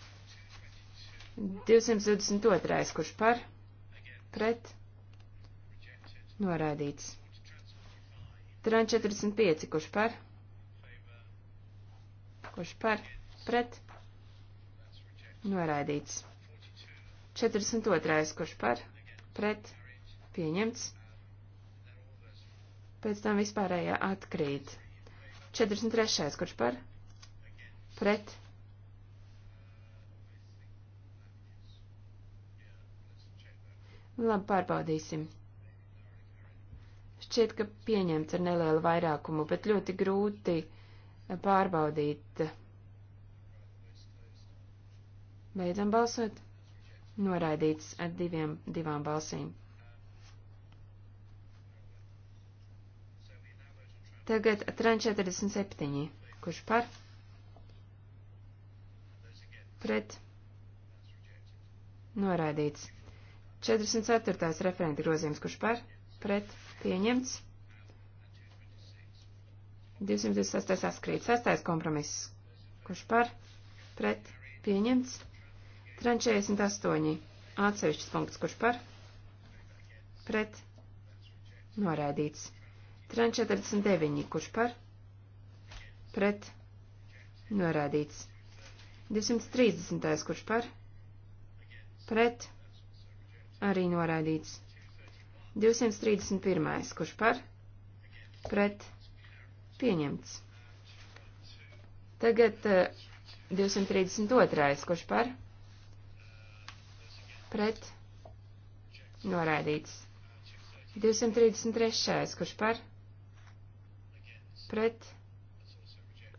Speaker 2: 222. kurš par, pret, noraidīts. Tran 45. kurš par, kurš par, pret, noraidīts. 42. kurš par, pret, pieņemts. Pēc tam vispārējā atkrīt. 43. kurš par, pret, Labi, pārbaudīsim. Šķiet, ka pieņemts ar nelielu vairākumu, bet ļoti grūti eh, pārbaudīt. Beidzam balsot. Noraidīts ar diviem, divām balsīm. Tagad tran 47. Kurš par? Pret. Noraidīts. 44. referenta grozījums, kurš par, pret, pieņemts. 226. askrīt, 6. kompromiss, kurš par, pret, pieņemts. Tran 48. Atsevišķis punkts, kurš par, pret, norēdīts. Tran 49. kurš par, pret, norēdīts. 230. kurš par, pret, norēdīts arī noraidīts. 231. kurš par, pret, pieņemts. Tagad 232. Eh, kurš par, pret, noraidīts. 233. kurš par, pret,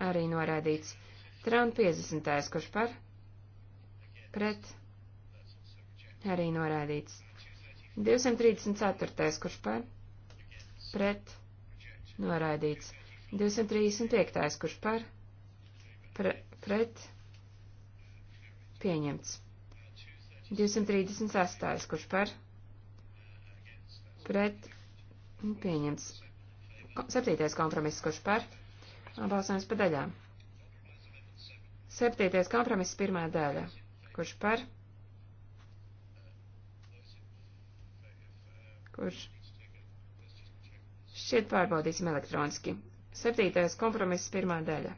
Speaker 2: arī noraidīts. Tran 50. kurš par, pret, noraidīts. Arī norādīts. 234. kurš par? Pret. Norādīts. 235. kurš par? Pre, pret. Pieņemts. 238. kurš par? Pret. Pieņemts. Septītais kompromiss, kurš par? Balsojums pa daļām. Septītais kompromiss, pirmā daļa. Kurš par? kurš šķiet pārbaudīsim elektroniski. Septītais kompromiss pirmā daļa.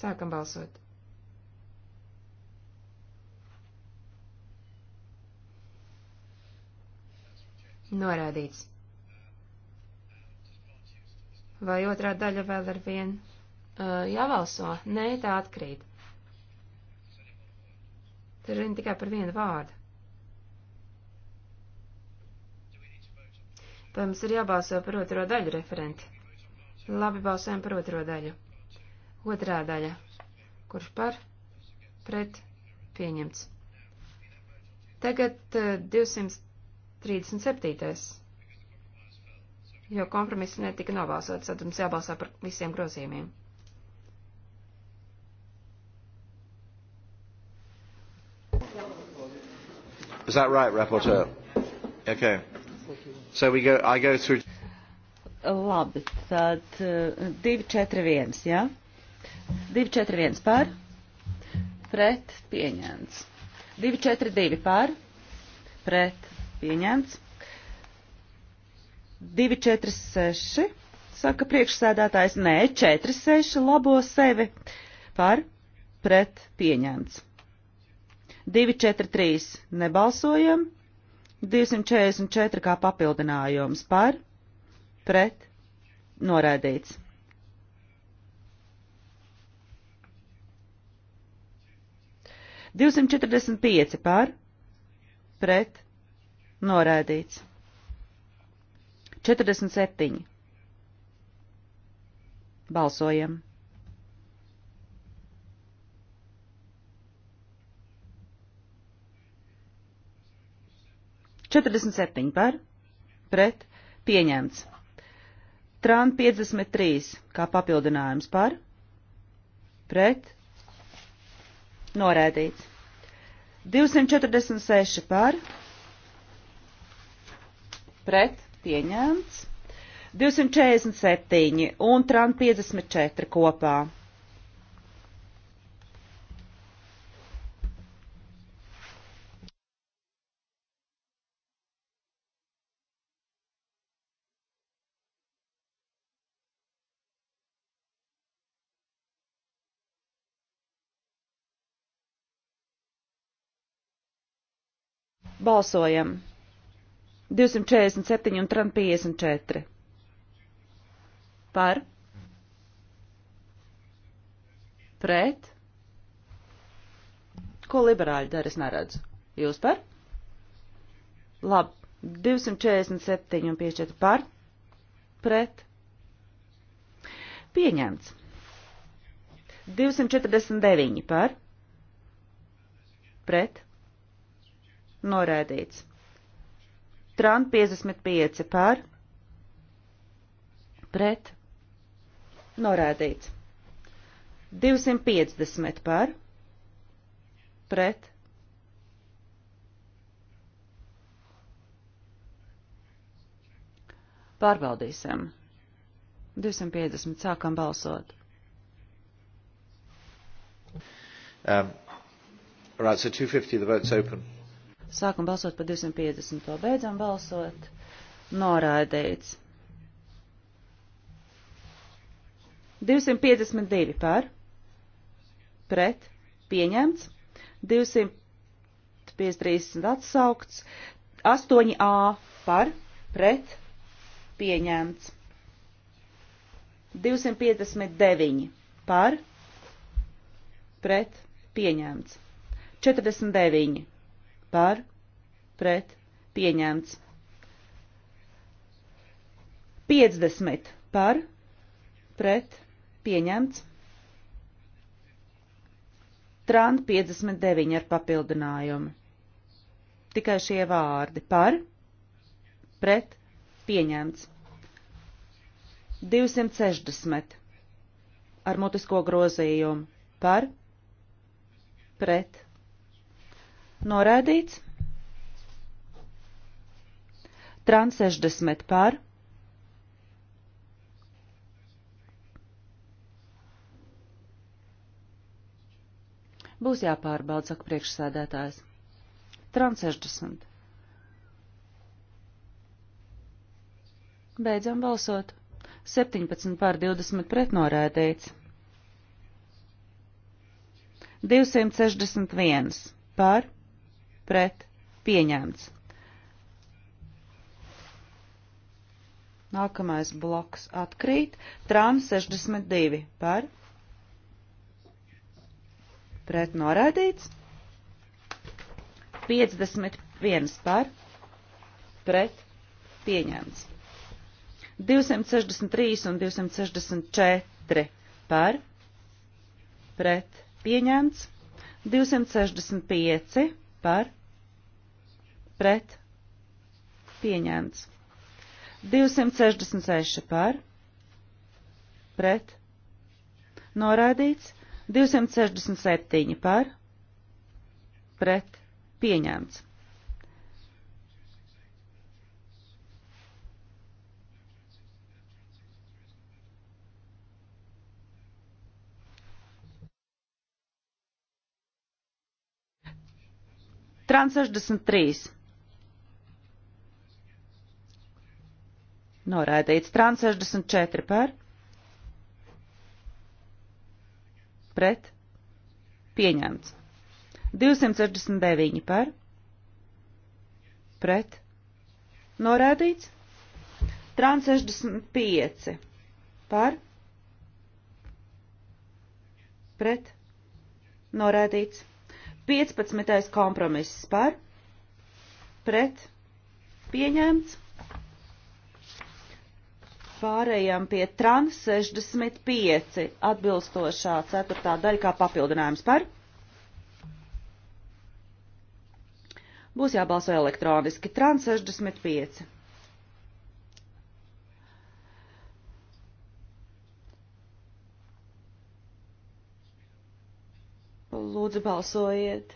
Speaker 2: Sākam balsot. Norādīts. Vai otrā daļa vēl ar vienu? Uh, jāvalso? Nē, tā atkrīt. Tur ir tikai par vienu vārdu. Vai mums ir jābalso par otro daļu, referenti? Labi, balsojam par otro daļu. Otrā daļa. Kurš par? Pret? Pieņemts. Tagad 237. Eh, jo kompromiss netika nobalsots, tad mums jābalsā par visiem grozījumiem.
Speaker 1: Is that right, rapporteur? Okay. So we go, I go through...
Speaker 4: Labi, tad 241, eh, jā? Ja? 241 pār, pret, pieņemts. 242 pār, pret, pieņemts. 246, saka priekšsēdētājs, nē, 46 labo sevi par, pret, pieņemts. 243 nebalsojam, 242. 244 kā papildinājums par, pret, noraidīts. Divsimt četrdesmit pieci par, pret, noraidīts. Četrdesmit septiņi. Balsojam. 47 par, pret, pieņemts. Tran 53 kā papildinājums par, pret, norēdīts. 246 par, pret, pieņemts. 247 un Tran 54 kopā Balsojam. 247 un 354. Par. Pret. Ko liberāļi dara, es neredzu. Jūs par? Labi. 247 un 54 par. Pret. Pieņemts. 249 par. Pret. Noraidīts. Tran 55 par. Pret. Noraidīts. 250 par. Pret. Pārbaudīsim. 250 sākam balsot.
Speaker 1: Um, right, so 250 the vote's open.
Speaker 4: Sākam balsot par 250. Beidzam balsot. Noraidīts. 252 par. Pret. Pieņemts. 253 atsaukts. 8A par. Pret. Pieņemts. 259 par. Pret. Pieņemts. 49 par pret pieņemts. 50 par pret pieņemts. Tran 59 ar papildinājumu. Tikai šie vārdi par pret pieņemts. 260 ar mutisko grozījumu par pret Noraidīts. Trans 60 par. Būs jāpārbauda, saka priekšsēdētājs. Trans 60. Beidzam balsot. 17 pār 20 pret norēdīts. 261 pār pret pieņemts. Nākamais bloks atkrīt. Tram 62 par pret noraidīts. 51 par pret pieņemts. 263 un 264 par pret pieņemts. 265 par pret pieņemts. 266 par pret noraidīts. 267 par pret pieņemts. Tran 63. Noraidīts. Tran 64 par. Pret. Pieņemts. 269 par. Pret. Noraidīts. Tran 65 par. Pret. Noraidīts. 15. kompromiss par, pret, pieņemts. Pārējām pie trans 65 atbilstošā ceturtā daļa kā papildinājums par. Būs jābalso elektroniski. Trans 65. Lūdzu, balsojiet.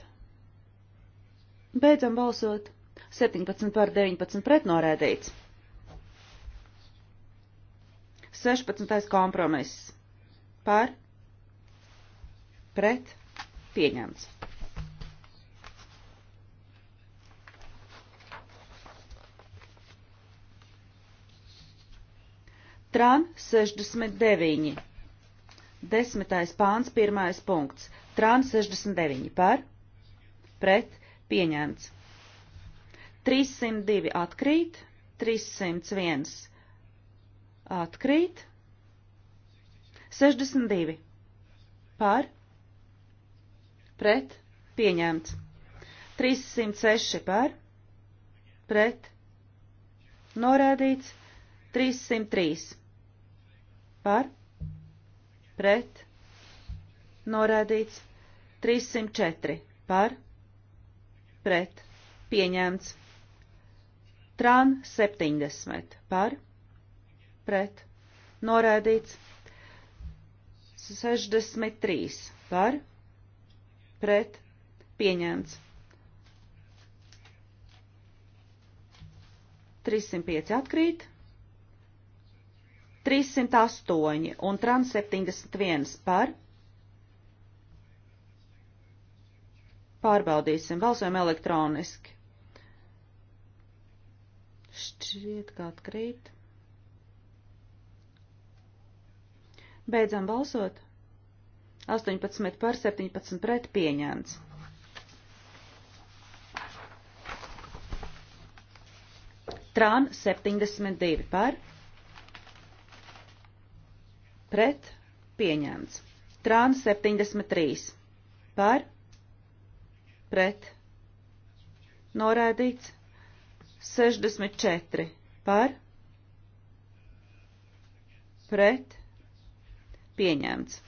Speaker 4: Beidzam balsot. 17 par 19 pret norēdīts. 16. kompromiss. Par. Pret. Pieņemts. Tran 69 Desmitais pāns, pirmais punkts. Trans 69 par, pret, pieņemts. 302 atkrīt, 301 atkrīt, 62 par, pret, pieņemts. 306 par, pret, norādīts, 303 par, pret, norādīts 304 par, pret, pieņemts. Tran 70 par, pret, norādīts 63 par, pret, pieņemts. 305 atkrīt, 308 un trans 71 par. Pārbaudīsim, balsojam elektroniski. Šķiet, kā atkrīt. Beidzam balsot. 18 par 17 pret pieņēmts. Tran 72 par pret pieņemts. Trāna 73 par pret norādīts. 64 par pret pieņemts.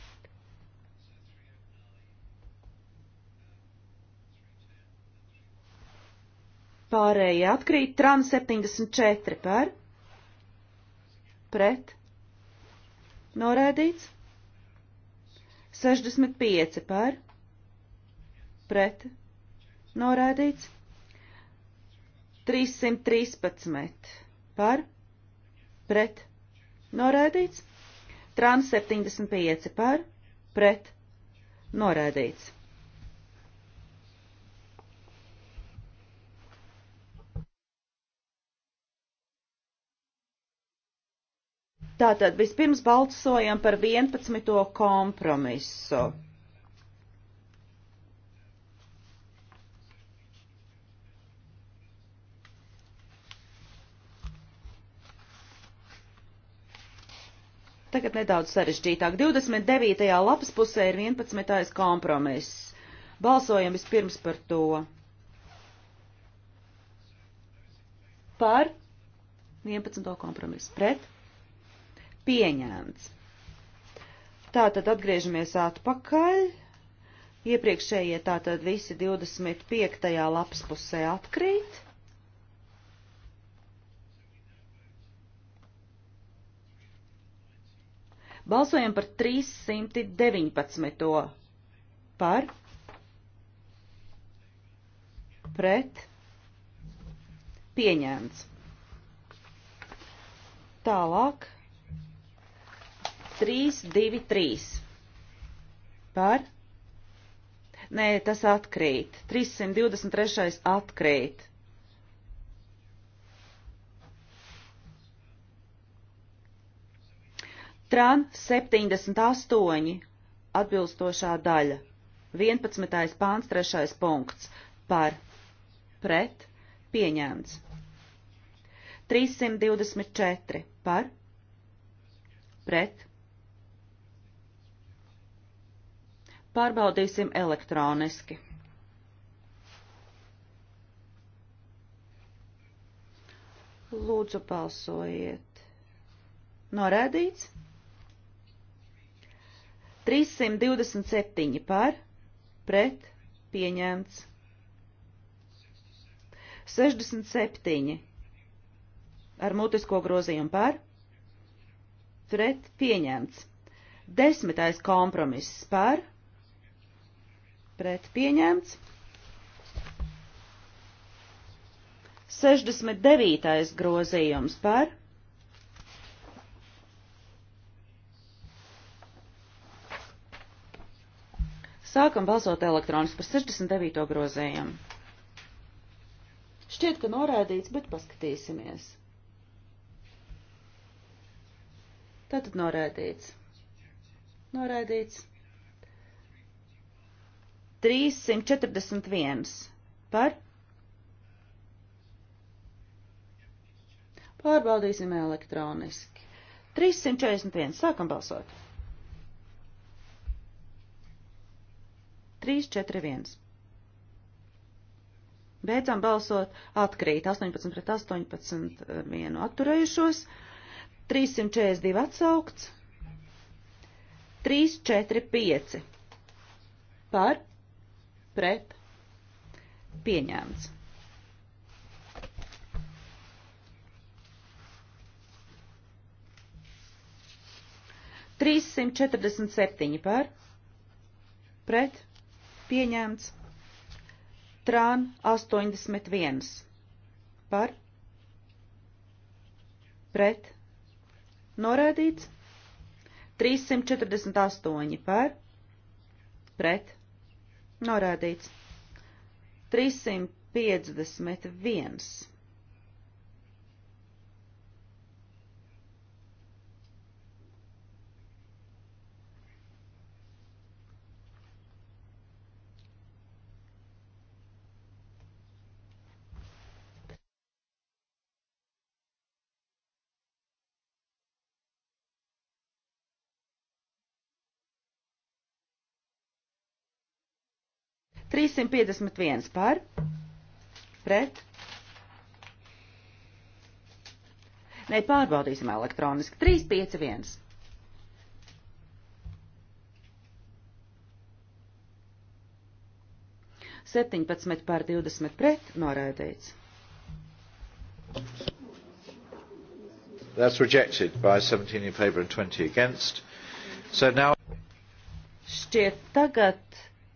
Speaker 4: Pārējie atkrīt tran 74 par pret Norēdīts. 65 par. Pret. Norēdīts. 313 par. Pret. Norēdīts. Trans 75 par. Pret. Norēdīts. Tātad vispirms balsojam par 11. kompromisu. Tagad nedaudz sarežģītāk. 29. lapas pusē ir 11. kompromiss. Balsojam vispirms par to. Par 11. kompromisu. Pret? pieņemts. Tātad atgriežamies atpakaļ. Iepriekšējie tātad visi 25. lapas pusē atkrīt. Balsojam par 319. par pret pieņēmts. Tālāk 323 par. Nē, tas atkrīt. 323 atkrīt. Tran 78 atbilstošā daļa. 11. pāns 3. punkts par pret pieņemts. 324 par pret Pārbaudīsim elektroniski. Lūdzu, balsojiet. Norādīts. 327 par, pret, pieņemts. 67 ar mutisko grozījumu par, pret, pieņemts. Desmitais kompromiss par, pret pieņemts. 69. grozījums par Sākam balsot elektroniski par 69. grozējumu. Šķiet, ka norādīts, bet paskatīsimies. Tātad norādīts. Norādīts. 341 par. Pārbaudīsim elektroniski. 341. Sākam balsot. 341. Beidzam balsot. Atkrīt 18 pret 18 vienu atturējušos. 342 atsaukts. 345 par pret pieņemts. Trīssimt četrdesmit septiņi par, pret, pieņemts, trān astoņdesmit viens par, pret, norēdīts, trīssimt četrdesmit astoņi par, pret, Norādīts. 351. 351 par, pret. Nē, pārbaudīsim elektroniski. 351. Septiņpadsmit pār divdesmit pret noraidīts.
Speaker 1: That's rejected by 17 in favour and 20 against. So now.
Speaker 4: Šķiet tagad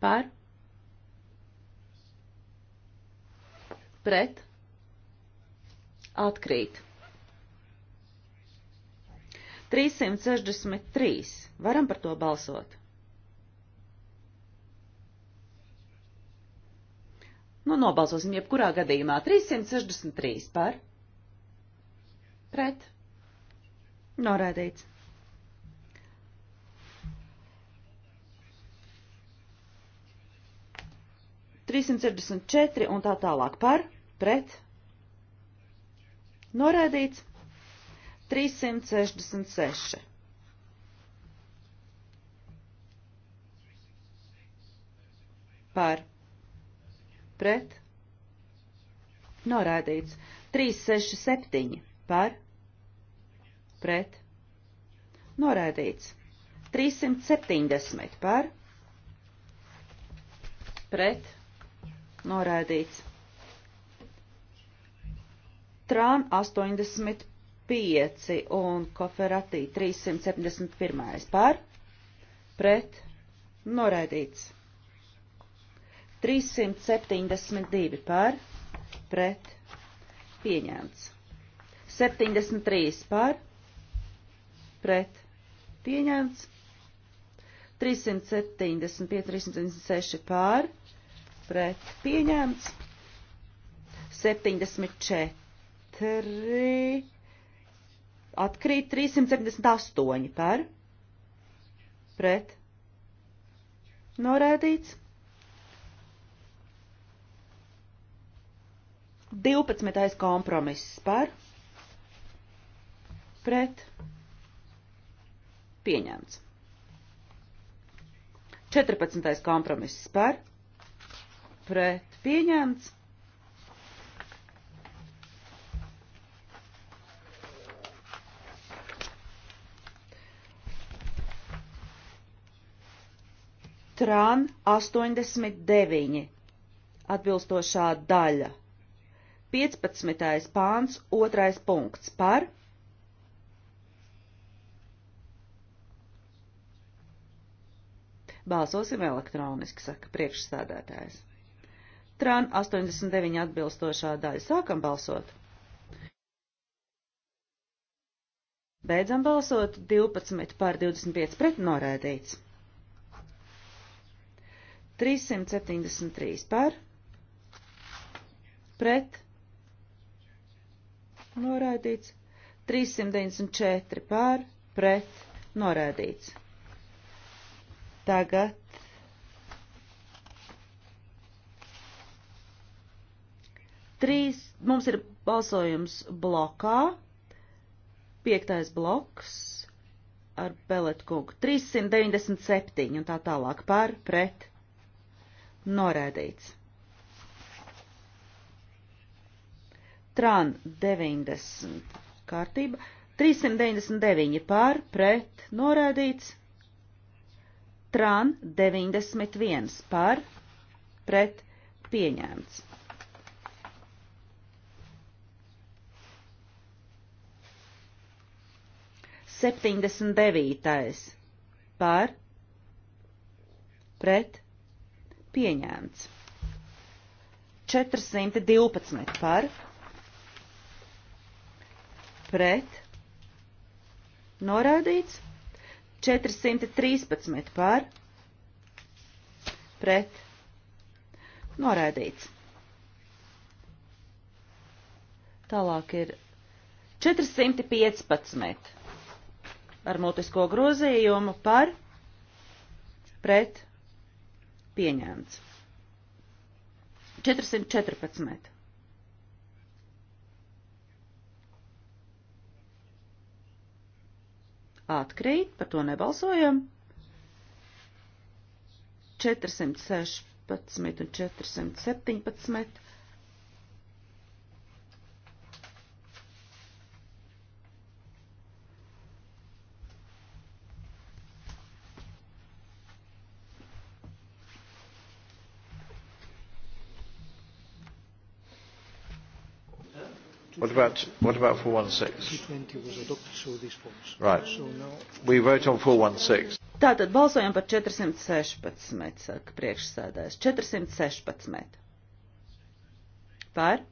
Speaker 4: par, pret, atkrīt. 363. Varam par to balsot. Nu, nobalsosim jebkurā gadījumā. 363 par, pret, norādīts. 364 un tā tālāk par, pret, norēdīts, 366. Par, pret, norēdīts, 367 par, pret, norēdīts, 370 par, pret, Noraidīts. Tran 85 un koferatī 371 par, pret, noraidīts. 372 par, pret, pieņemts. 73 par, pret, pieņemts. 375, 376 par, pret pieņemts. 74 atkrīt 378 par pret norēdīts. 12. kompromiss par pret pieņemts. 14. kompromiss par pret pieņemts. Tran 89 atbilstošā daļa. 15. pāns, 2. punkts par Balsosim elektroniski, saka priekšstādātājs tran 89 atbilstošā daļa. Sākam balsot. Beidzam balsot 12 pār 25 pret norēdīts. 373 pār pret norēdīts. 394 pār pret norēdīts. Tagad Trīs, mums ir balsojums blokā, piektais bloks ar Beletkungu, 397 un tā tālāk par, pret, norēdīts. Tran 90 kārtība, 399 par, pret, norēdīts. Tran 91 par, pret, pieņēmts. 79. par pret pieņēmts. 412 par pret norādīts. 413 par pret norādīts. Tālāk ir 415 ar mutisko grozījumu par pret pieņemts. 414. Atkrīt, par to nebalsojam. 416 un 417
Speaker 1: about what about 416? Was adopted, so this falls. Right. So now... We vote on 416.
Speaker 4: Tātad balsojam par 416, saka priekšsēdājs. 416. Par?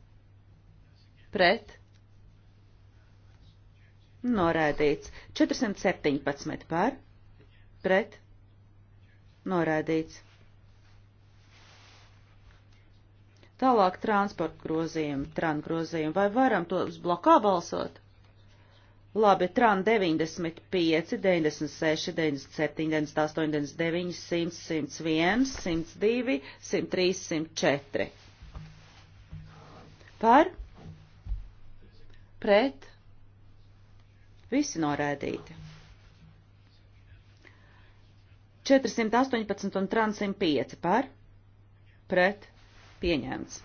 Speaker 4: Pret? Norādīts. 417 par? Pret? Norādīts. Tālāk transporta grozījumi, tran grozījumi. Vai varam tos blokā balsot? Labi, tran 95, 96, 97, 98, 99, 100, 101, 102, 103, 104. Par? Pret? Visi norēdīti. 418 un tran 105 par? Pret? pieņemts.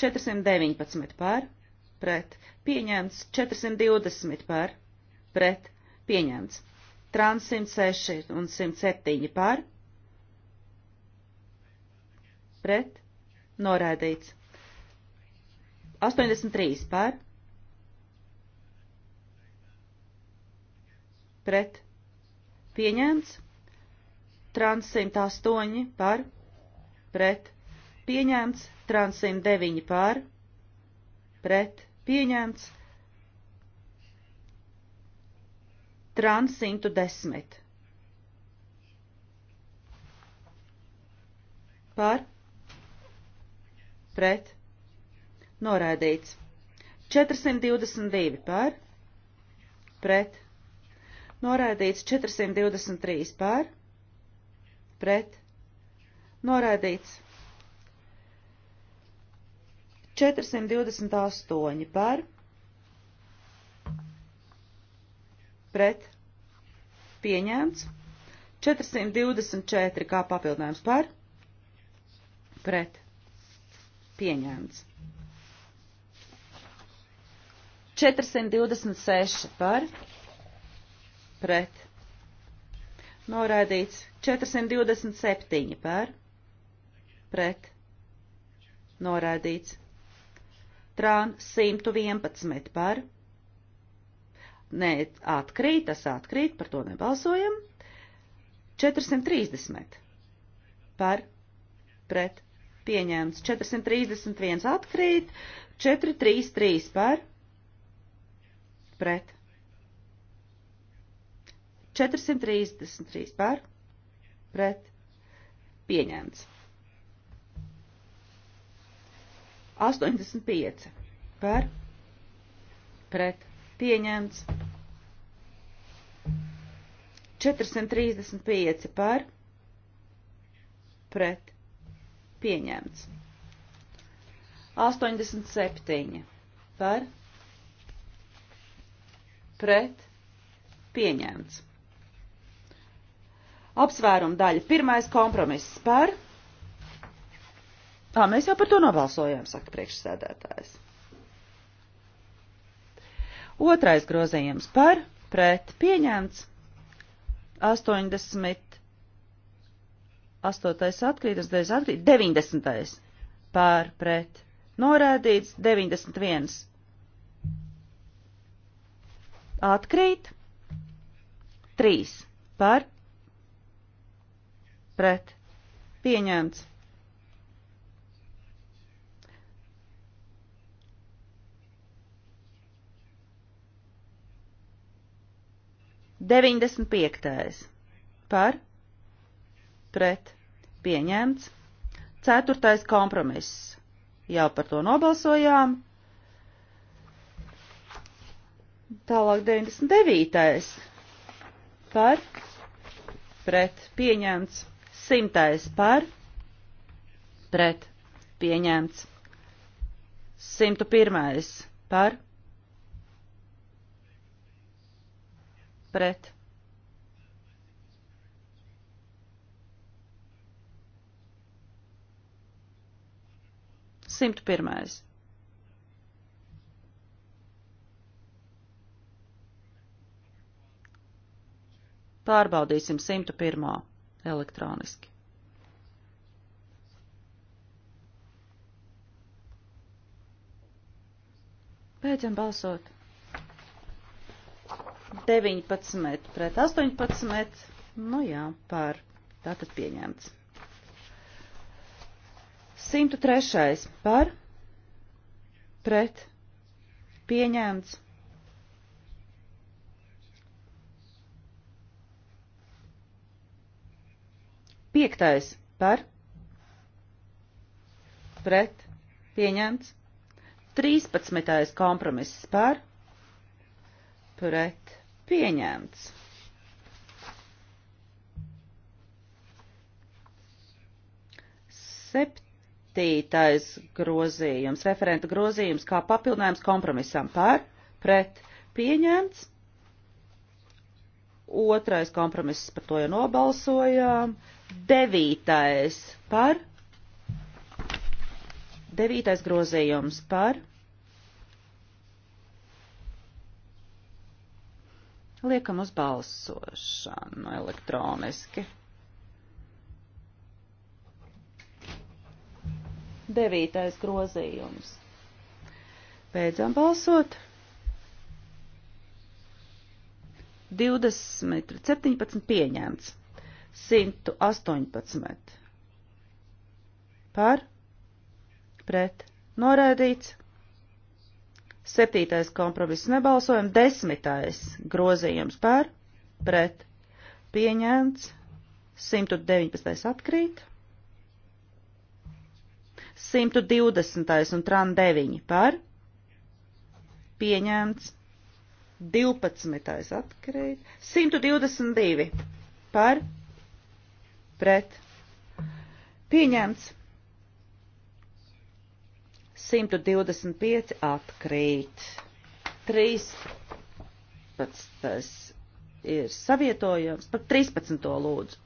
Speaker 4: 419 par, pret, pieņemts. 420 par, pret, pieņemts. Trans 106 un 107 par, pret, noraidīts. 83 par, pret, pieņemts. Trans 108 par, pret, pieņemts, trans 109 pār, pret, pieņemts, trans 110 pār, pret, noraidīts, 422 pār, pret, noraidīts 423 pār, pret, noraidīts 428 par pret pieņemts. 424 kā papildinājums par pret pieņemts. 426 par pret noraidīts. 427 par pret noraidīts. Tran 111 par. Nē, atkrīt, tas atkrīt, par to nebalsojam. 430 par pret pieņemts. 431 atkrīt, 433 par pret. 433 par pret pieņemts. 85 par pret pieņemts. 435 par pret pieņemts. 87 par pret pieņemts. Apsvērumu daļa. Pirmais kompromiss par pret Ā, mēs jau par to nobalsojām, saka priekšsēdētājs. Otrais grozījums par, pret, pieņemts. 88. atkrītas, 90. 90. par, pret, norādīts, 91. Atkrīt, 3. par, pret, pieņemts. 95. par, pret, pieņemts. 4. kompromiss. Jau par to nobalsojām. Tālāk 99. par, pret, pieņemts. 100. par, pret, pieņemts. 101. par, pret pret simt pirmais. Pārbaudīsim 101. elektroniski. Beidzam balsot. 19 pret 18, nu jā, par tātad pieņemts. 103. par pret pieņemts. Piektais par pret pieņemts. 13. kompromiss par pret pieņemts. Septītais grozījums, referenta grozījums kā papildinājums kompromisam par, pret, pieņemts. Otrais kompromiss par to jau nobalsojām. Devītais par. Devītais grozījums par Liekam uz balsošanu elektroniski. Devītais grozījums. Beidzam balsot. 20, 17 pieņemts, 118 par, pret, noraidīts, Septītais kompromiss nebalsojam. Desmitais grozījums par, pret, pieņemts. 119. atkrīt. 120. un tran 9 par, pieņemts. 12.
Speaker 3: atkrīt.
Speaker 4: 122 par, pret, pieņemts. 125 atkrīt. 13 ir savietojams, par 13 lūdzu.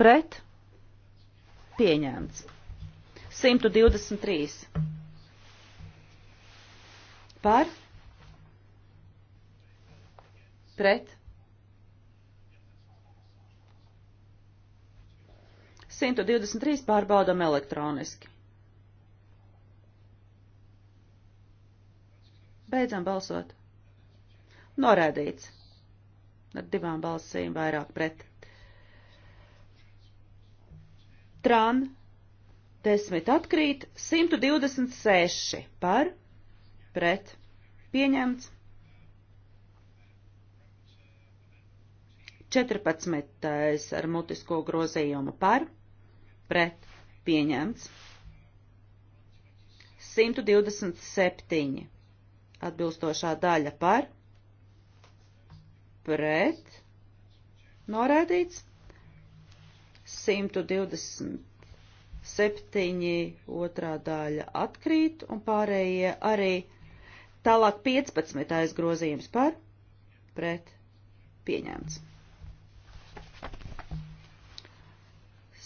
Speaker 4: Pret pieņemts. 123 par pret 123 pārbaudam elektroniski. Beidzam balsot. Norēdīts. Ar divām balsīm vairāk pret. Tran 10 atkrīt, 126 par, pret, pieņemts. 14. ar mutisko grozījumu par, pret pieņemts. 127 atbilstošā daļa par pret norādīts. 127 otrā daļa atkrīt un pārējie arī tālāk 15. grozījums par pret pieņemts.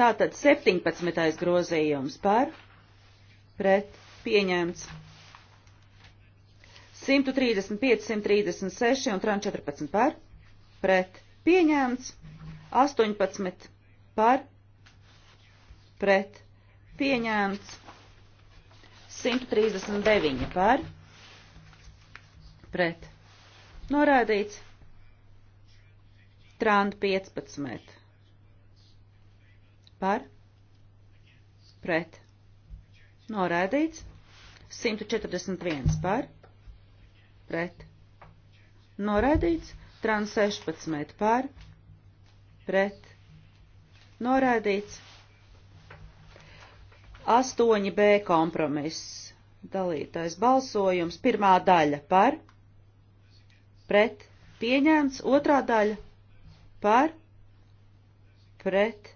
Speaker 4: Tātad 17. grozījums par pret pieņemts. 135, 136 un 314 par pret pieņemts. 18 par pret pieņemts. 139 par pret norādīts. Trānd 15 par pret norādīts 141 par pret norādīts trans 16 par pret norādīts 8b kompromiss dalītais balsojums pirmā daļa par pret pieņemts otrā daļa par pret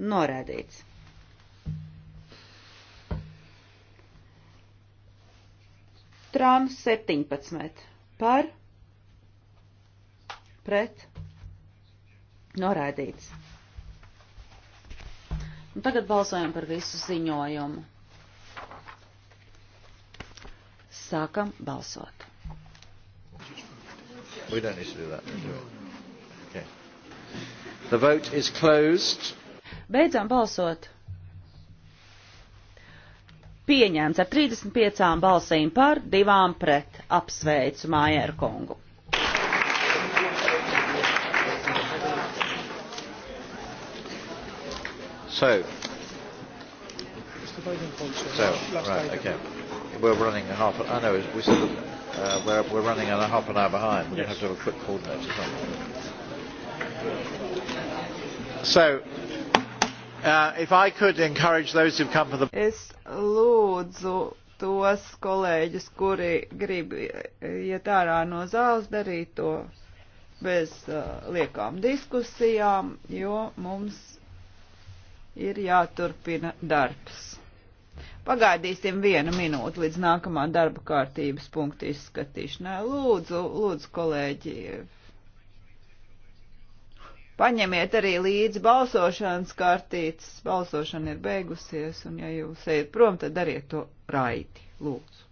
Speaker 4: Norādīts. Trāms 17 par pret norādīts. Un tagad balsojam par visu ziņojumu. Sākam balsot.
Speaker 1: We don't need to do that. Do okay. The vote is closed.
Speaker 4: Beidzam balsot. Pieņēmts ar 35 balsīm par, divām pret. Apsveicu Mājeru kungu.
Speaker 1: So, so right, okay. We're running a half. I know we said that, uh, we're we're running a half an hour behind. We're yes. going to have to have a quick coordinate or something. So, Uh, the... Es
Speaker 3: lūdzu tos kolēģus, kuri grib iet ārā no zāles, darīt to bez uh, liekām diskusijām, jo mums ir jāturpina darbs. Pagaidīsim vienu minūti līdz nākamā darba kārtības punktu izskatīšanai. Lūdzu, lūdzu, kolēģi, Paņemiet arī līdzi balsošanas kartītes. Balsošana ir beigusies, un ja jūs ejat prom, tad dariet to raiti, lūdzu.